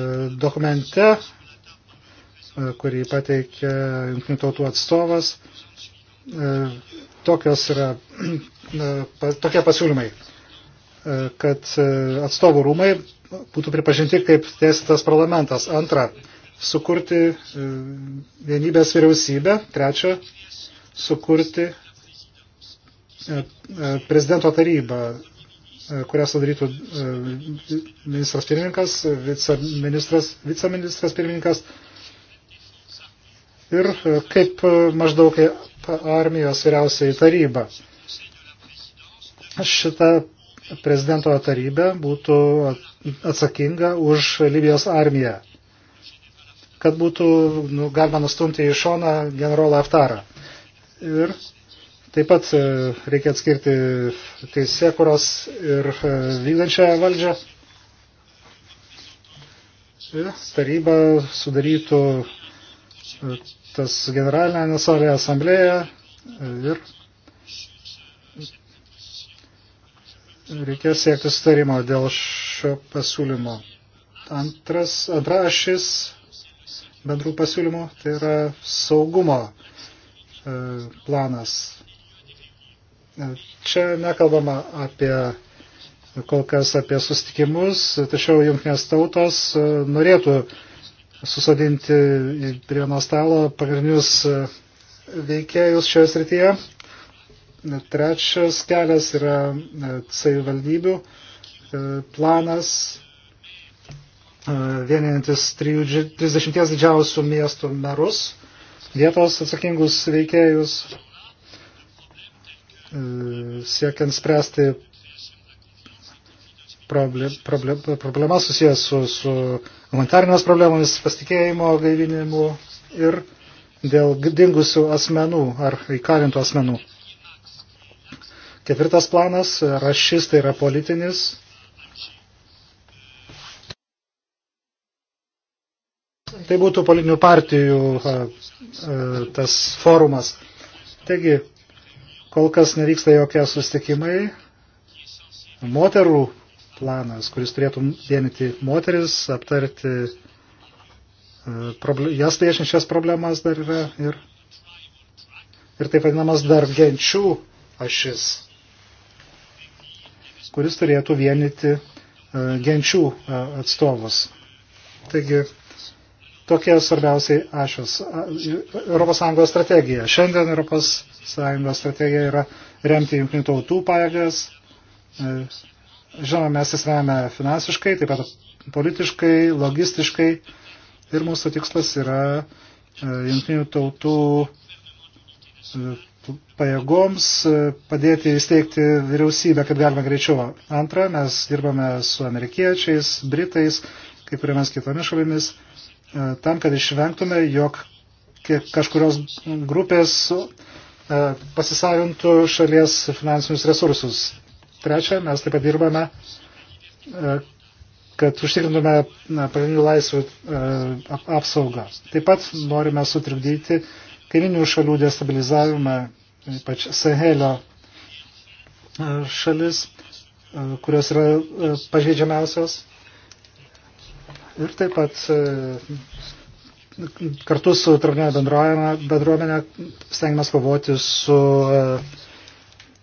[SPEAKER 4] dokumente, kurį pateikė Junktinių tautų atstovas, tokios yra tokie pasiūlymai. E, kad e, atstovų rūmai būtų pripažinti kaip teisėtas parlamentas. Antra, sukurti e, vienybės vyriausybę. Trečia, sukurti prezidento tarybą, kurią sudarytų ministras pirmininkas, viceministras, viceministras pirmininkas ir kaip maždaug armijos vyriausiai taryba. Šita prezidento tarybė būtų atsakinga už Libijos armiją, kad būtų nu, galima nustumti į šoną generolą Aftarą. Ir taip pat e, reikia atskirti teisėkuros ir e, vykdančią valdžią. Ir taryba sudarytų e, tas generalinę nesalę asamblėją ir reikės siekti sutarimo dėl šio pasiūlymo. Antras, antra ašis bendrų pasiūlymų tai yra saugumo e, planas. E, čia nekalbama apie kol kas apie sustikimus, tačiau jungtinės tautos e, norėtų susadinti prie vieno stalo pagrindinius e, veikėjus šioje srityje Trečias kelias yra e, savivaldybių e, planas e, vienintis 30 didžiausių miestų merus, vietos atsakingus veikėjus, siekiant spręsti problemas susijęs su, su humanitarinėmis problemomis, pasitikėjimo gaivinimu ir dėl dingusių asmenų ar įkalintų asmenų. Ketvirtas planas, rašis tai yra politinis. Tai būtų politinių partijų e, tas forumas. Taigi, kol kas nevyksta jokie sustikimai. Moterų planas, kuris turėtų vienyti moteris, aptarti e, problem, jas liečinčias problemas dar yra ir, ir taip vadinamas dar genčių ašis kuris turėtų vienyti e, genčių e, atstovus. Taigi, tokie svarbiausiai ašios. ES strategija. Šiandien ES strategija yra remti jungtinių tautų pajėgas. E, žinoma, mes jis remia finansiškai, taip pat politiškai, logistiškai. Ir mūsų tikslas yra jungtinių tautų pajėgoms e, padėti įsteigti vyriausybę, kaip galima greičiau. Antra, mes dirbame su amerikiečiais, britais, kai kuriomis kitomis šalimis, e, tam, kad išvengtume, jog kažkurios grupės e, pasisavintų šalies finansinius resursus. Trečia, mes taip pat dirbame, kad užtikrintume pagrindinių laisvių apsaugą. Taip pat norime sutrikdyti kaiminių šalių destabilizavimą, ypač Sahelio e, šalis, e, kurios yra e, pažeidžiamiausios. Ir taip pat kartu su tarptautinė bendruomenė stengiamas kovoti su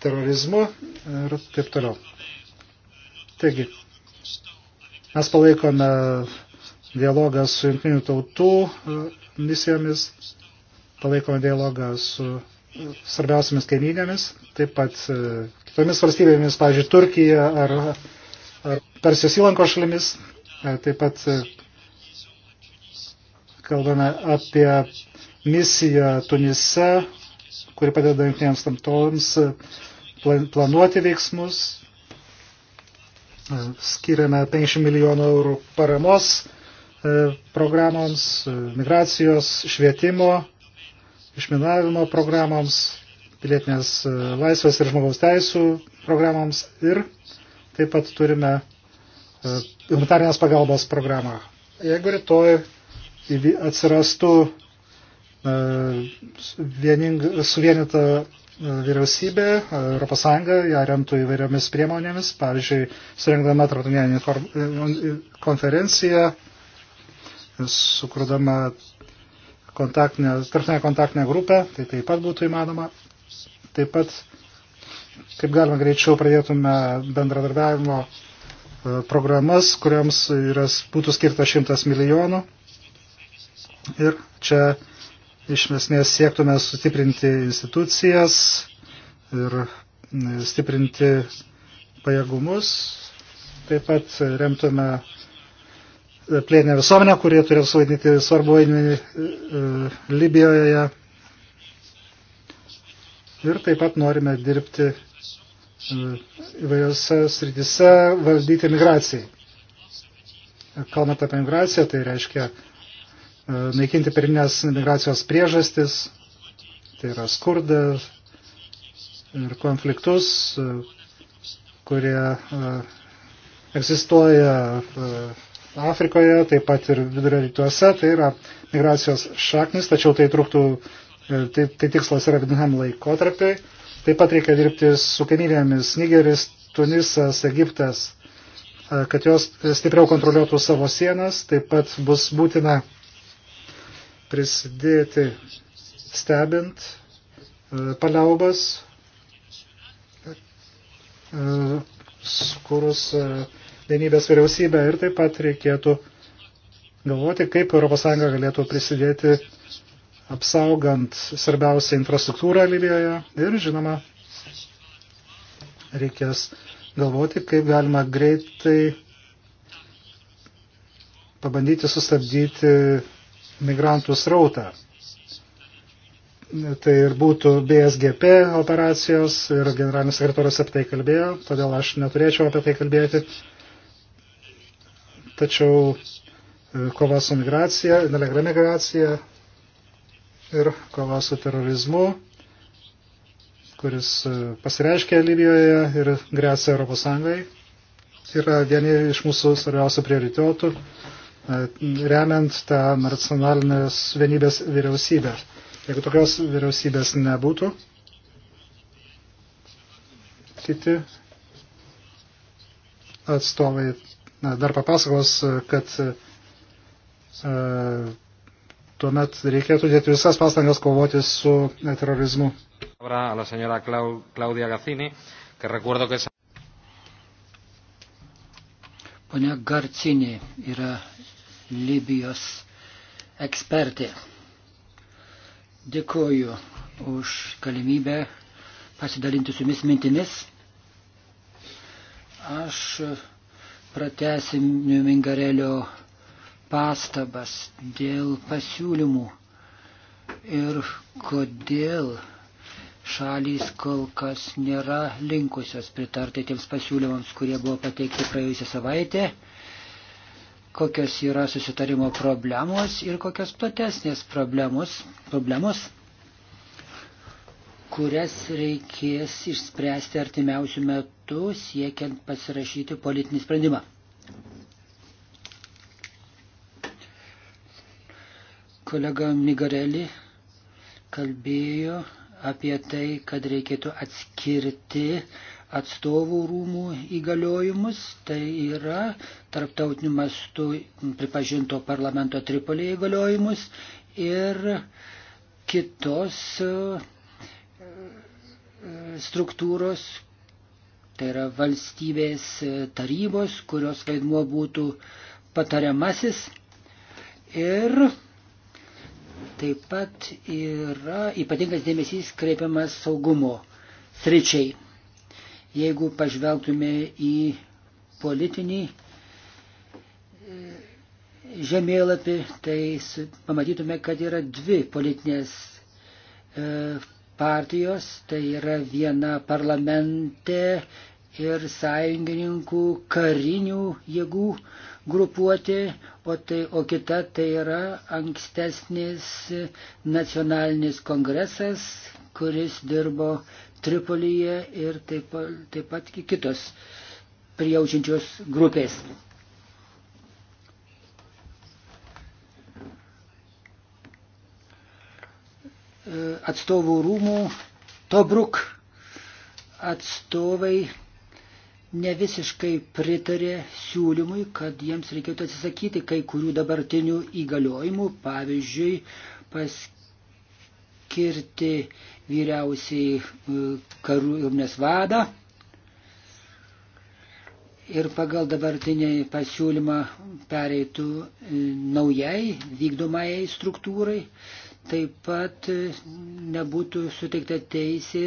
[SPEAKER 4] terorizmu ir taip toliau. Taigi, mes palaikome dialogą su jungtinių tautų misijomis palaikome dialogą su svarbiausiamis kaimynėmis, taip pat e, kitomis valstybėmis, pavyzdžiui, Turkija ar, ar Persijos įlanko šalimis. E, taip pat e, kalbame apie misiją Tunise, kuri padeda jungtinėms tamtoms planuoti veiksmus. Skiriame 50 milijonų eurų paramos programoms, migracijos, švietimo išminavimo programoms, pilietinės e, laisvės ir žmogaus teisų programoms ir taip pat turime e, humanitarinės pagalbos programą. Jeigu rytoj atsirastų e, viening, suvienyta vyriausybė, ES ją remtų įvairiomis priemonėmis, pavyzdžiui, surengdama tarptautinę konferenciją, sukurdama kontaktinę, tarptautinę kontaktinę grupę, tai taip pat būtų įmanoma. Taip pat, kaip galima greičiau pradėtume bendradarbiavimo e, programas, kuriams yra, būtų skirta 100 milijonų. Ir čia iš esmės siektume sustiprinti institucijas ir stiprinti pajėgumus. Taip pat remtume plėtinę visuomenę, kurie turėtų suvaidinti svarbu vaidmenį e, Libijoje. Ir taip pat norime dirbti e, įvairiose srityse, valdyti migracijai. Kalbant apie migraciją, tai reiškia e, naikinti pirminės migracijos priežastis, tai yra skurdas ir konfliktus, kurie egzistuoja Afrikoje, taip pat ir vidurio rytuose, tai yra migracijos šaknis, tačiau tai truktų, e, tai, tai tikslas yra vidiniam laikotarpiai. Taip pat reikia dirbti su kaimynėmis Nigeris, Tunisas, Egiptas, e, kad jos stipriau kontroliuotų savo sienas, taip pat bus būtina prisidėti stebint e, paliaubas, kurus vienybės vyriausybę ir taip pat reikėtų galvoti, kaip ES galėtų prisidėti apsaugant svarbiausią infrastruktūrą Libijoje ir, žinoma, reikės galvoti, kaip galima greitai pabandyti sustabdyti migrantų srautą. Tai ir būtų BSGP operacijos ir generalinis sekretorius apie tai kalbėjo, todėl aš neturėčiau apie tai kalbėti. Tačiau e, kova su migracija, nelegalia migracija ir kova su terorizmu, kuris e, pasireiškia Libijoje ir grėsia Europos Sąjungai, yra vieni iš mūsų svarbiausių prioritetų, e, remiant tą nacionalinės vienybės vyriausybę. Jeigu tokios vyriausybės nebūtų, kiti atstovai dar papasakos, kad e, tuomet reikėtų dėti visas pastangas kovoti su e, terorizmu.
[SPEAKER 1] Pone Garcinė yra Libijos ekspertė. Dėkuoju už galimybę pasidalinti su jumis mintimis. Aš pratesiniu Mingarelio pastabas dėl pasiūlymų ir kodėl šalys kol kas nėra linkusios pritarti tiems pasiūlymams, kurie buvo pateikti praėjusią savaitę, kokios yra susitarimo problemos ir kokios platesnės problemos, problemos kurias reikės išspręsti artimiausių metų siekiant pasirašyti politinį sprendimą. Kolega Migareli kalbėjo apie tai, kad reikėtų atskirti atstovų rūmų įgaliojimus, tai yra tarptautiniu mastu pripažinto parlamento Tripolėje įgaliojimus ir kitos struktūros, tai yra valstybės tarybos, kurios vaidmuo būtų patariamasis. Ir taip pat yra ypatingas dėmesys kreipiamas saugumo sričiai. Jeigu pažvelgtume į politinį e, žemėlapį, tai pamatytume, kad yra dvi politinės e, partijos, tai yra viena parlamente ir sąjungininkų karinių jėgų grupuotė, o, tai, o kita tai yra ankstesnis nacionalinis kongresas, kuris dirbo Tripolyje ir taip, taip pat kitos prijaučiančios grupės. E, atstovų rūmų Tobruk atstovai ne visiškai pritarė siūlymui, kad jiems reikėtų atsisakyti kai kurių dabartinių įgaliojimų, pavyzdžiui, paskirti vyriausiai e, kariuomenės vadą. Ir pagal dabartinį pasiūlymą pereitų e, naujai vykdomai struktūrai taip pat nebūtų suteikta teisė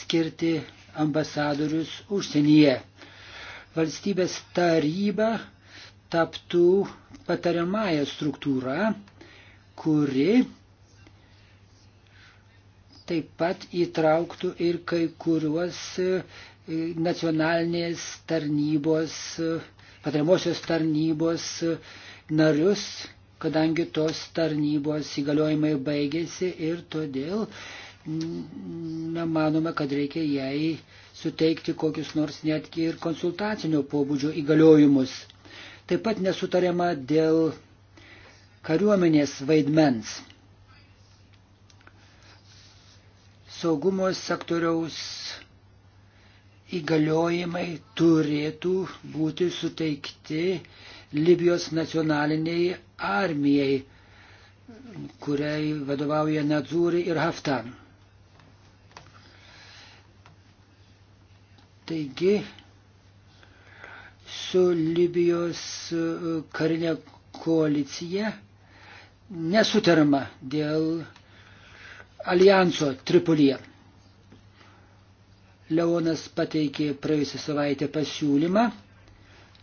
[SPEAKER 1] skirti ambasadorius užsienyje. Valstybės taryba taptų patariamąją struktūrą, kuri taip pat įtrauktų ir kai kuriuos e, nacionalinės tarnybos, e, patariamosios tarnybos e, narius, kadangi tos tarnybos įgaliojimai baigėsi ir todėl nemanome, kad reikia jai suteikti kokius nors netgi ir konsultacinio pobūdžio įgaliojimus. Taip pat nesutarėma dėl kariuomenės vaidmens. Saugumo sektoriaus įgaliojimai turėtų būti suteikti Libijos nacionaliniai armijai, kuriai vadovauja Nadzūri ir Haftan. Taigi, su Libijos e, karinė koalicija nesutarama dėl alijanso Tripolyje. Leonas pateikė praėjusią savaitę pasiūlymą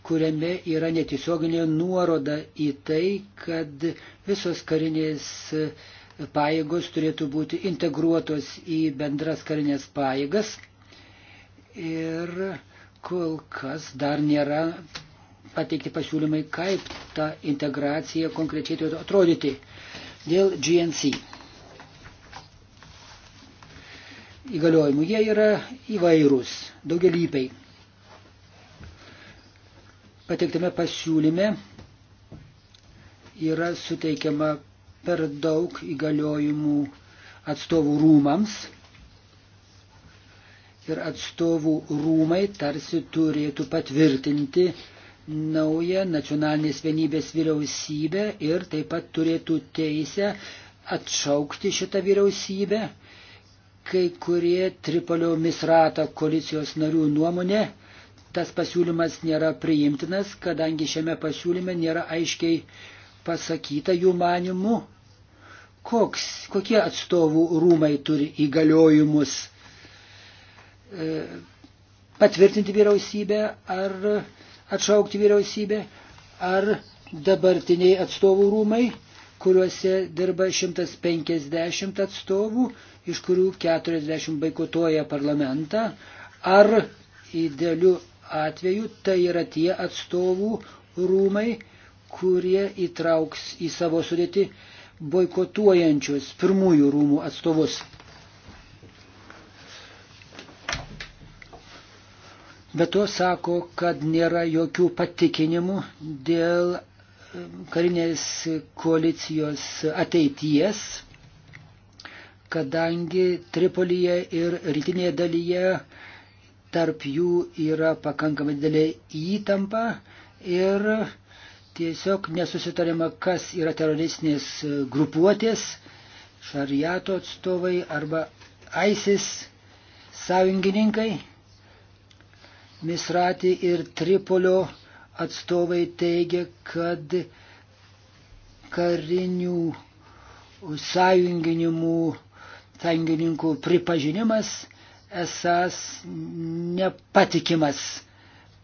[SPEAKER 1] kuriame yra netiesioginė nuoroda į tai, kad visos karinės pajėgos turėtų būti integruotos į bendras karinės pajėgas. Ir kol kas dar nėra pateikti pasiūlymai, kaip ta integracija konkrečiai turėtų atrodyti dėl GNC. Įgaliojimų jie yra įvairūs, daugelypiai pateiktame pasiūlyme yra suteikiama per daug įgaliojimų atstovų rūmams. Ir atstovų rūmai tarsi turėtų patvirtinti naują nacionalinės vienybės vyriausybę ir taip pat turėtų teisę atšaukti šitą vyriausybę. Kai kurie Tripolio misrata koalicijos narių nuomonė tas pasiūlymas nėra priimtinas, kadangi šiame pasiūlyme nėra aiškiai pasakyta jų manimu, koks, kokie atstovų rūmai turi įgaliojimus e, patvirtinti vyriausybę ar atšaukti vyriausybę, ar dabartiniai atstovų rūmai, kuriuose dirba 150 atstovų, iš kurių 40 baikotoja parlamentą, ar idealiu atveju tai yra tie atstovų rūmai, kurie įtrauks į savo sudėti boikotuojančius pirmųjų rūmų atstovus. Bet to sako, kad nėra jokių patikinimų dėl karinės koalicijos ateities, kadangi Tripolyje ir rytinėje dalyje tarp jų yra pakankamai didelė įtampa ir tiesiog nesusitarima, kas yra teroristinės grupuotės, šariato atstovai arba ISIS sąjungininkai. Misrati ir Tripolio atstovai teigia, kad karinių sąjungininkų pripažinimas esas nepatikimas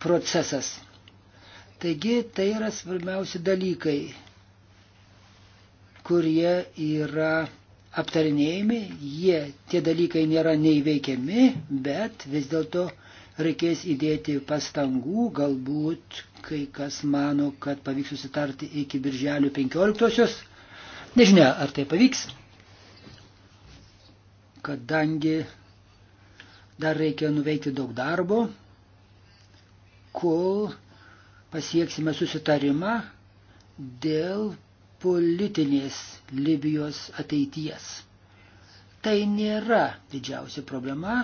[SPEAKER 1] procesas. Taigi tai yra svarbiausi dalykai, kurie yra aptarinėjami, jie tie dalykai nėra neįveikiami, bet vis dėlto reikės įdėti pastangų, galbūt kai kas mano, kad pavyks susitarti iki birželio 15-osios. Nežinia, ar tai pavyks, kadangi Dar reikia nuveikti daug darbo, kol pasieksime susitarimą dėl politinės Libijos ateities. Tai nėra didžiausia problema,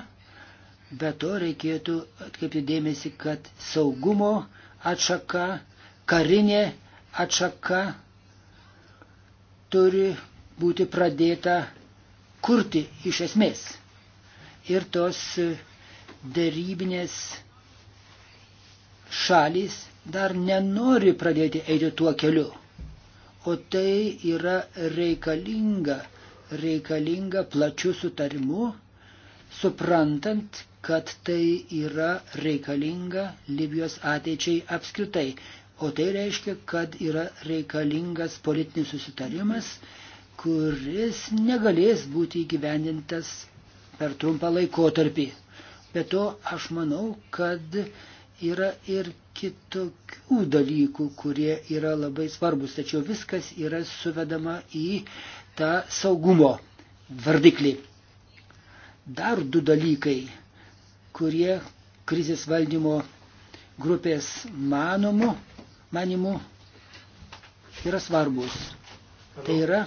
[SPEAKER 1] bet to reikėtų atkreipti dėmesį, kad saugumo atšaka, karinė atšaka turi būti pradėta kurti iš esmės ir tos dėrybinės šalys dar nenori pradėti eiti tuo keliu. O tai yra reikalinga, reikalinga plačių sutarimų, suprantant, kad tai yra reikalinga Libijos ateičiai apskritai. O tai reiškia, kad yra reikalingas politinis susitarimas, kuris negalės būti įgyvendintas per trumpą laikotarpį. Bet to aš manau, kad yra ir kitokių dalykų, kurie yra labai svarbus, tačiau viskas yra suvedama į tą saugumo vardiklį. Dar du dalykai, kurie krizės valdymo grupės manomu, manimu yra svarbus. Tai yra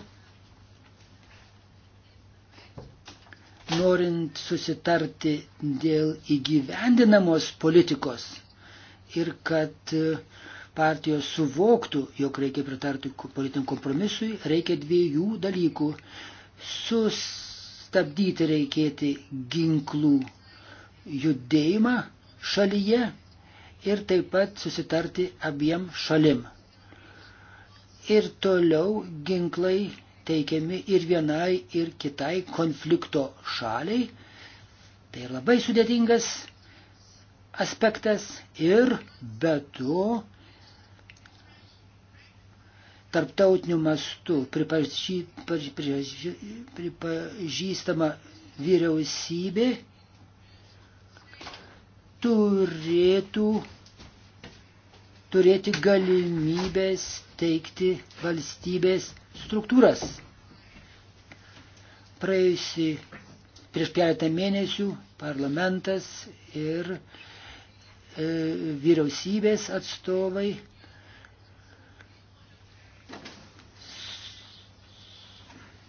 [SPEAKER 1] norint susitarti dėl įgyvendinamos politikos ir kad e, partijos suvoktų, jog reikia pritarti politiniam kompromisui, reikia dviejų dalykų. Sustabdyti reikėti ginklų judėjimą šalyje ir taip pat susitarti abiem šalim. Ir toliau ginklai teikiami ir vienai, ir kitai konflikto šaliai. Tai labai sudėtingas aspektas ir be to tarptautiniu mastu pripažį, pripažį, pripažįstama vyriausybė turėtų turėti galimybės teikti valstybės struktūras. Praėjusi prieš keletą mėnesių parlamentas ir e, vyriausybės atstovai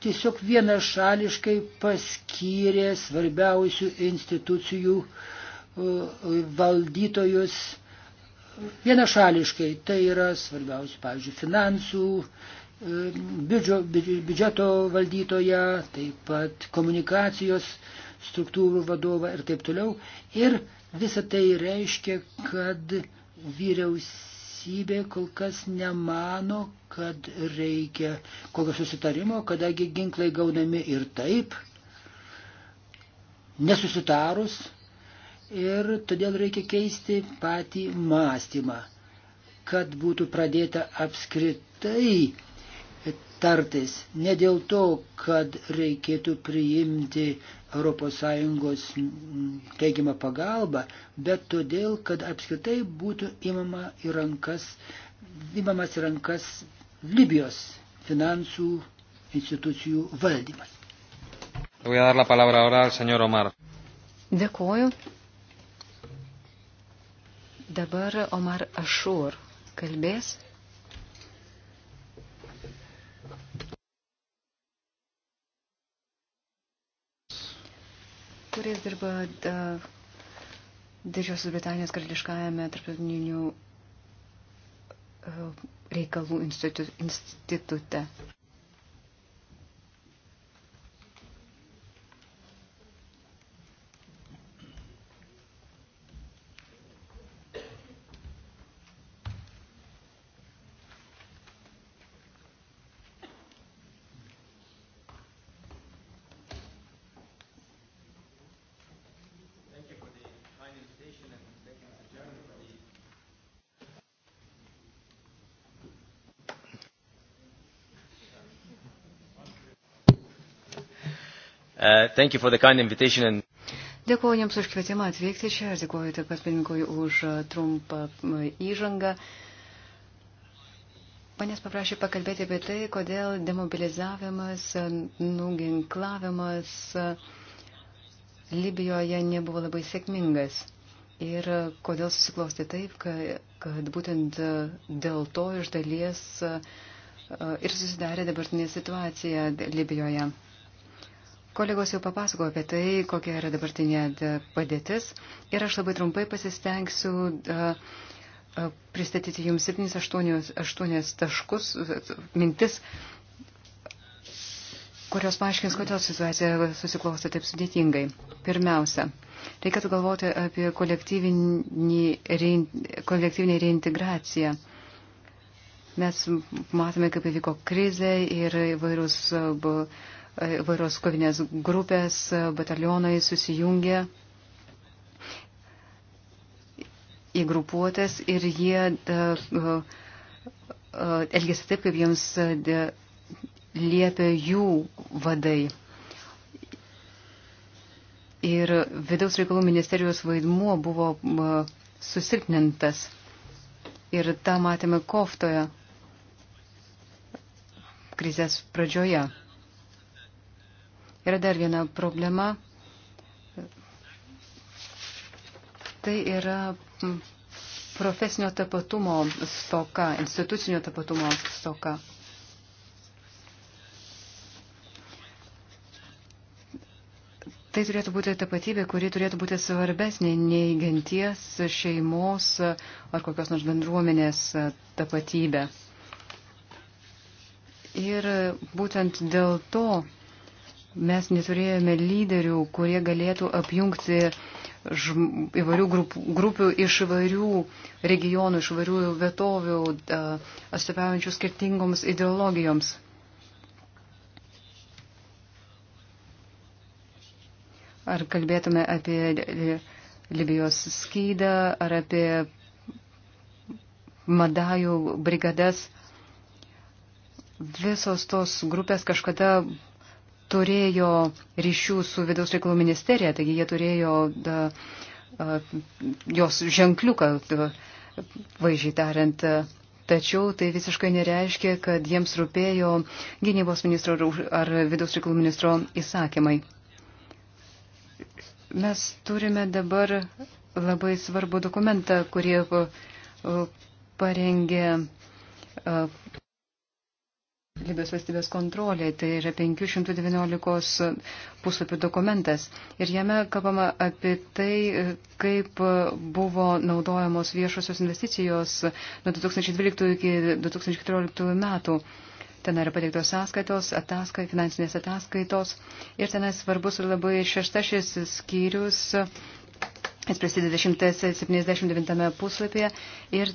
[SPEAKER 1] tiesiog vienašališkai paskyrė svarbiausių institucijų e, valdytojus vienašališkai. Tai yra svarbiausi, pavyzdžiui, finansų, biudžio, biudžeto valdytoją, taip pat komunikacijos struktūrų vadovą ir taip toliau. Ir visa tai reiškia, kad vyriausybė kol kas nemano, kad reikia kokio susitarimo, kadangi ginklai gaunami ir taip, nesusitarus, ir todėl reikia keisti patį mąstymą, kad būtų pradėta apskritai tartis. Ne dėl to, kad reikėtų priimti ES teigiamą pagalbą, bet todėl, kad apskritai būtų imama į rankas, imamas į rankas Libijos finansų institucijų valdymas.
[SPEAKER 3] Dėkuoju. Dabar Omar Ašur kalbės. kuriais dirba Didžiosios Britanijos karališkajame tarptautinių e, reikalų institute. thank you for the kind invitation. And... Dėkuoju Jums už kvietimą atvykti čia ir dėkuoju taip pat pirmininkui už trumpą įžangą. Manęs paprašė pakalbėti apie tai, kodėl demobilizavimas, nuginklavimas Libijoje nebuvo labai sėkmingas. Ir kodėl susiklosti taip, kad, kad būtent dėl to iš dalies e, ir susidarė dabartinė situacija Libijoje. Kolegos jau papasako apie tai, kokia yra dabartinė e, padėtis ir aš labai trumpai pasistengsiu e, e, pristatyti jums 7-8 taškus, mintis, kurios paaiškins, kodėl situacija susiklosto taip sudėtingai. Pirmiausia, reikėtų galvoti apie kolektyvinį, kolektyvinį reintegraciją. Mes matome, kaip įvyko krizė ir įvairūs buvo vairos kovinės grupės, batalionai susijungia į grupuotės ir jie e, e, e, elgesi taip, kaip jiems liepia jų vadai. Ir vidaus reikalų ministerijos vaidmuo buvo susilpnintas. Ir tą matėme koftoje krizės pradžioje. Yra dar viena problema. Tai yra profesinio tapatumo stoka, institucinio tapatumo stoka. Tai turėtų būti tapatybė, kuri turėtų būti svarbesnė nei genties, šeimos ar kokios nors bendruomenės tapatybė. Ir būtent dėl to mes neturėjome lyderių, kurie galėtų apjungti žm, įvairių grup, grupių iš įvairių regionų, iš įvairių vietovių, atstovaujančių skirtingoms ideologijoms. Ar kalbėtume apie Libijos skydą, ar apie Madajų brigadas. Visos tos grupės kažkada turėjo ryšių su vidaus reikalų ministerija, taigi jie turėjo da, jos ženkliuką, da, vaizdžiai tariant. Tačiau tai visiškai nereiškia, kad jiems rūpėjo gynybos ministro ar vidaus reikalų ministro įsakymai. Mes turime dabar labai svarbų dokumentą, kurį parengė Libijos valstybės kontrolė, tai yra 519 puslapių dokumentas. Ir jame kalbama apie tai, kaip buvo naudojamos viešosios investicijos nuo 2012 iki 2014 metų. Ten yra pateiktos sąskaitos, ataskai, finansinės ataskaitos. Ir ten svarbus ir labai šeštasis skyrius Jis prasideda 179 puslapyje ir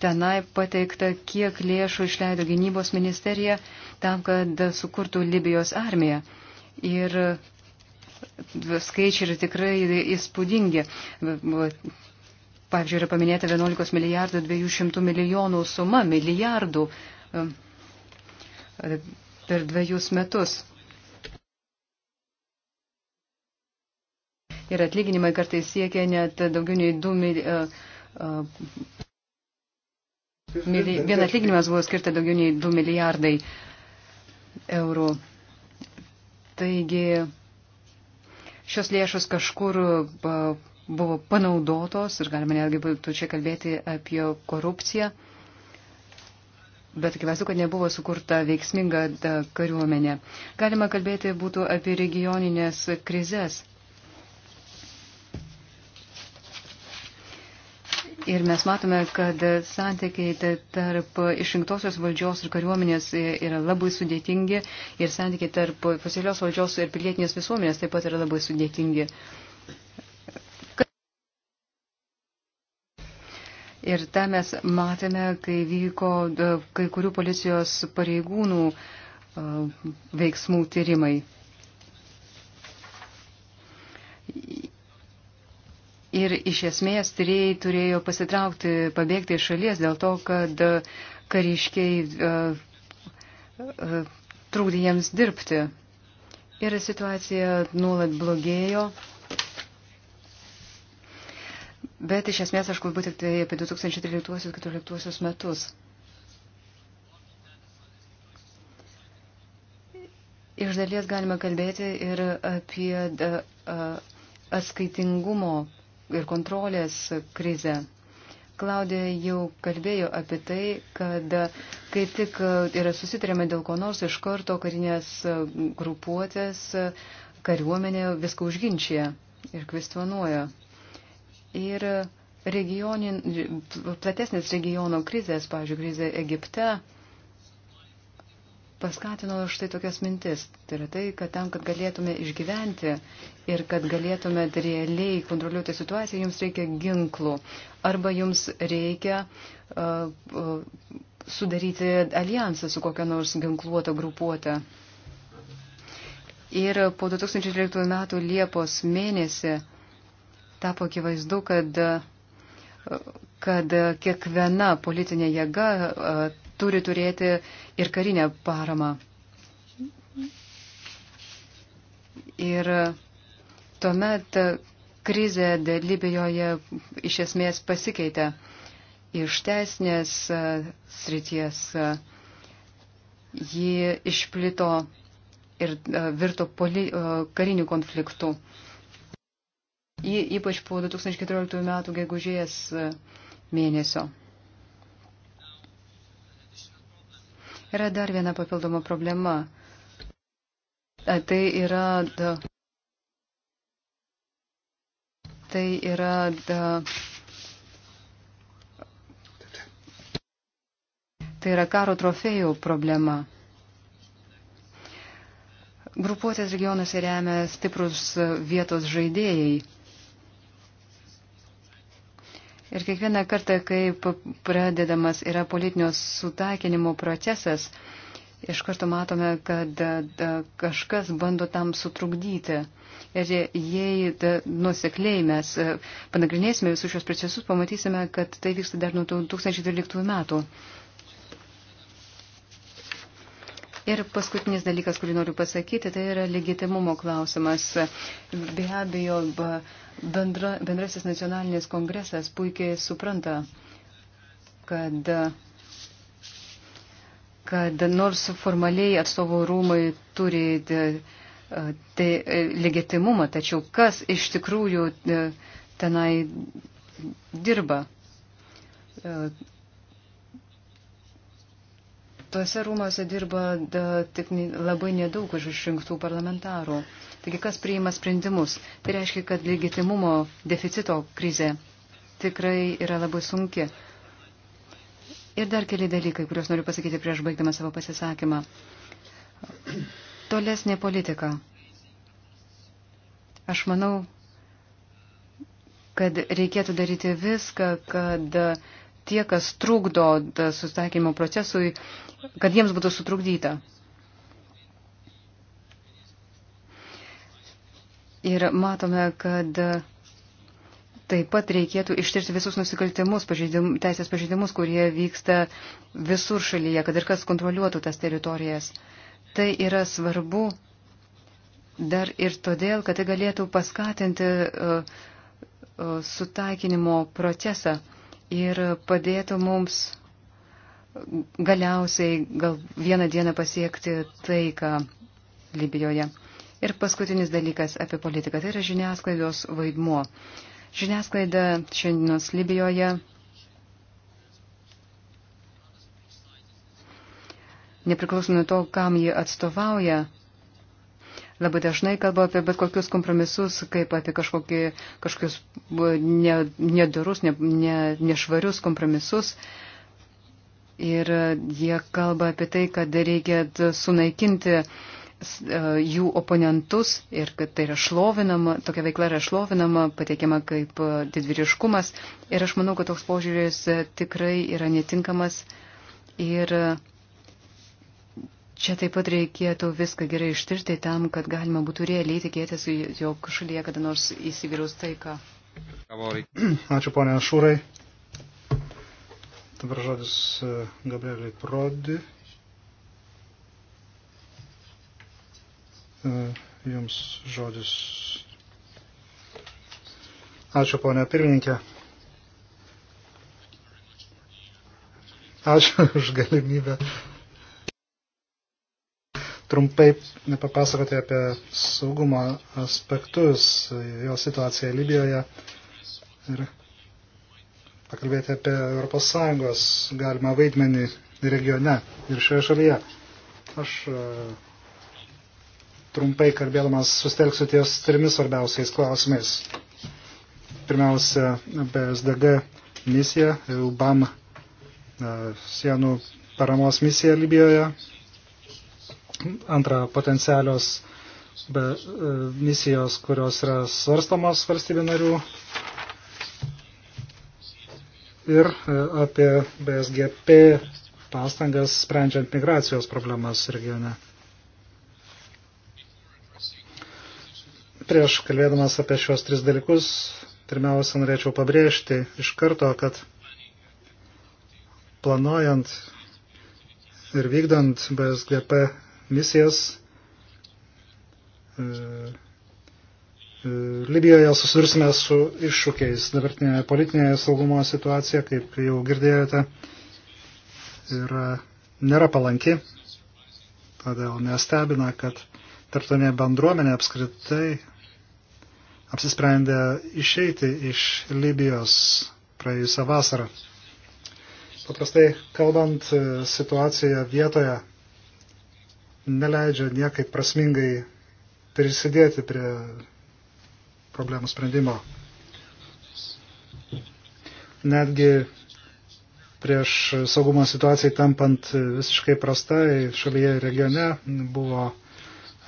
[SPEAKER 3] tenai pateikta, kiek lėšų išleido gynybos ministerija tam, kad sukurtų Libijos armiją. Ir skaičiai yra tikrai įspūdingi. Pavyzdžiui, yra paminėta 11 milijardų 200 milijonų suma, milijardų um, per dviejus metus. ir atlyginimai kartais siekia net daugiau nei 2 milijonai. Vien atlyginimas buvo skirta daugiau nei 2 milijardai eurų. Taigi šios lėšos kažkur buvo panaudotos ir galima netgi būtų čia kalbėti apie korupciją, bet akivaizdu, kad nebuvo sukurta veiksminga kariuomenė. Galima kalbėti būtų apie regioninės krizės. Ir mes matome, kad santykiai tarp išrinktosios valdžios ir kariuomenės yra labai sudėtingi ir santykiai tarp oficialios valdžios ir pilietinės visuomenės taip pat yra labai sudėtingi. Ir tą mes matėme, kai vyko e, kai kurių policijos pareigūnų e, veiksmų tyrimai. Ir iš esmės tyrėjai turėjo pasitraukti, pabėgti iš šalies dėl to, kad e, kariškiai uh, e, uh, e, trūkdė jiems dirbti. Ir situacija nuolat blogėjo. Bet iš esmės aš kalbu tik tai apie 2013-2014 metus. Iš dalies galime kalbėti ir apie uh, atskaitingumo ir kontrolės krizę. Klaudija jau kalbėjo apie tai, kad kai tik yra susitarėme dėl ko nors iš karto karinės grupuotės, kariuomenė viską užginčia ir kvestionuoja. Ir regionin, platesnės regiono krizės, pavyzdžiui, krizė Egipte, paskatino štai tokias mintis. Tai yra tai, kad tam, kad galėtume išgyventi ir kad galėtume realiai kontroliuoti situaciją, jums reikia ginklų arba jums reikia uh, uh, sudaryti alijansą su kokia nors ginkluota grupuota. Ir po 2013 metų Liepos mėnesį tapo akivaizdu, kad, kad kiekviena politinė jėga uh, turi turėti ir karinę paramą. Ir tuomet krizė Libijoje iš esmės pasikeitė iš teisinės srities. Ji išplito ir e, virto poli, e, karinių konfliktų. Ji ypač po 2014 metų gegužės e, mėnesio. Yra dar viena papildoma problema. Tai yra. Da, tai yra. Da, tai yra karo trofėjų problema. Grupuotės regionuose remia stiprus vietos žaidėjai. Ir kiekvieną kartą, kai pradedamas yra politinio sutaikinimo procesas, iš karto matome, kad e, kažkas bando tam sutrukdyti. Ir jei nusekliai mes e, panagrinėsime visus šios procesus, pamatysime, kad tai vyksta dar nuo 2012 metų. Ir paskutinis dalykas, kurį noriu pasakyti, tai yra legitimumo klausimas. Be abejo, bendra, bendrasis nacionalinis kongresas puikiai supranta, kad kad nors formaliai atstovų rūmai turi e, tai e, legitimumą, tačiau kas iš tikrųjų e, tenai dirba tuose rūmose dirba da, tik labai nedaug iš išrinktų parlamentarų. Taigi kas priima sprendimus? Tai reiškia, kad legitimumo deficito krize tikrai yra labai sunki. Ir dar keli dalykai, kuriuos noriu pasakyti prieš baigdama savo pasisakymą. Tolesnė politika. Aš manau, kad reikėtų daryti viską, kad uh, tie, kas trukdo susitaikymo procesui, kad jiems būtų sutrukdyta. Ir matome, kad taip pat reikėtų ištirti visus nusikaltimus, pažeidim, teisės pažeidimus, kurie vyksta visur šalyje, kad ir kas kontroliuotų tas teritorijas. Tai yra svarbu dar ir todėl, kad tai galėtų paskatinti uh, uh, sutaikinimo procesą. Uh, ir padėtų mums galiausiai gal vieną dieną pasiekti taiką Libijoje. Ir paskutinis dalykas apie politiką, tai yra žiniasklaidos vaidmuo. Žiniasklaida šiandienos Libijoje nepriklausomai nuo to, kam ji atstovauja, labai dažnai kalba apie bet kokius kompromisus, kaip apie kažkokį, kažkokius ne, nedarus, ne, ne, nešvarius kompromisus. Ir e, jie kalba apie tai, kad reikia sunaikinti e, jų oponentus ir kad tai yra šlovinama, tokia veikla yra šlovinama, pateikiama kaip e, didvyriškumas. Ir aš manau, kad toks požiūris tikrai yra netinkamas ir Čia taip pat reikėtų viską gerai ištirti tam, kad galima būtų realiai tikėtis, jog šalyje kada nors įsivyraus taika.
[SPEAKER 4] Ačiū ponia Šūrai. Dabar žodis e, Gabrieliai Prodi. E, jums žodis. Ačiū ponia pirmininkė. Ačiū už galimybę trumpai papasakoti apie saugumo aspektus, jo situaciją Libijoje ir pakalbėti apie ES galimą vaidmenį regione ir šioje šalyje. Aš e, trumpai kalbėdamas sustelksiu ties trimis svarbiausiais klausimais. Pirmiausia, BSDG misija, UBAM e, sienų paramos misija Libijoje Antra, potencialios be, e, misijos, kurios yra svarstamos valstybių narių. Ir e, apie BSGP pastangas sprendžiant migracijos problemas regione. Prieš kalbėdamas apie šios tris dalykus, pirmiausia, norėčiau pabrėžti iš karto, kad planuojant ir vykdant BSGP misijas. E, e, Libijoje susidursime su iššūkiais dabartinėje politinėje saugumo situacija, kaip jau girdėjote, yra, nėra palanki, todėl nestebina, kad tarptautinė bendruomenė apskritai apsisprendė išeiti iš Libijos praėjusią vasarą. Paprastai kalbant, e, situacija vietoje neleidžia niekaip prasmingai prisidėti prie problemų sprendimo. Netgi prieš saugumo situacijai tampant visiškai prastai šalyje ir regione buvo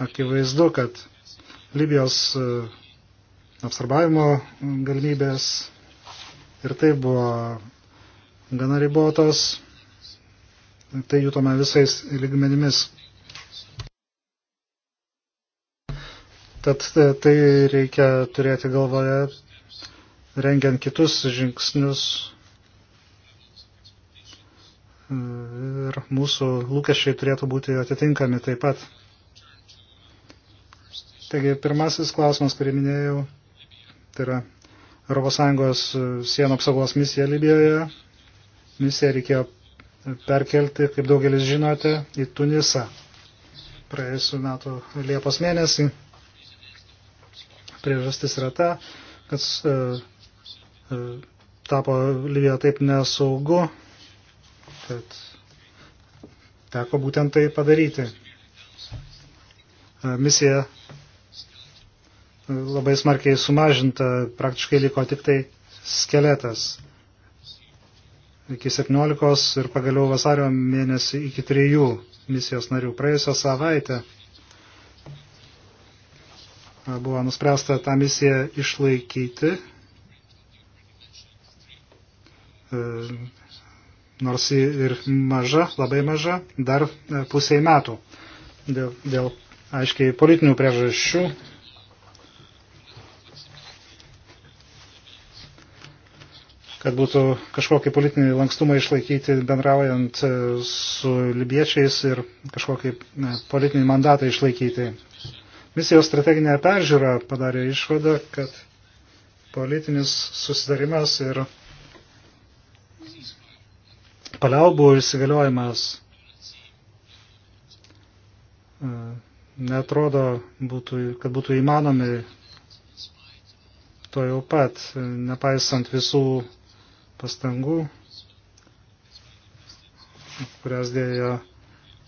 [SPEAKER 4] akivaizdu, kad Libijos e, apsarbavimo galimybės ir tai buvo gana ribotos. Tai jutome visais lygmenimis. Tad e, tai reikia turėti galvoje, rengiant kitus žingsnius e, ir mūsų lūkesčiai turėtų būti atitinkami taip pat. Taigi, pirmasis klausimas, kurį minėjau, tai yra ES e, sienų apsaugos misija Libijoje. Misiją reikėjo perkelti, kaip daugelis žinote, į Tunisą praėjusiu metu Liepos mėnesį priežastis yra ta, kad e, e, tapo Libija taip nesaugu, kad teko būtent tai padaryti. E, misija e, labai smarkiai sumažinta, praktiškai liko tik tai skeletas iki 17 ir pagaliau vasario mėnesį iki 3 misijos narių. Praėjusią savaitę buvo nuspręsta tą misiją išlaikyti, e, nors ir maža, labai maža, dar e, pusiai metų dėl, dėl aiškiai politinių priežasčių. kad būtų kažkokį politinį lankstumą išlaikyti bendraujant e, su libiečiais ir kažkokį politinį mandatą išlaikyti. Misijos strateginė peržiūra padarė išvadą, kad politinis susidarimas ir paliaubų įsigaliojimas e, netrodo, būtų, kad būtų įmanomi to jau pat, nepaisant visų pastangų, kurias dėjo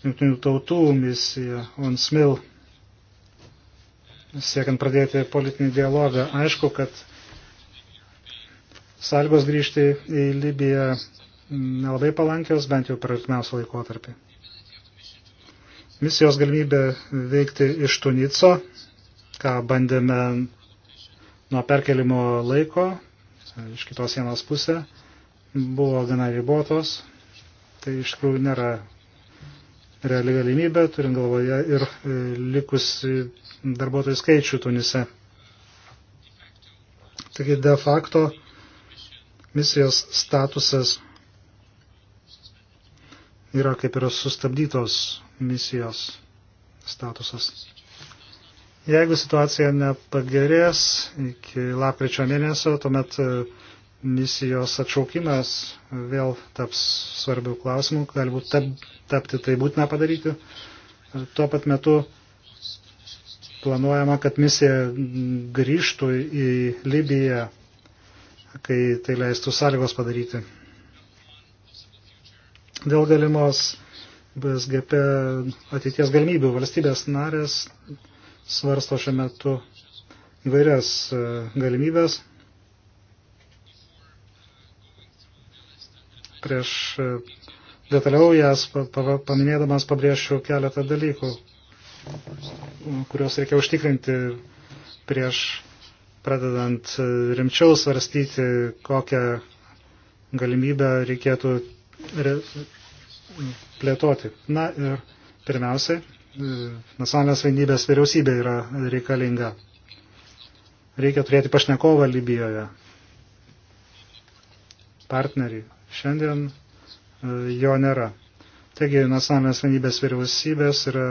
[SPEAKER 4] Junktinių tautų misija ONSMIL siekiant pradėti politinį dialogą. Aišku, kad sąlygos grįžti į Libiją nelabai palankios, bent jau per artimiausią laikotarpį. Misijos galimybė veikti iš Tunico, ką bandėme nuo perkelimo laiko, iš kitos sienos pusė, buvo gana ribotos. Tai iš tikrųjų nėra reali galimybė, turint galvoje ir e, likus darbuotojų skaičių Tunise. Taigi de facto misijos statusas yra kaip ir sustabdytos misijos statusas. Jeigu situacija nepagerės iki lapkričio mėnesio, tuomet e, misijos atšaukimas vėl taps svarbių klausimų, galbūt tapti tai būtina padaryti. Tuo pat metu Planuojama, kad misija grįžtų į Libiją, kai tai leistų sąlygos padaryti. Dėl galimos BSGP ateities galimybių valstybės narės svarsto šiuo metu įvairias e, galimybės. Prieš e, detaliau jas paminėdamas pabrėšiu keletą dalykų kuriuos reikia užtikrinti prieš pradedant e, rimčiau svarstyti, kokią galimybę reikėtų re, plėtoti. Na ir pirmiausiai, e, nacionalinės vienybės vyriausybė yra reikalinga. Reikia turėti pašnekovą Libijoje, partnerį. Šiandien e, jo nėra. Taigi nacionalinės vienybės vyriausybės yra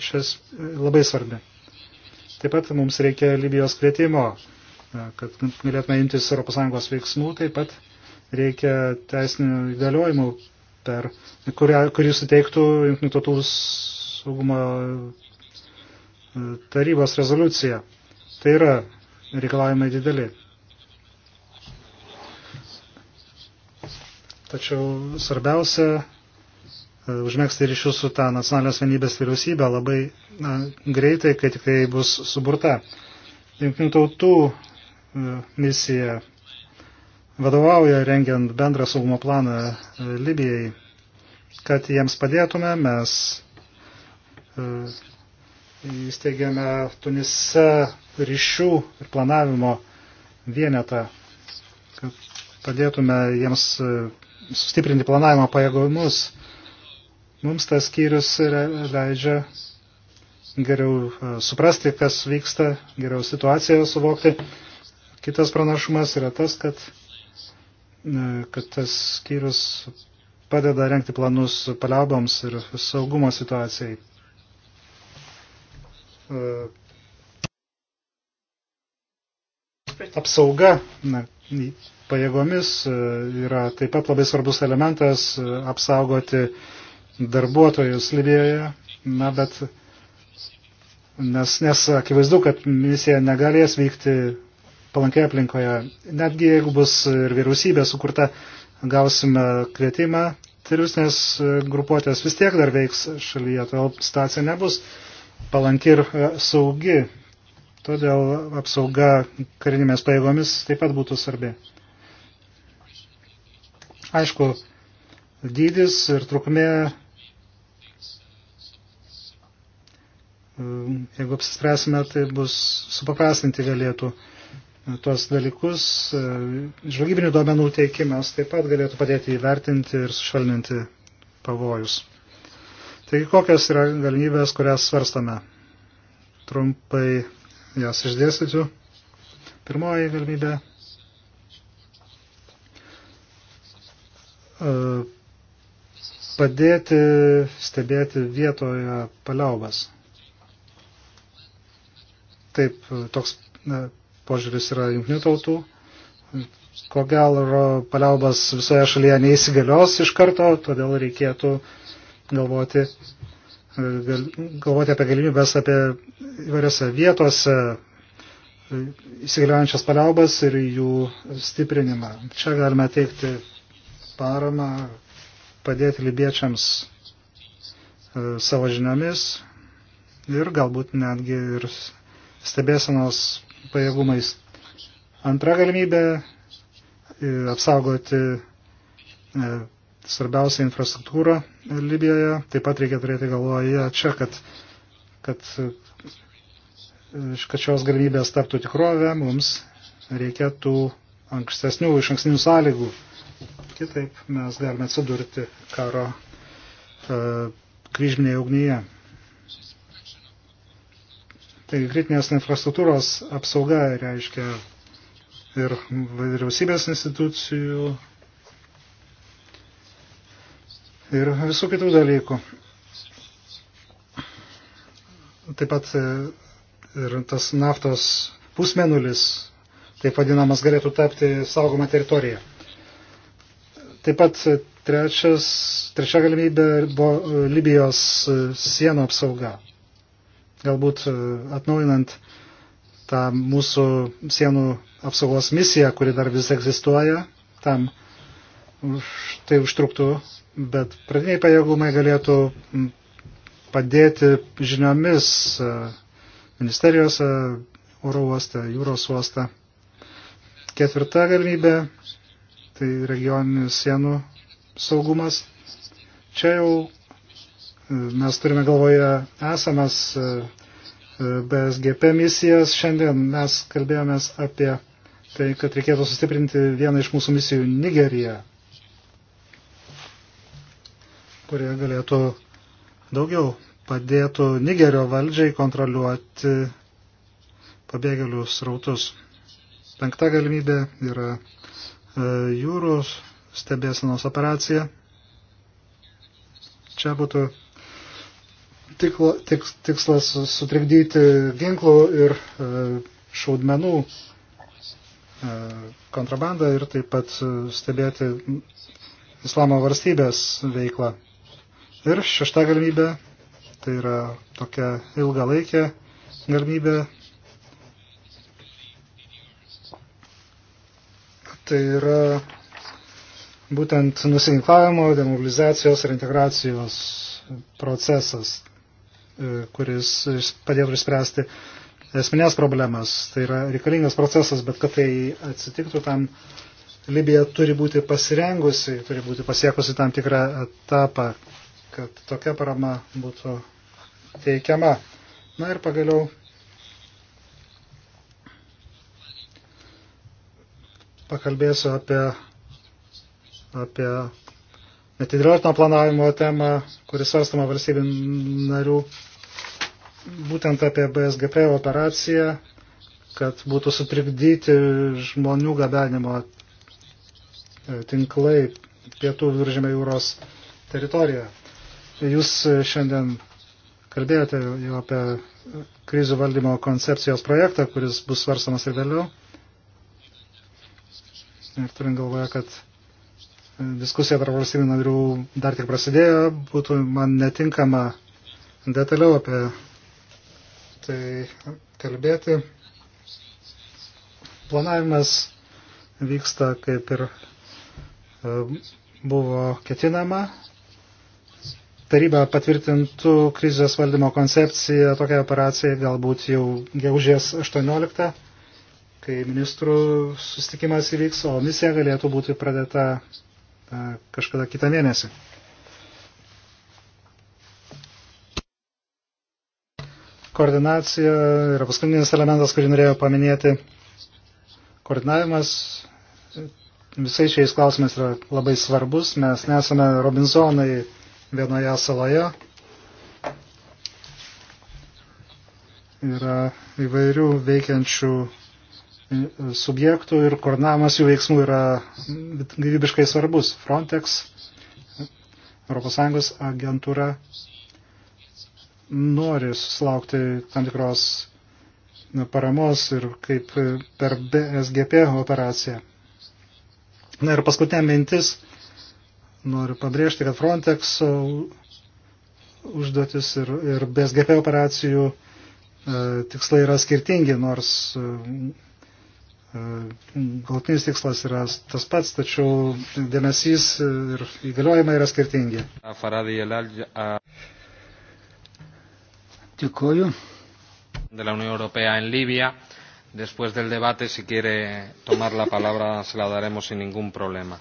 [SPEAKER 4] šis labai svarbi. Taip pat mums reikia Libijos kvietimo, kad galėtume imtis ES veiksmų, taip pat reikia teisinių įgaliojimų, per, kuria, kurį suteiktų Junktinių tautų saugumo e, tarybos rezoliucija. Tai yra reikalavimai dideli. Tačiau svarbiausia E, užmėgsti ryšius su tą nacionalinės vienybės vyriausybę labai na, greitai, kai tik tai bus suburta. Junktinių tautų e, misija vadovauja rengiant bendrą saugumo planą e, Libijai. Kad jiems padėtume, mes įsteigėme Tunise ryšių ir planavimo vienetą, kad padėtume jiems sustiprinti planavimo pajėgumus Mums tas skyrius leidžia geriau e, suprasti, kas vyksta, geriau situaciją suvokti. Kitas pranašumas yra tas, kad, e, kad tas skyrius padeda renkti planus paliauboms ir saugumo situacijai. E, apsauga na, pajėgomis yra taip pat labai svarbus elementas apsaugoti uh, darbuotojus Libijoje, na, bet nes, nes akivaizdu, kad misija negalės vykti palankioje aplinkoje. Netgi jeigu bus ir vyriausybė sukurta, gausime kvietimą, teroristinės grupuotės vis tiek dar veiks šalyje, todėl situacija nebus palanki ir e, saugi. Todėl apsauga karinėmis pajėgomis taip pat būtų svarbi. Aišku, dydis ir trukmė, um, jeigu apsispręsime, tai bus supaprastinti galėtų uh, tuos dalykus. Uh, žvalgybinių duomenų teikimas taip pat galėtų padėti įvertinti ir sušvelninti pavojus. Taigi kokios yra galimybės, kurias svarstame? Trumpai jas išdėstysiu. Pirmoji galimybė uh, padėti stebėti vietoje paliaubas. Taip, toks ne, požiūris yra jungtinių tautų. Ko gero paliaubas visoje šalyje neįsigalios iš karto, todėl reikėtų galvoti, e, gal, galvoti apie galimybės apie įvairiose vietose e, įsigaliojančias paliaubas ir jų stiprinimą. Čia galime teikti paramą padėti libiečiams e, savo žiniomis ir galbūt netgi ir stebėsenos pajėgumais. Antra galimybė e, - apsaugoti e, svarbiausią infrastruktūrą Libijoje. Taip pat reikia turėti galvoje čia, kad, kad, kad šios galimybės taptų tikrovę, mums reikia tų ankstesnių iš ankstinių sąlygų Kitaip mes galime atsidurti karo uh, kryžminėje ugnyje. Taigi kritinės infrastruktūros apsauga reiškia ir vyriausybės institucijų ir visų kitų dalykų. Taip pat e, ir tas naftos pusmenulis, taip vadinamas, galėtų tapti saugoma teritorija. Taip pat trečias, trečia galimybė buvo e, Libijos e, sienų apsauga. Galbūt e, atnaujinant tą mūsų sienų apsaugos misiją, kuri dar vis egzistuoja, tam tai užtruktų, bet pradiniai pajėgumai galėtų padėti žiniomis ministerijose, oro uoste, jūros uoste. Ketvirta galimybė tai regioninių sienų saugumas. Čia jau e, mes turime galvoje esamas e, e, BSGP misijas. Šiandien mes kalbėjomės apie tai, kad reikėtų sustiprinti vieną iš mūsų misijų Nigeriją, kurie galėtų daugiau padėtų Nigerio valdžiai kontroliuoti pabėgėlių srautus. Penkta galimybė yra E, jūros stebėsenos operacija. Čia būtų tikla, tik, tikslas sutrikdyti ginklų ir e, šaudmenų e, kontrabandą ir taip pat stebėti islamo varstybės veiklą. Ir šešta galimybė, tai yra tokia ilgalaikė galimybė tai yra būtent nusinklavimo, demobilizacijos ir integracijos procesas, e, kuris padėtų išspręsti esminės problemas. Tai yra reikalingas procesas, bet kad tai atsitiktų tam, Libija turi būti pasirengusi, turi būti pasiekusi tam tikrą etapą, kad tokia parama būtų teikiama. Na ir pagaliau pakalbėsiu apie, apie netidėliotinio planavimo temą, kuris svarstama valstybių narių, būtent apie BSGP operaciją, kad būtų sutrikdyti žmonių gabenimo e, tinklai pietų viduržėmė jūros teritorijoje. Jūs šiandien kalbėjote jau apie krizių valdymo koncepcijos projektą, kuris bus svarstamas ir vėliau ir turint galvoje, kad e, diskusija tarp valstybių narių dar tik prasidėjo, būtų man netinkama detaliau apie tai kalbėti. Planavimas vyksta kaip ir e, buvo ketinama. Taryba patvirtintų krizės valdymo koncepciją, tokia operacija galbūt jau gegužės 18 kai ministrų susitikimas įvyks, o misija galėtų būti pradėta e, kažkada kitą mėnesį. Koordinacija yra paskutinis elementas, kurį norėjau paminėti. Koordinavimas e, visai šiais klausimais yra labai svarbus. Mes nesame Robinsonai vienoje saloje. Yra įvairių veikiančių subjektų ir koordinavimas jų veiksmų yra gyvybiškai svarbus. Frontex, ES agentūra nori susilaukti tam tikros paramos ir kaip per SGP operaciją. Na ir paskutinė mintis, noriu pabrėžti, kad Frontex užduotis ir, ir BSGP operacijų e, tikslai yra skirtingi, nors e, galtinis tikslas yra tas pats, tačiau dėmesys ir įgaliojimai yra skirtingi. Dėkuoju.
[SPEAKER 2] De la Unión Europea en Libia. Después del debate, si quiere tomar la palabra, se la daremos sin ningún problema.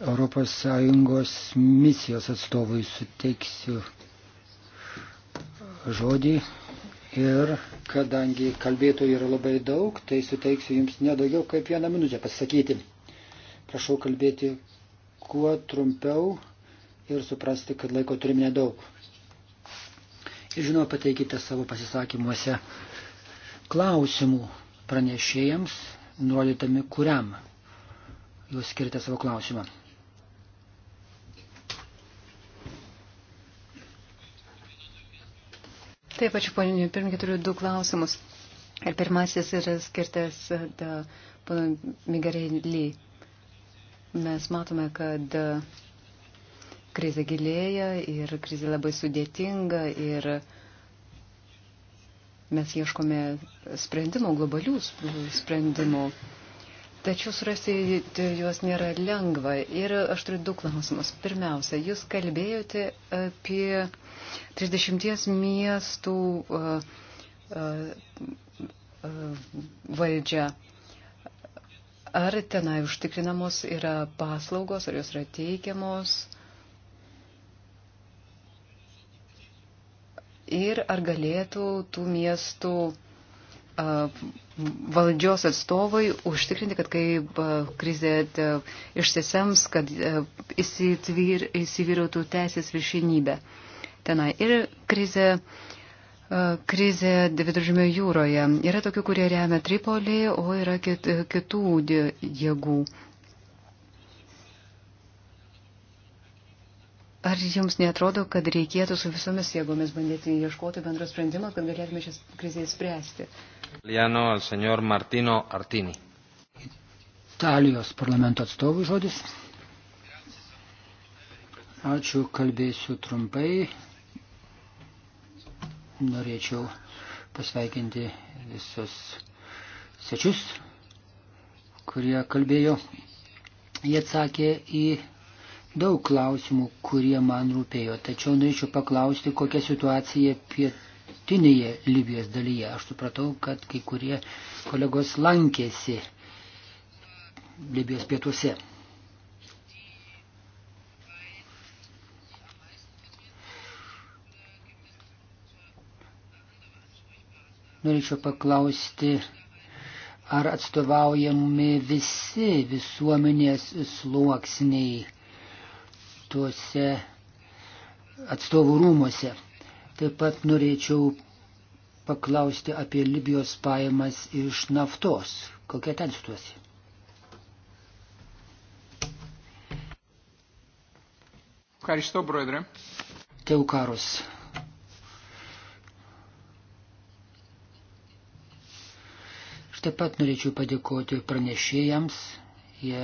[SPEAKER 1] Europos Sąjungos misijos atstovui suteiksiu žodį. Ir kadangi kalbėtojų yra labai daug, tai suteiksiu jums nedaugiau kaip vieną minutę pasakyti. Prašau kalbėti kuo trumpiau ir suprasti, kad laiko turim nedaug. Ir žinoma, pateikite savo pasisakymuose klausimų pranešėjams, nurodydami kuriam jūs skirite savo klausimą.
[SPEAKER 3] Taip, ačiū, poninė pirmininkė, turiu du klausimus. Ir pirmasis yra skirtas pono Migarelį. Mes matome, kad krizė gilėja ir krizė labai sudėtinga ir mes ieškome sprendimų, globalių sprendimų. Mm. Tačiau surasti juos nėra lengva. Ir aš turiu du klausimus. Pirmiausia, jūs kalbėjote apie 30 miestų valdžią. Ar tenai užtikrinamos yra paslaugos, ar jos yra teikiamos? Ir ar galėtų tų miestų uh, valdžios atstovai užtikrinti, kad kai krizė išsisems, kad įsitvir, įsivyrautų teisės viršinybė tenai. Ir krizė, krizė viduržymio jūroje. Yra tokių, kurie remia Tripolį, o yra kitų jėgų Ar jums netrodo, kad reikėtų su visomis jėgomis bandyti ieškoti bendro sprendimo, kad galėtume šias krizės spręsti?
[SPEAKER 2] Liano, al senor Martino Artini.
[SPEAKER 1] Italijos parlamento atstovų žodis. Ačiū, kalbėsiu trumpai. Norėčiau pasveikinti visus svečius, kurie kalbėjo. Jie atsakė į daug klausimų, kurie man rūpėjo, tačiau norėčiau paklausti, kokia situacija pietinėje Libijos dalyje. Aš supratau, kad kai kurie kolegos lankėsi Libijos pietuose. Norėčiau paklausti, ar atstovaujami visi visuomenės sluoksniai tuose atstovų rūmose. Taip pat norėčiau paklausti apie Libijos pajamas iš naftos. Kokia ten situacija?
[SPEAKER 4] Ευχαριστώ, Πρόεδρε.
[SPEAKER 1] Τεουκάρος. Štai pat norėčiau padėkoti pranešėjams, jie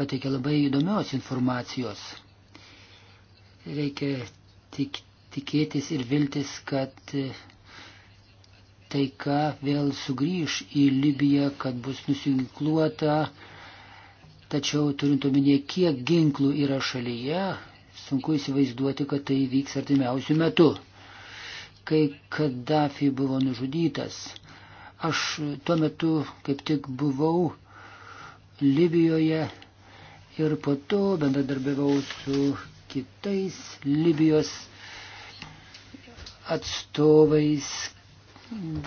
[SPEAKER 1] pateikė labai įdomios informacijos. Reikia tik, tikėtis ir viltis, kad e, taika vėl sugrįž į Libiją, kad bus nusinkluota. Tačiau turint omenyje, kiek ginklų yra šalyje, sunku įsivaizduoti, kad tai vyks artimiausių metų. Kai Kaddafi buvo nužudytas, aš tuo metu kaip tik buvau Libijoje ir po to bendradarbiavau su kitais Libijos atstovais,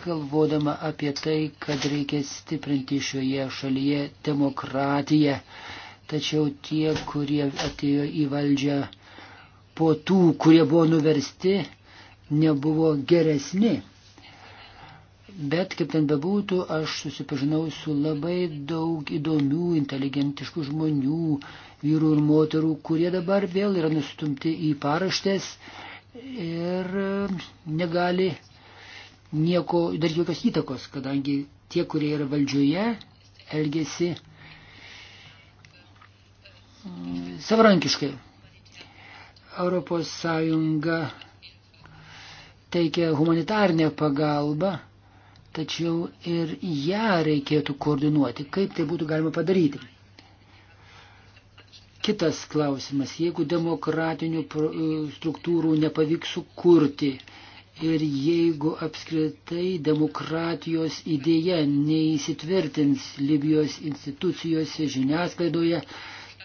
[SPEAKER 1] galvodama apie tai, kad reikia stiprinti šioje šalyje demokratiją. Tačiau tie, kurie atėjo į valdžią po tų, kurie buvo nuversti, nebuvo geresni. Bet kaip ten bebūtų, aš susipažinau su labai daug įdomių, inteligentiškų žmonių, vyrų ir moterų, kurie dabar vėl yra nustumti į paraštės ir e, negali nieko, dar jokios įtakos, kadangi tie, kurie yra valdžioje, elgesi mm, savarankiškai. Europos Sąjunga teikia humanitarnę pagalbą, tačiau ir ją reikėtų koordinuoti, kaip tai būtų galima padaryti. Kitas klausimas, jeigu demokratinių e, struktūrų nepavyks sukurti ir jeigu apskritai demokratijos idėja neįsitvirtins Libijos institucijose, žiniasklaidoje,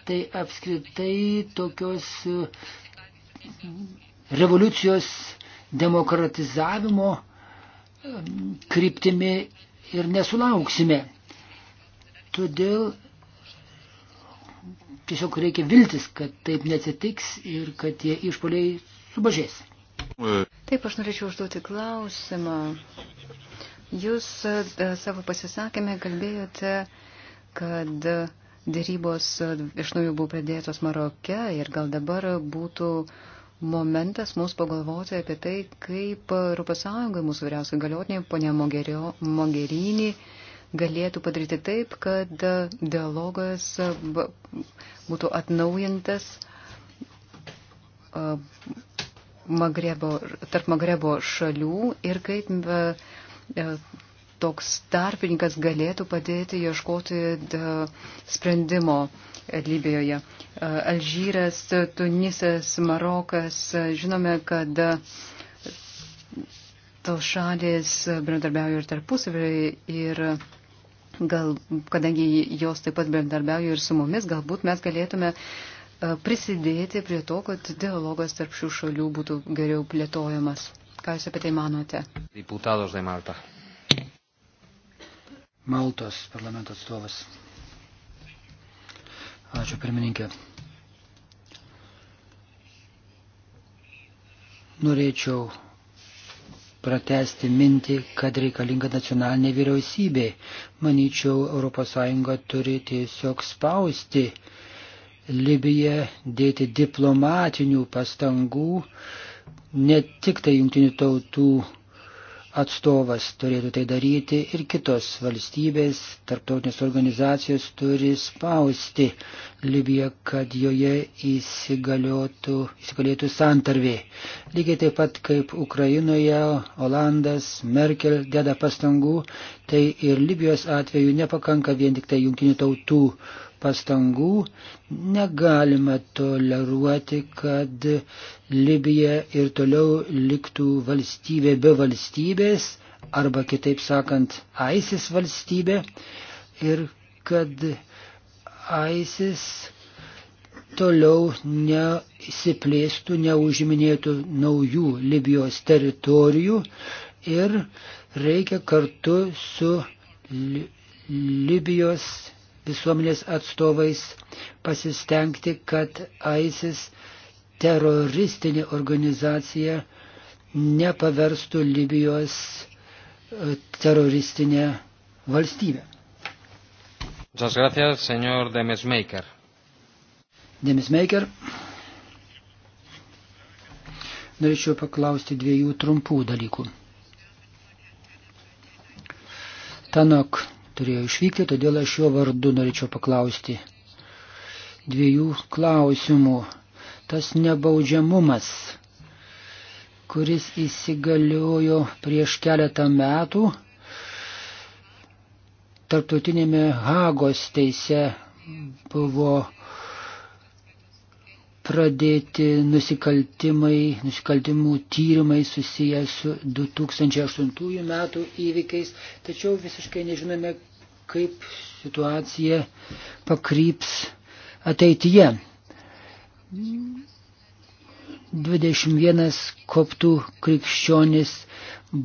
[SPEAKER 1] tai apskritai tokios e, revoliucijos demokratizavimo e, kryptimi ir nesulauksime. Todėl tiesiog reikia viltis, kad taip neatsitiks ir
[SPEAKER 3] kad tie išpoliai sumažės. Taip, aš norėčiau užduoti klausimą. Jūs e, savo pasisakymę kalbėjote, kad dėrybos iš naujo buvo pradėtos Maroke ir gal dabar būtų momentas mus pagalvoti apie tai, kaip ES mūsų vyriausiai galiotiniai, ponė Mogerinį, galėtų padaryti taip, kad dialogas būtų atnaujintas Magrebo, tarp Magrebo šalių ir kaip toks tarpininkas galėtų padėti ieškoti sprendimo Libijoje. Alžyras, Tunisas, Marokas, žinome, kad tos šalės bendradarbiauja ir tarpusavį ir gal, kadangi jos taip pat bendarbiauja ir su mumis, galbūt mes galėtume e, prisidėti prie to, kad dialogas tarp šių šalių būtų geriau plėtojamas. Ką Jūs apie tai manote?
[SPEAKER 1] Diputados de Malta. Maltos parlamento atstovas. Ačiū pirmininkė. Norėčiau pratesti mintį, kad reikalinga nacionalinė vyriausybė. Manyčiau, ES turi tiesiog spausti Libiją, dėti diplomatinių pastangų, ne tik tai jungtinių tautų atstovas turėtų tai daryti ir kitos valstybės, tarptautinės organizacijos turi spausti Libiją, kad joje įsigalėtų santarvė. Lygiai taip pat kaip Ukrainoje Olandas, Merkel deda pastangų, tai ir Libijos atveju nepakanka vien tik tai jungtinių tautų pastangų negalima toleruoti, kad Libija ir toliau liktų valstybė be valstybės, arba kitaip sakant, ISIS valstybė, ir kad ISIS toliau nesiplėstų, neužiminėtų naujų Libijos teritorijų ir reikia kartu su Libijos visuomenės atstovais pasistengti, kad ISIS teroristinė organizacija nepaverstų Libijos e, teroristinę valstybę.
[SPEAKER 2] Muchas gracias, señor Demesmaker.
[SPEAKER 1] Demesmaker. Norėčiau paklausti dviejų trumpų dalykų. Tanok turėjo išvykti, todėl aš jo vardu norėčiau paklausti dviejų klausimų. Tas nebaudžiamumas, kuris įsigaliojo prieš keletą metų tarptautinėme Hagos teise buvo pradėti nusikaltimai, nusikaltimų tyrimai susiję su 2008 metų įvykiais, tačiau visiškai nežinome, kaip situacija pakryps ateityje. 21 koptų krikščionis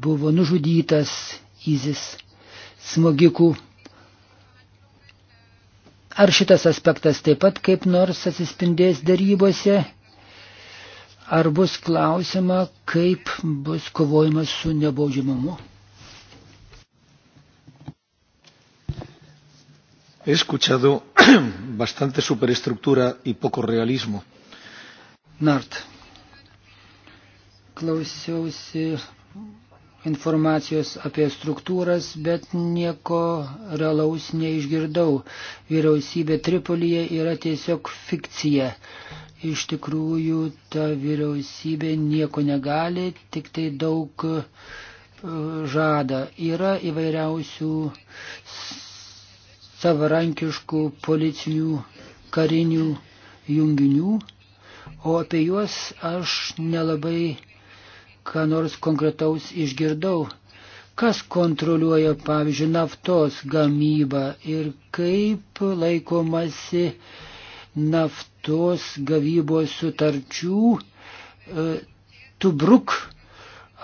[SPEAKER 1] buvo nužudytas įzis smogikų Ar šitas aspektas taip pat kaip nors atsispindės darybose? Ar bus klausima, kaip bus kovojama su nebaudžiamumu?
[SPEAKER 4] He escuchado bastante superestructura y poco realismo. Nart.
[SPEAKER 1] Klausiausi informacijos apie struktūras, bet nieko realaus neišgirdau. Vyriausybė Tripolyje yra tiesiog fikcija. Iš tikrųjų, ta vyriausybė nieko negali, tik tai daug e, žada. Yra įvairiausių savarankiškų policinių karinių junginių, o apie juos aš nelabai ką nors konkretaus išgirdau. Kas kontroliuoja, pavyzdžiui, naftos gamybą ir kaip laikomasi naftos gavybos sutarčių e, Tubruk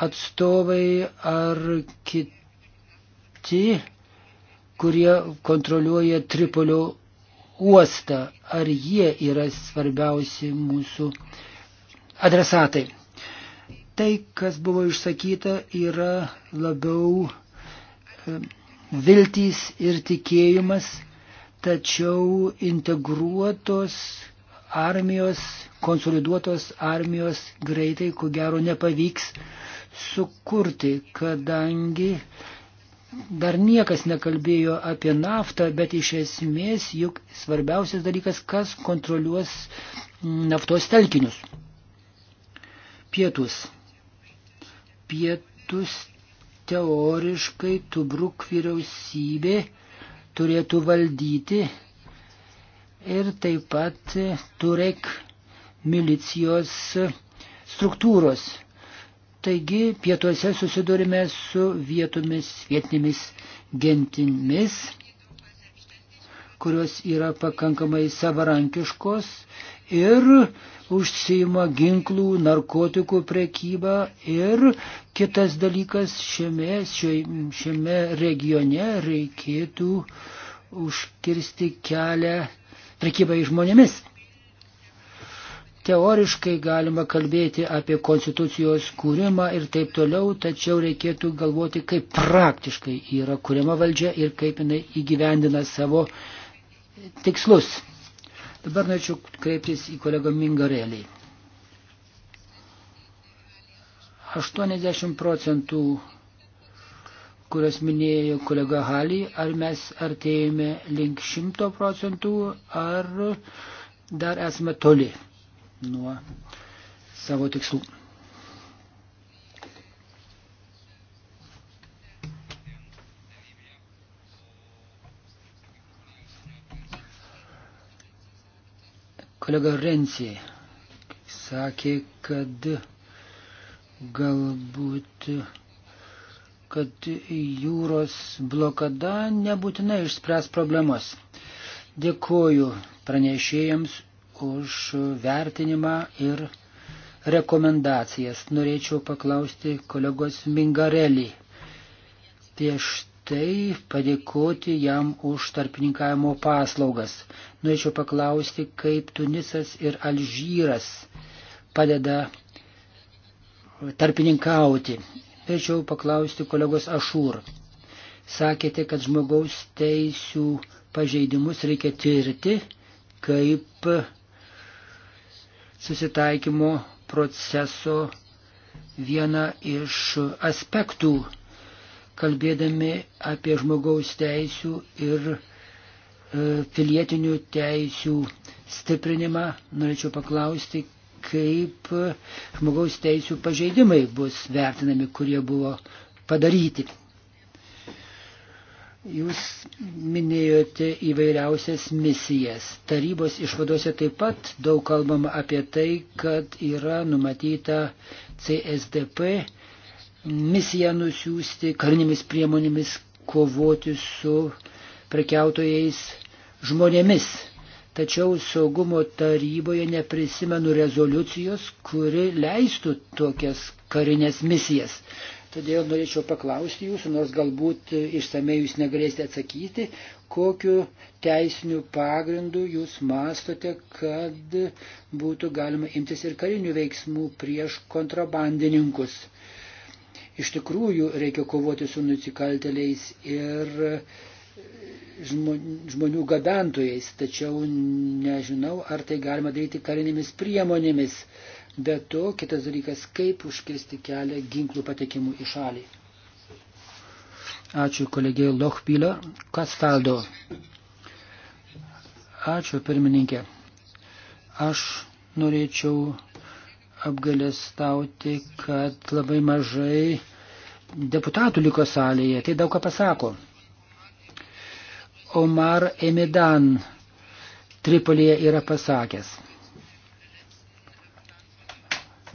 [SPEAKER 1] atstovai ar kiti, kurie kontroliuoja Tripolio uostą, ar jie yra svarbiausi mūsų adresatai tai, kas buvo išsakyta, yra labiau e, viltys ir tikėjimas, tačiau integruotos armijos, konsoliduotos armijos greitai, ko gero, nepavyks sukurti, kadangi dar niekas nekalbėjo apie naftą, bet iš esmės juk svarbiausias dalykas, kas kontroliuos naftos telkinius. Pietus pietus teoriškai Tubruk vyriausybė turėtų valdyti ir taip pat Turek milicijos struktūros. Taigi pietuose susidurime su vietomis, vietinėmis gentimis, kurios yra pakankamai savarankiškos ir užsima ginklų, narkotikų prekybą ir kitas dalykas šiame, šiame regione reikėtų užkirsti kelią prekybai žmonėmis. Teoriškai galima kalbėti apie konstitucijos kūrimą ir taip toliau, tačiau reikėtų galvoti, kaip praktiškai yra kuriama valdžia ir kaip jinai įgyvendina savo tikslus. Dabar norėčiau kreiptis į kolegą Mingarelį. 80 procentų, kurias minėjo kolega Halį, ar mes artėjame link 100 procentų, ar dar esame toli nuo savo tikslų. Kolega Rencija sakė, kad galbūt kad jūros blokada nebūtinai išspręs problemas. Dėkoju pranešėjams už vertinimą ir rekomendacijas. Norėčiau paklausti kolegos Mingarelį. Prieš tai padėkoti jam už tarpininkavimo paslaugas. Norėčiau paklausti, kaip Tunisas ir Alžyras padeda tarpininkauti. Norėčiau paklausti kolegos Ašūr. Sakėte, kad žmogaus teisų pažeidimus reikia tirti kaip susitaikymo proceso vieną iš aspektų kalbėdami apie žmogaus teisų ir e, pilietinių teisių stiprinimą, norėčiau paklausti, kaip žmogaus teisų pažeidimai bus vertinami, kurie buvo padaryti. Jūs minėjote įvairiausias misijas. Tarybos išvadose taip pat daug kalbama apie tai, kad yra numatyta CSDP misiją nusiųsti karinėmis priemonėmis kovoti su prekiautojais žmonėmis. Tačiau saugumo taryboje neprisimenu rezoliucijos, kuri leistų tokias karinės misijas. Todėl norėčiau paklausti jūsų, nors galbūt išsamei jūs negalėsite atsakyti, kokiu teisiniu pagrindu jūs mastote, kad būtų galima imtis ir karinių veiksmų prieš kontrabandininkus iš tikrųjų reikia kovoti su nusikalteliais ir e, žmonių gabentojais, tačiau nežinau, ar tai galima daryti karinėmis priemonėmis. Be to, kitas dalykas, kaip užkirsti kelią ginklų patekimų į šalį. Ačiū kolegijai Lochpilio Kastaldo. Ačiū pirmininkė. Aš norėčiau apgalėstauti, kad labai mažai deputatų liko salėje. Tai daug ką pasako. Omar Emidan Tripolėje yra pasakęs.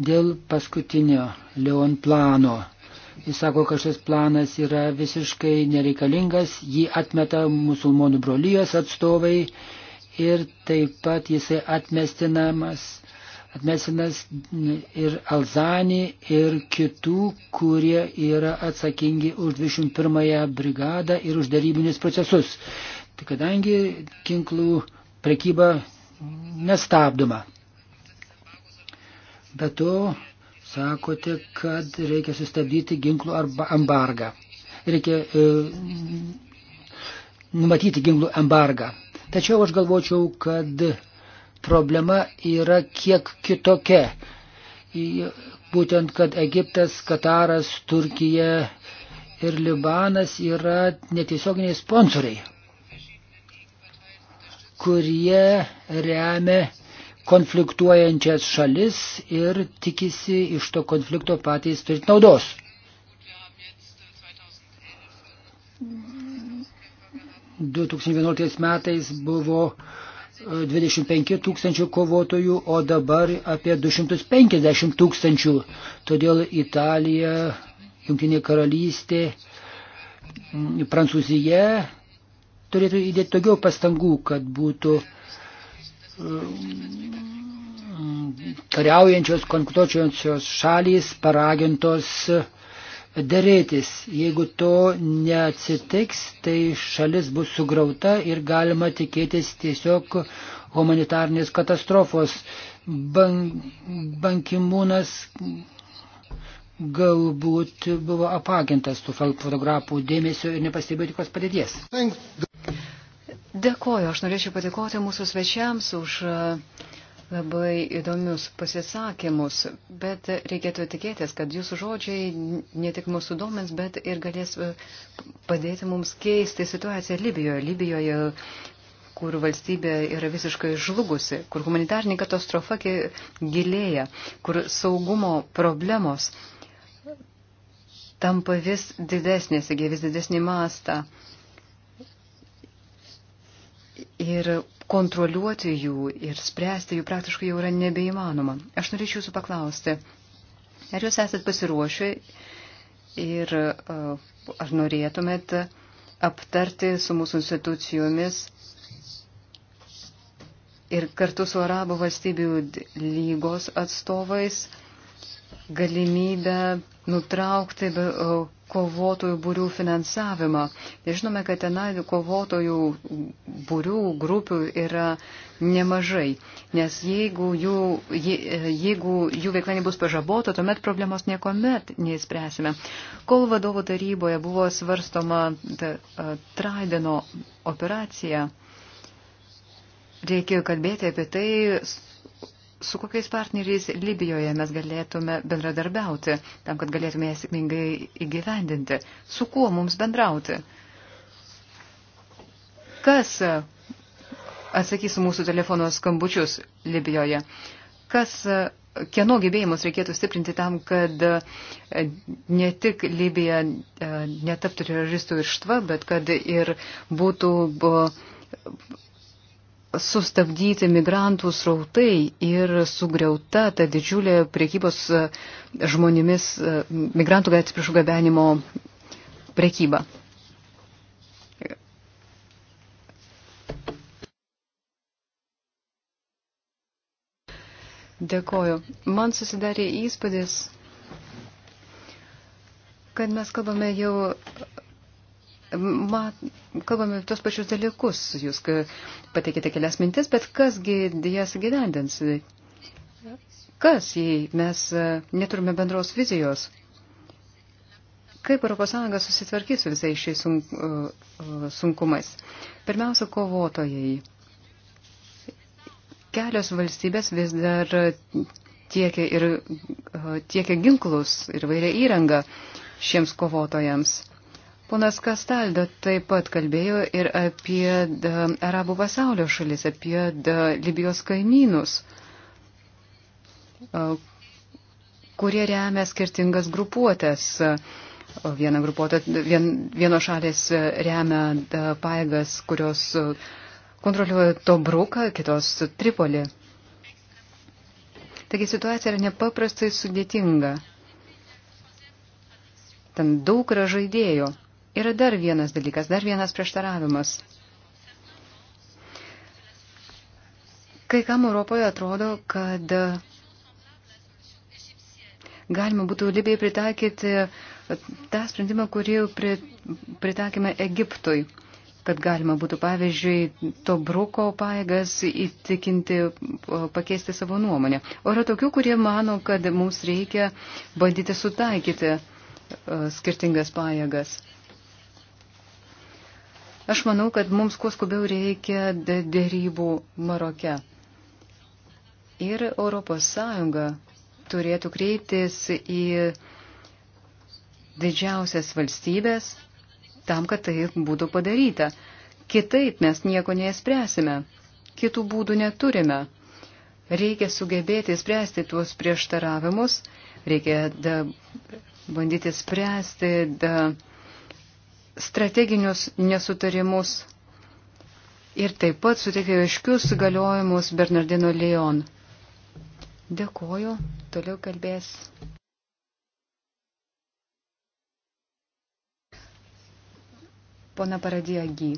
[SPEAKER 1] Dėl paskutinio Leon plano. Jis sako, kad šis planas yra visiškai nereikalingas, jį atmeta musulmonų brolyjos atstovai ir taip pat jisai atmestinamas Atmesinas ir Alzani ir kitų, kurie yra atsakingi už 21 brigadą ir už darybinius procesus. Tai kadangi ginklų prekyba nestabdoma. Be to, sakote, kad reikia sustabdyti ginklų arba embargą. Reikia e, numatyti ginklų embargą. Tačiau aš galvočiau, kad problema yra kiek kitokia. Būtent, kad Egiptas, Kataras, Turkija ir Libanas yra netiesioginiai sponsoriai, kurie remia konfliktuojančias šalis ir tikisi iš to konflikto patys turėti naudos. Du 2011 metais buvo uh, 25 tūkstančių kovotojų, o dabar apie 250 tūkstančių. Todėl Italija, Junktinė karalystė, Prancūzija turėtų įdėti daugiau pastangų, kad būtų um, kariaujančios, konkutuojančios šalys paragintos uh, dėrėtis. Jeigu to neatsitiks, tai šalis bus sugrauta ir galima tikėtis tiesiog humanitarnės katastrofos. Ban, bankimūnas galbūt buvo apagintas tų fotografų dėmesio ir nepastebėjo tikros padėties.
[SPEAKER 3] Dėkoju, aš norėčiau padėkoti mūsų svečiams už uh, labai įdomius pasisakymus, bet reikėtų tikėtis, kad jūsų žodžiai ne tik mūsų domens, bet ir galės e, padėti mums keisti situaciją Libijoje. Libijoje kur valstybė yra visiškai žlugusi, kur humanitarnė katastrofa gilėja, kur saugumo problemos tampa vis didesnės, įgyja vis didesnį mastą ir kontroliuoti jų ir spręsti jų praktiškai jau yra nebeįmanoma. Aš norėčiau jūsų paklausti, ar jūs esat pasiruošę ir ar norėtumėt aptarti su mūsų institucijomis ir kartu su Arabų valstybių lygos atstovais galimybę nutraukti e, kovotojų būrių finansavimą. Žinome, kad tenai kovotojų būrių grupių yra nemažai, nes jeigu jų, je, e, jeigu jų veikla nebus pažabota, tuomet problemos niekuomet neįspręsime. Kol vadovų taryboje buvo svarstoma ta, e, Traideno operacija, reikėjo kalbėti apie tai, su kokiais partneriais Libijoje mes galėtume bendradarbiauti, tam, kad galėtume ją sėkmingai įgyvendinti? Su kuo mums bendrauti? Kas atsakys mūsų telefono skambučius Libijoje? Kas, kieno gebėjimus reikėtų stiprinti tam, kad ne tik Libija e, netaptų teroristų irštva, bet kad ir būtų sustabdyti migrantų srautai ir sugriauta ta didžiulė priekybos e, žmonėmis, e, migrantų, atsiprašau, gabenimo priekyba. Dėkoju. Man susidarė įspūdis, kad mes kalbame jau Mat, kalbame tos pačius dalykus, jūs pateikite kelias mintis, bet kasgi jas gyvendins? Kas, jei mes e, neturime bendros vizijos? Kaip ES susitvarkys su visais šiais sunk, e, e, sunkumais? Pirmiausia, kovotojai. Kelios valstybės vis dar tiekia, ir, tiekia ginklus ir vairia įrangą šiems kovotojams. Ponas Kastaldo taip pat kalbėjo ir apie da, e, arabų pasaulio šalis, apie da, e, Libijos kaimynus, e, kurie remia skirtingas grupuotės. Viena grupuotė, vien, vienos šalės remia da, paėgas, kurios kontroliuoja Tobruką, kitos Tripolį. Taigi situacija yra nepaprastai sudėtinga. Ten daug yra žaidėjų. Yra dar vienas dalykas, dar vienas prieštaravimas. Kai kam Europoje atrodo, kad galima būtų Libijai pritaikyti tą sprendimą, kurį pritaikėme Egiptui, kad galima būtų, pavyzdžiui, to bruko paėgas įtikinti, pakeisti savo nuomonę. O yra tokių, kurie mano, kad mums reikia bandyti sutaikyti skirtingas paėgas. Aš manau, kad mums kuo skubiau reikia dėrybų Maroke. Ir ES turėtų kreiptis į didžiausias valstybės tam, kad tai būtų padaryta. Kitaip mes nieko neįspręsime, kitų būdų neturime. Reikia sugebėti spręsti tuos prieštaravimus, reikia da, bandyti spręsti da, strateginius nesutarimus ir taip pat suteikė aiškius galiojimus Bernardino Leon. Dėkoju, toliau kalbės. Pona Paradija Gy.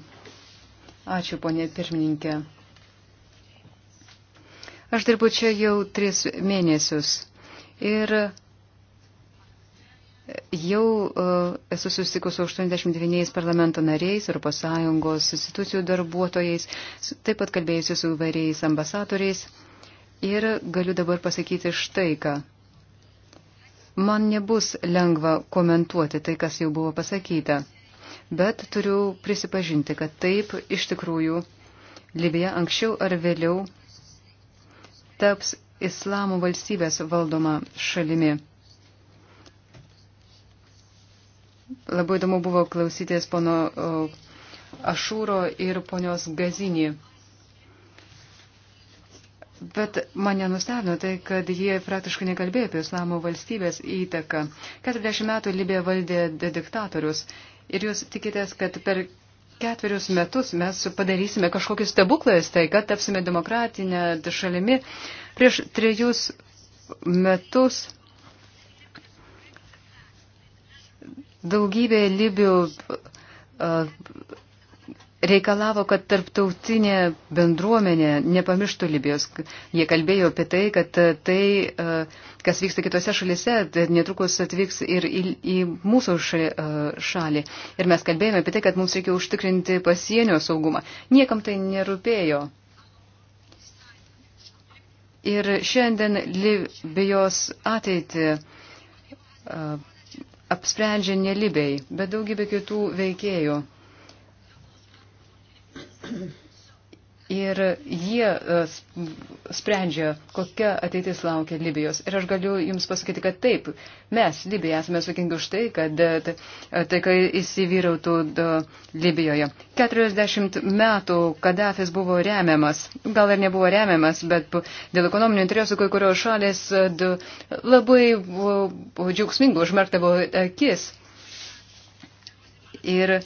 [SPEAKER 3] Ačiū, ponė pirmininkė. Aš dirbu čia jau tris mėnesius ir Jau e, esu susitikus su 89 parlamento nariais, ES institucijų darbuotojais, taip pat kalbėjusi su įvairiais ambasadoriais ir galiu dabar pasakyti štai ką. Man nebus lengva komentuoti tai, kas jau buvo pasakyta, bet turiu prisipažinti, kad taip iš tikrųjų Libija anksčiau ar vėliau taps islamo valstybės valdoma šalimi. Labai įdomu buvo klausytis pono Ašūro ir ponios Gazinį. Bet mane nustebino tai, kad jie praktiškai nekalbėjo apie islamo valstybės įtaką. 40 metų Libija valdė diktatorius. Ir jūs tikitės, kad per ketverius metus mes padarysime kažkokį stebuklą, tai kad tapsime demokratinę šalimi. Prieš trejus metus Daugybė Libių reikalavo, kad tarptautinė bendruomenė nepamirštų Libijos. Jie kalbėjo apie tai, kad tai, kas vyksta kitose šalise, tai netrukus atvyks ir į, į mūsų šalį. Ir mes kalbėjome apie tai, kad mums reikia užtikrinti pasienio saugumą. Niekam tai nerūpėjo. Ir šiandien Libijos ateitį apsprendžia nelibiai, bet daugybė kitų veikėjų ir jie e, sprendžia, kokia ateitis laukia Libijos. Ir aš galiu Jums pasakyti, kad taip, mes, Libija, esame sakingi už tai, kad e, e, tai, kai įsivyrautų Libijoje. 40 metų Kadafis buvo remiamas, gal ir nebuvo remiamas, bet dėl ekonominių interesų kai kurios šalės labai džiaugsmingai užmerktavo akis. Ir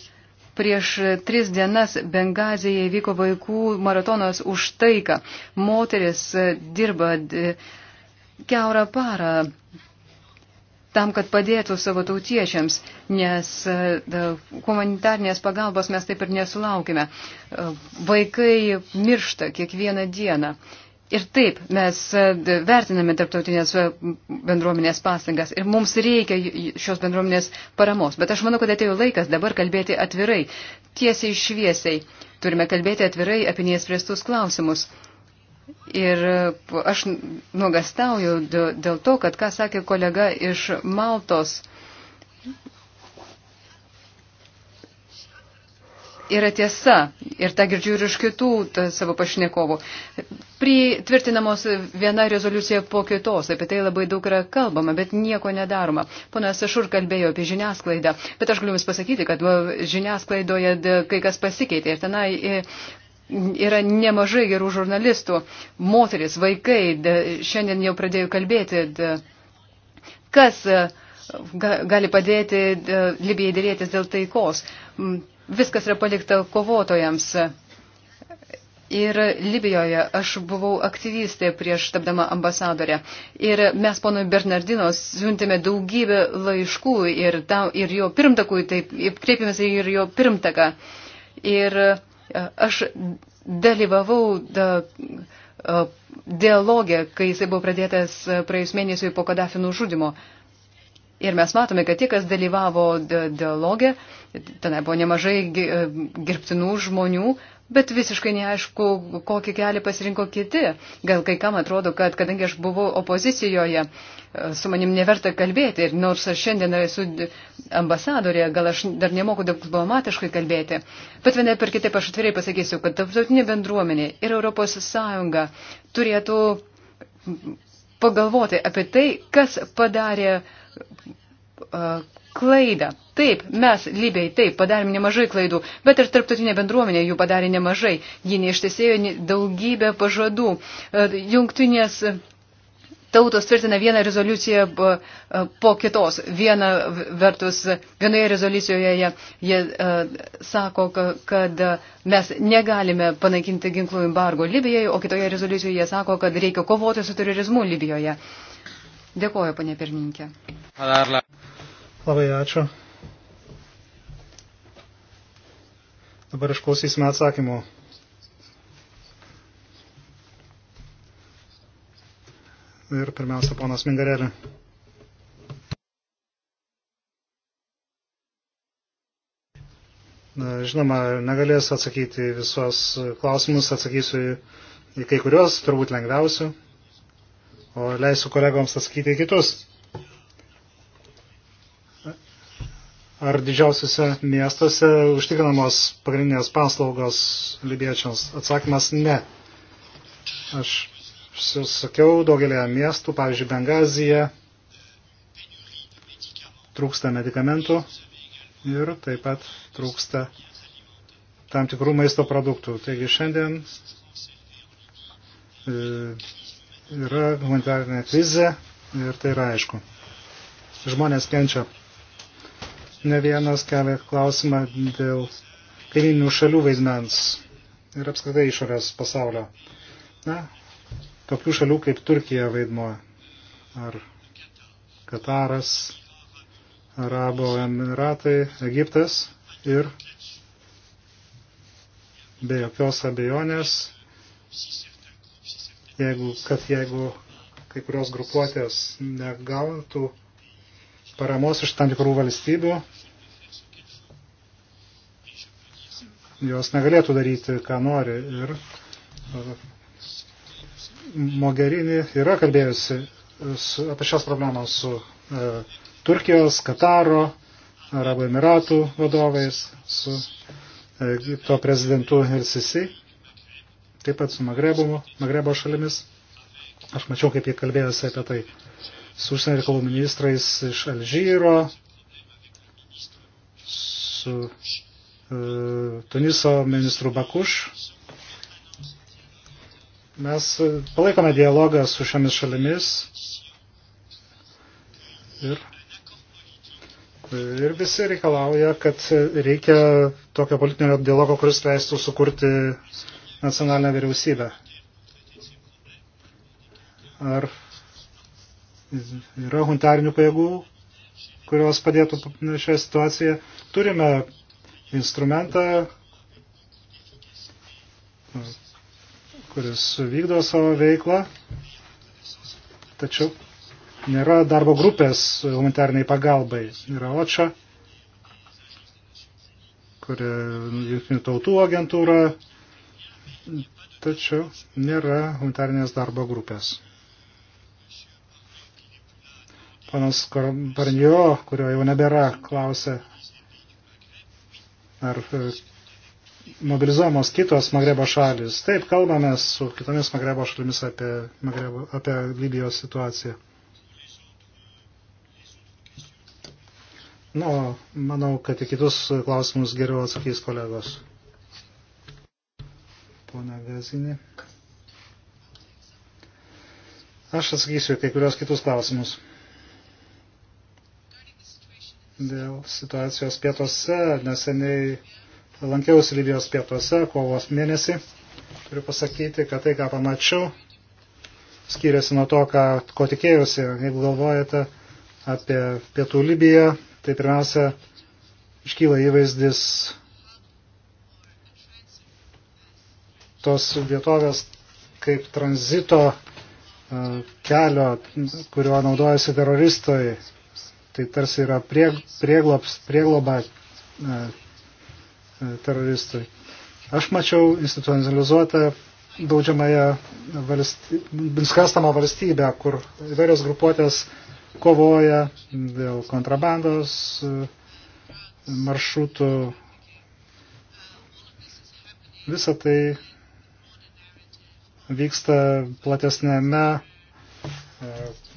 [SPEAKER 3] Prieš tris dienas Bengazėje vyko vaikų maratonas už taiką. Moteris e, dirba keurą parą tam, kad padėtų savo tautiečiams, nes e, humanitarnės pagalbos mes taip ir nesulaukime. E, vaikai miršta kiekvieną dieną. Ir taip mes e, vertiname tarptautinės e, bendruomenės pastangas ir mums reikia šios bendruomenės paramos. Bet aš manau, kad atėjo laikas dabar kalbėti atvirai, tiesiai šviesiai. Turime kalbėti atvirai apie neįspręstus klausimus. Ir e, aš nuogastauju dėl to, kad ką sakė kolega iš Maltos, yra tiesa, ir tą girdžiu ir iš kitų ta, savo pašnekovų. Pritvirtinamos viena rezoliucija po kitos, apie tai labai daug yra kalbama, bet nieko nedaroma. Ponas Šur kalbėjo apie žiniasklaidą, bet aš galiu Jums pasakyti, kad žiniasklaidoje kai kas pasikeitė ir tenai e, yra nemažai gerų žurnalistų, moteris, vaikai, šiandien jau pradėjau kalbėti, kas e, gali padėti Libijai dėrėtis dėl taikos viskas yra palikta kovotojams. Ir Libijoje aš buvau aktyvistė prieš tapdama ambasadorė. Ir mes ponui Bernardino siuntėme daugybę laiškų ir, ta, ir jo pirmtakui, taip kreipėmės ir jo pirmtaką. Ir e, aš dalyvavau da, e, dialogę, kai jisai buvo pradėtas e, praėjus mėnesiui po Kadafinų žudimo. Uh, Ir mes matome, kad tie, kas dalyvavo dialogė, tenai buvo nemažai e, gerbtinų žmonių, bet visiškai neaišku, kokį kelią pasirinko kiti. Gal kai kam atrodo, kad kadangi aš buvau opozicijoje, e, su manim neverta kalbėti ir nors aš šiandien esu ambasadorė, gal aš dar nemoku diplomatiškai kalbėti. Bet vienai per kitaip aš atvirai pasakysiu, kad tarptautinė bendruomenė ir Europos Sąjunga turėtų pagalvoti apie tai, kas padarė uh, klaidą. Taip, mes, Libiai, taip, padarėm nemažai klaidų, bet ir tarptautinė bendruomenė jų padarė nemažai. Ji neištesėjo daugybę pažadų. Jungtinės tautos tvirtina vieną rezoliuciją po kitos. Viena vertus, vienoje rezoliucijoje jie, jie sako, kad mes negalime panaikinti ginklų embargo Libijai, o kitoje rezoliucijoje jie sako, kad reikia kovoti su terorizmu Libijoje. Dėkuoju, panė pirmininkė.
[SPEAKER 4] Labai ačiū. Dabar išklausysime atsakymų. Ir pirmiausia, ponas Mingarelė. Žinoma, negalės atsakyti visos klausimus, atsakysiu į kai kuriuos, turbūt lengviausių o leisiu kolegoms atsakyti kitus. Ar didžiausiuose miestuose užtikrinamos pagrindinės paslaugos libiečiams? Atsakymas ne. Aš sakiau daugelėje miestų, pavyzdžiui, Bengazija, trūksta medikamentų ir taip pat trūksta tam tikrų maisto produktų. Taigi šiandien e, yra humanitarinė krizė ir tai yra aišku. Žmonės kenčia. Ne vienas kelia klausimą dėl kaiminių šalių vaidmens ir apskritai išorės pasaulio. Na, tokių šalių kaip Turkija vaidmo ar Kataras, Arabo Emiratai, Egiptas ir be jokios abejonės jeigu, kad jeigu kai kurios grupuotės negautų paramos iš tam tikrų valstybių, jos negalėtų daryti, ką nori. Ir e, Mogherini yra kalbėjusi su, apie šios problemos su e, Turkijos, Kataro, Arabų Emiratų vadovais, su Egipto prezidentu ir Sisi taip pat su Magrebu, Magrebo šalimis. Aš mačiau, kaip jie kalbėjosi apie tai su užsienio reikalų ministrais iš Alžyro, su e, Tuniso ministru Bakuš. Mes e, palaikome dialogą su šiomis šalimis ir, ir visi reikalauja, kad reikia tokio politinio dialogo, kuris leistų sukurti nacionalinę vyriausybę. Ar yra humanitarinių pajėgų, kurios padėtų šią situaciją. Turime instrumentą, kuris vykdo savo veiklą, tačiau nėra darbo grupės humanitariniai pagalbai. Yra OČA, kuri jungtinių tautų agentūra, tačiau nėra humanitarnės darbo grupės. Panas Barnio, kurio jau nebėra, klausė, ar e, mobilizuojamos kitos Magrebo šalis. Taip, kalbame su kitomis Magrebo šalimis apie, Magrebo, apie Libijos situaciją. Nu, manau, kad į kitus klausimus geriau atsakys kolegos ponia Vezinė. Aš atsakysiu kai kurios kitus klausimus. Dėl situacijos pietuose, neseniai lankiausi Libijos pietuose kovos mėnesį. Turiu pasakyti, kad tai, ką pamačiau, skiriasi nuo to, ką, ko tikėjusi. Jeigu galvojate apie pietų Libiją, tai pirmiausia iškyla įvaizdis tos vietovės kaip tranzito e, kelio, kuriuo naudojasi teroristai. Tai tarsi yra prie, prieglops, priegloba e, e, teroristui. Aš mačiau institucionalizuotą baudžiamąją nuskastamą valstybę, valstybę, kur įvairios grupuotės kovoja dėl kontrabandos maršrutų. Visą tai vyksta platesnėme e,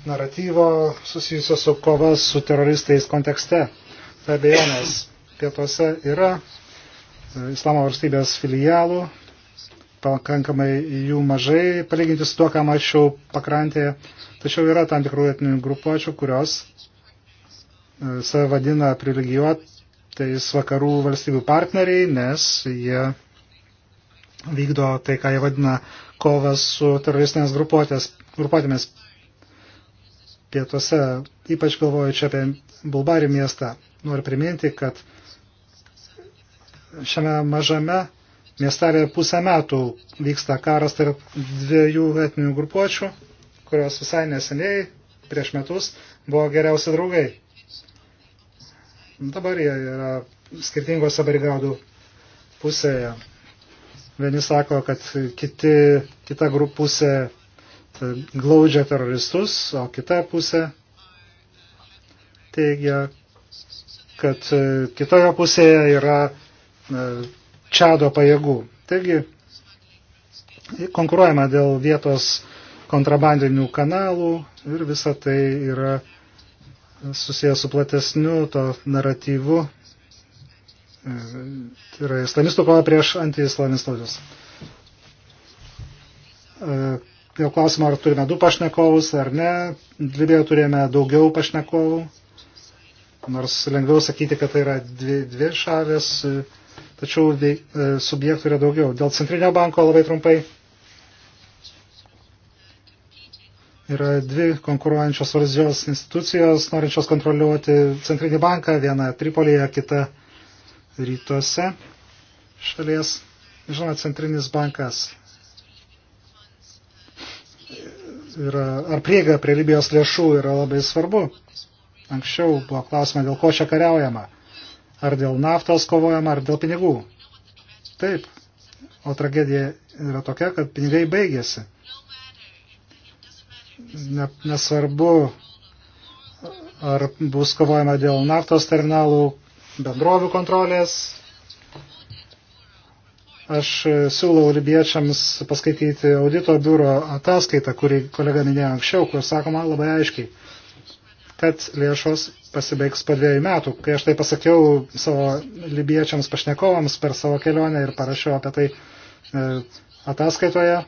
[SPEAKER 4] naratyvo susijusio su kova su teroristais kontekste. Be abejonės, pietuose yra e, islamo valstybės filialų, pakankamai jų mažai, palyginti su tuo, ką mačiau pakrantėje, tačiau yra tam tikrų etninių grupuočių, kurios e, save vadina privilegijuotais vakarų valstybių partneriai, nes jie vykdo tai, ką jie vadina kovas su teroristinės grupuotėmis pietuose. Ypač galvoju čia apie Bulbarių miestą. Noriu priminti, kad šiame mažame miestelėje pusę metų vyksta karas tarp dviejų etninių grupuočių, kurios visai neseniai, prieš metus, buvo geriausi draugai. Dabar jie yra skirtingose brigadų pusėje. Vieni sako, kad kiti, kita pusė e, glaudžia teroristus, o kita pusė teigia, kad e, kitoje pusėje yra e, čado pajėgų. Taigi konkuruojama dėl vietos kontrabandinių kanalų ir visa tai yra susijęs su platesniu to naratyvu Tai yra islamistų kova prieš antiislamistus. E, dėl klausimo, ar turime du pašnekovus ar ne, video turėjome daugiau pašnekovų, nors lengviau sakyti, kad tai yra dvi, dvi šalės, tačiau veik, e, subjektų yra daugiau. Dėl Centrinio banko labai trumpai yra dvi konkuruojančios valdžios institucijos, norinčios kontroliuoti Centrinį banką, viena Tripolyje, kita rytuose šalies, žinoma, centrinis bankas yra, ar prieiga prie Libijos lėšų yra labai svarbu. Anksčiau buvo klausima, dėl ko čia kariaujama. Ar dėl naftos kovojama, ar dėl pinigų. Taip. O tragedija yra tokia, kad pinigai baigėsi. Ne, nesvarbu, ar bus kovojama dėl naftos terminalų, bendrovių kontrolės. Aš siūlau libiečiams paskaityti audito biuro ataskaitą, kurį kolega minėjo anksčiau, kur sakoma labai aiškiai, kad lėšos pasibaigs po dviejų metų. Kai aš tai pasakiau savo libiečiams pašnekovams per savo kelionę ir parašiau apie tai e, ataskaitoje,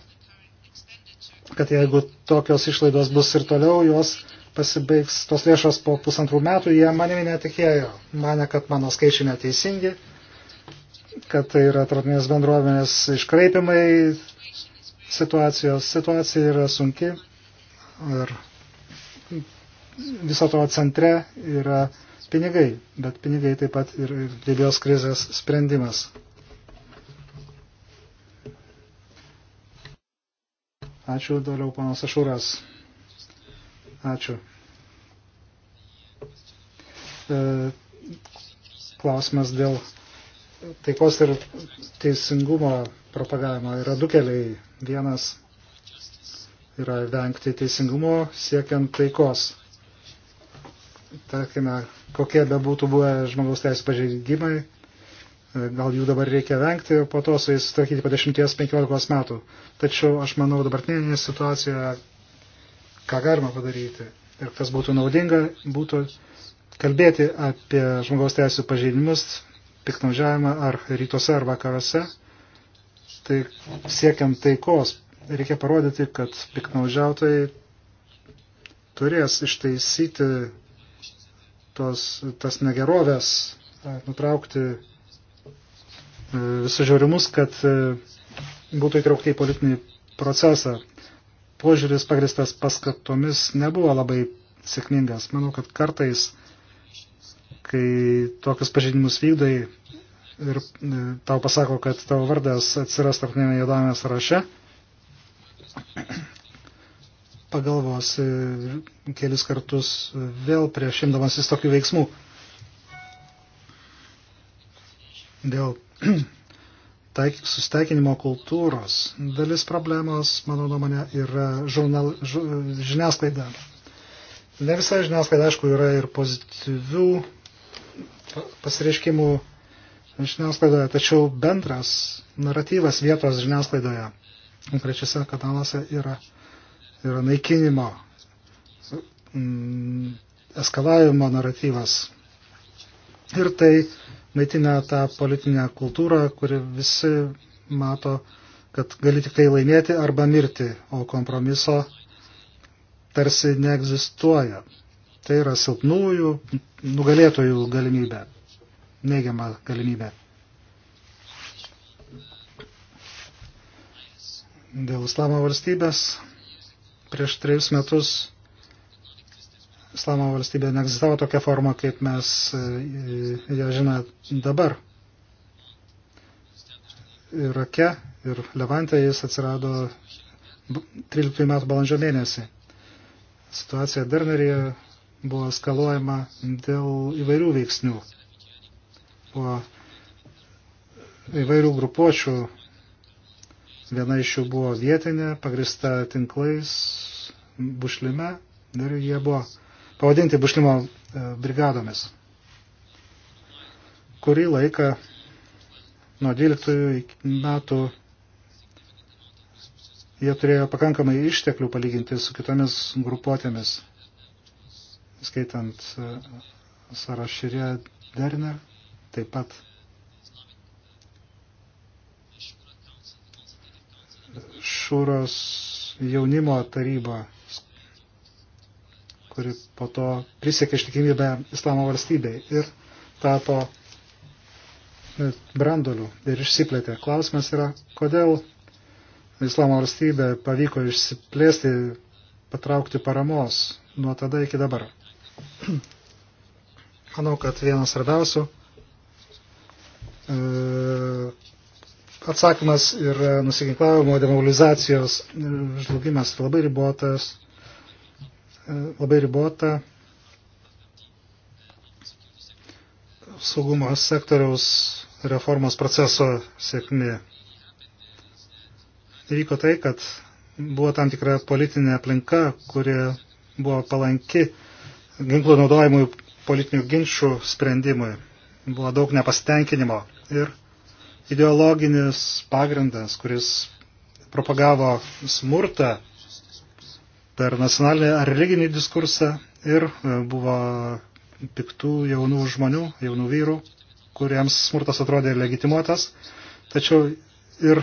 [SPEAKER 4] kad jeigu tokios išlaidos bus ir toliau, jos pasibaigs tos lėšos po pusantrų metų, jie manimi netikėjo. Mane, kad mano skaičiai neteisingi, kad tai yra tarptautinės bendruomenės iškraipimai situacijos. Situacija yra sunki ir viso to centre yra pinigai, bet pinigai taip pat ir Libijos krizės sprendimas. Ačiū, toliau panas Ašūras. Ačiū. E, klausimas dėl taikos ir teisingumo propagavimo yra du keliai. Vienas yra vengti teisingumo siekiant taikos. Tarkime, kokie be būtų buvę žmogaus teisų pažeidimai, e, gal jų dabar reikia vengti, po to su jais sutvarkyti po 10-15 metų. Tačiau aš manau, dabartinėje situacijoje ką galima padaryti. Ir kas būtų naudinga, būtų kalbėti apie žmogaus teisų pažeidimus, piknaudžiavimą ar rytuose ar vakaruose. Tai siekiant taikos, reikia parodyti, kad piknaudžiautojai turės ištaisyti tos, tas negerovės, nutraukti visus žiaurimus, kad būtų įtraukti į politinį procesą požiūris pagristas paskatomis nebuvo labai sėkmingas. Manau, kad kartais, kai tokius pažeidimus vykdai ir e, tau pasako, kad tavo vardas atsiras tarptautinėme juodame sąraše, pagalvos kelis kartus vėl prieš imdamasis tokių veiksmų. Dėl taik, susteikinimo kultūros. Dalis problemos, mano nuomonė, yra žurnal, ž, žiniasklaida. Ne visa žiniasklaida, aišku, yra ir pozityvių pasireiškimų žiniasklaidoje, tačiau bendras naratyvas vietos žiniasklaidoje, konkrečiose kanaluose, yra, yra naikinimo, mm, eskalavimo naratyvas. Ir tai naitina tą politinę kultūrą, kuri visi mato, kad gali tik tai laimėti arba mirti, o kompromiso tarsi neegzistuoja. Tai yra silpnųjų, nugalėtojų galimybė, neigiama galimybė. Dėl islamo valstybės prieš trejus metus islamo valstybė neegzistavo tokia forma, kaip mes e, ją žinome dabar. Irake ir Levante jis atsirado 13 metų balandžio mėnesį. Situacija Derneryje buvo skaluojama dėl įvairių veiksnių. Buvo įvairių grupuočių. Viena iš jų buvo vietinė, pagrista tinklais, bušlime ir jie buvo pavadinti bušlimo e, brigadomis. Kurį laiką nuo 12 metų jie turėjo pakankamai išteklių palyginti su kitomis grupuotėmis, skaitant e, Saraširė Derner, taip pat Šūros jaunimo taryba kuri po to prisiekė ištikimybę islamo valstybei ir tapo e, brandoliu ir išsiplėtė. Klausimas yra, kodėl islamo valstybė pavyko išsiplėsti, patraukti paramos nuo tada iki dabar. Manau, kad vienas svarbiausių e, atsakymas ir nusiginklavimo demobilizacijos e, žlugimas labai ribotas labai ribota saugumo sektoriaus reformos proceso sėkmė. Įvyko tai, kad buvo tam tikra politinė aplinka, kuri buvo palanki ginklų naudojimui politinių ginčių sprendimui. Buvo daug nepastenkinimo ir ideologinis pagrindas, kuris propagavo smurtą, per nacionalinį ar religinį diskursą ir e, buvo piktų jaunų žmonių, jaunų vyrų, kuriems smurtas atrodė legitimuotas, tačiau ir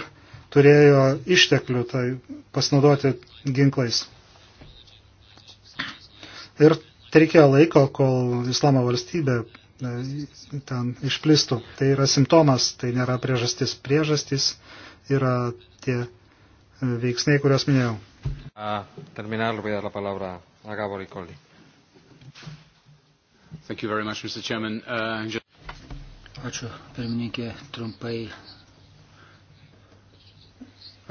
[SPEAKER 4] turėjo išteklių tai pasinaudoti ginklais. Ir tai reikėjo laiko, kol islamo valstybė e, ten išplistų. Tai yra simptomas, tai nėra priežastis. Priežastis yra tie e, veiksniai, kuriuos minėjau.
[SPEAKER 2] A terminar, le voy a dar la palabra a Gabor Icoli. Thank you very much, Mr. Chairman. Uh, just...
[SPEAKER 1] Ačiū, pirmininkė, trumpai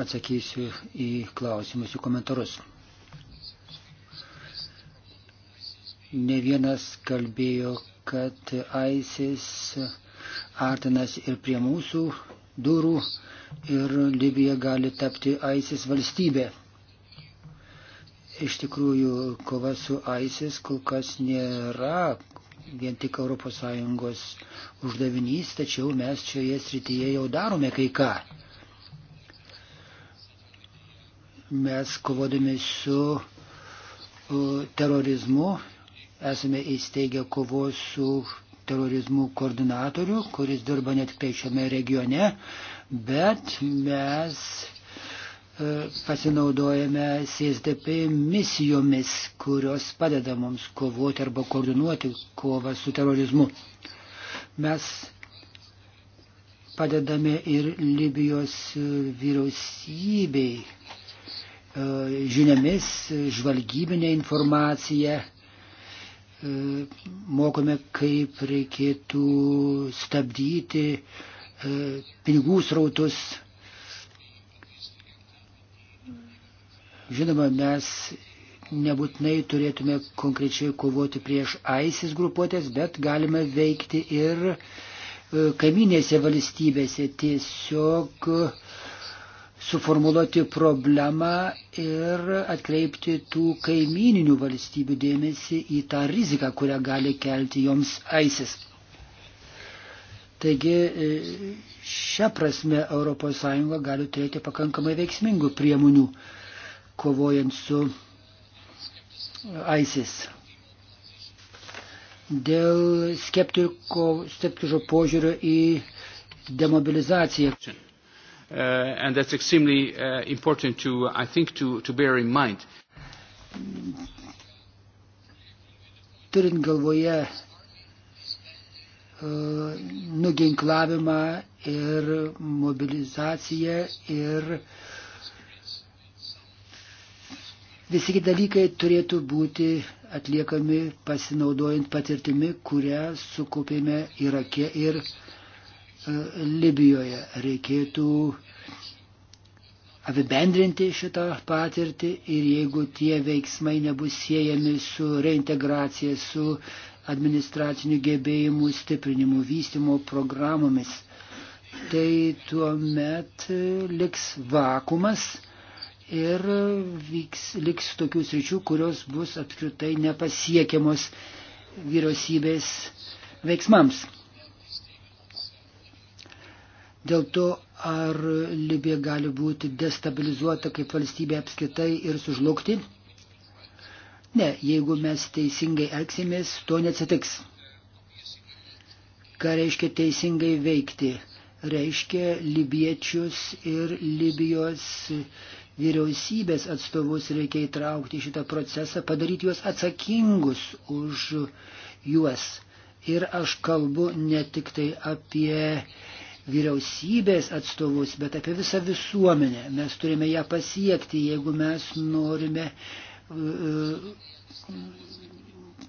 [SPEAKER 1] atsakysiu į klausimus, į komentarus. Ne vienas kalbėjo, kad ISIS artinas ir prie mūsų durų ir Libija gali tapti ISIS valstybė. Iš tikrųjų, kova su ISIS kol kas nėra vien tik ES uždavinys, tačiau mes šioje srityje jau darome kai ką. Mes kovodami su terorizmu esame įsteigę kovos su terorizmu koordinatorių, kuris dirba ne tik tai šiame regione, bet mes pasinaudojame CSDP misijomis, kurios padeda mums kovoti arba koordinuoti kovą su terorizmu. Mes padedame ir Libijos vyriausybei e, žiniomis, žvalgybinė informacija, e, mokome, kaip reikėtų stabdyti e, pinigų srautus Žinoma, mes nebūtinai turėtume konkrečiai kovoti prieš AISIS grupuotės, bet galime veikti ir e, kaiminėse valstybėse. Tiesiog e, suformuluoti problemą ir atkreipti tų kaimininių valstybių dėmesį į tą riziką, kurią gali kelti joms AISIS. Taigi e, šią prasme ES gali turėti pakankamai veiksmingų priemonių kovojant su ISIS. Dėl skeptiško požiūrio į demobilizaciją.
[SPEAKER 2] Uh, and that's extremely uh, important to, I think, to, to bear in mind.
[SPEAKER 1] Turint galvoje uh, nuginklavimą ir mobilizaciją ir uh, Visi dalykai turėtų būti atliekami pasinaudojant patirtimi, kurią sukaupėme Irake ir e, Libijoje. Reikėtų apibendrinti šitą patirtį ir jeigu tie veiksmai nebus siejami su reintegracija, su administracinių gebėjimų stiprinimu, vystimo programomis, tai tuomet e, liks vakumas ir vyks, liks tokių sričių, kurios bus apskritai nepasiekiamos vyriausybės veiksmams. Dėl to, ar Libija gali būti destabilizuota kaip valstybė apskritai ir sužlugti? Ne, jeigu mes teisingai elgsimės, to neatsitiks. Ką reiškia teisingai veikti? Reiškia libiečius ir Libijos vyriausybės atstovus reikia įtraukti šitą procesą, padaryti juos atsakingus už juos. Ir aš kalbu ne tik tai apie vyriausybės atstovus, bet apie visą visuomenę. Mes turime ją pasiekti, jeigu mes norime, e,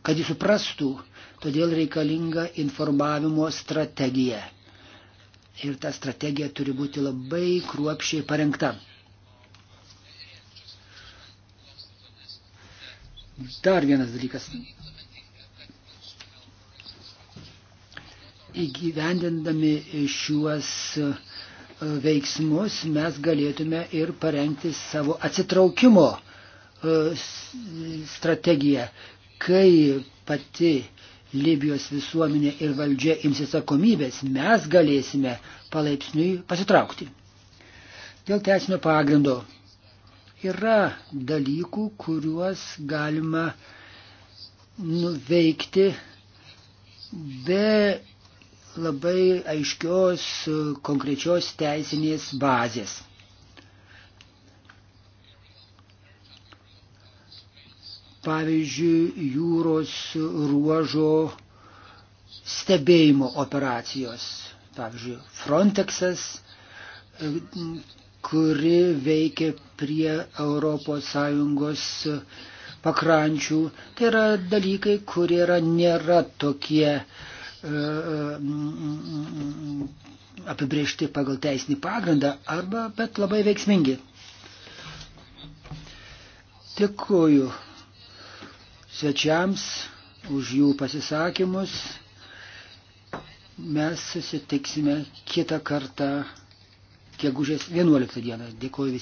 [SPEAKER 1] kad jis suprastų. Todėl reikalinga informavimo strategija. Ir ta strategija turi būti labai kruopšiai parengta. Dar vienas dalykas. Įgyvendindami šiuos e, veiksmus mes galėtume ir parengti savo atsitraukimo e, strategiją, kai pati Libijos visuomenė ir valdžia imsis atsakomybės, mes galėsime palaipsniui pasitraukti. Dėl teisinio pagrindo Yra dalykų, kuriuos galima nuveikti be labai aiškios konkrečios teisinės bazės. Pavyzdžiui, jūros ruožo stebėjimo operacijos. Pavyzdžiui, Frontexas kuri veikia prie ES pakrančių. Tai yra dalykai, kurie yra, nėra tokie e, e, apibriežti pagal teisinį pagrindą arba, bet labai veiksmingi. Dėkuoju svečiams už jų pasisakymus. Mes susitiksime kitą kartą gegužės 11 dieną. Dėkuoju visiems.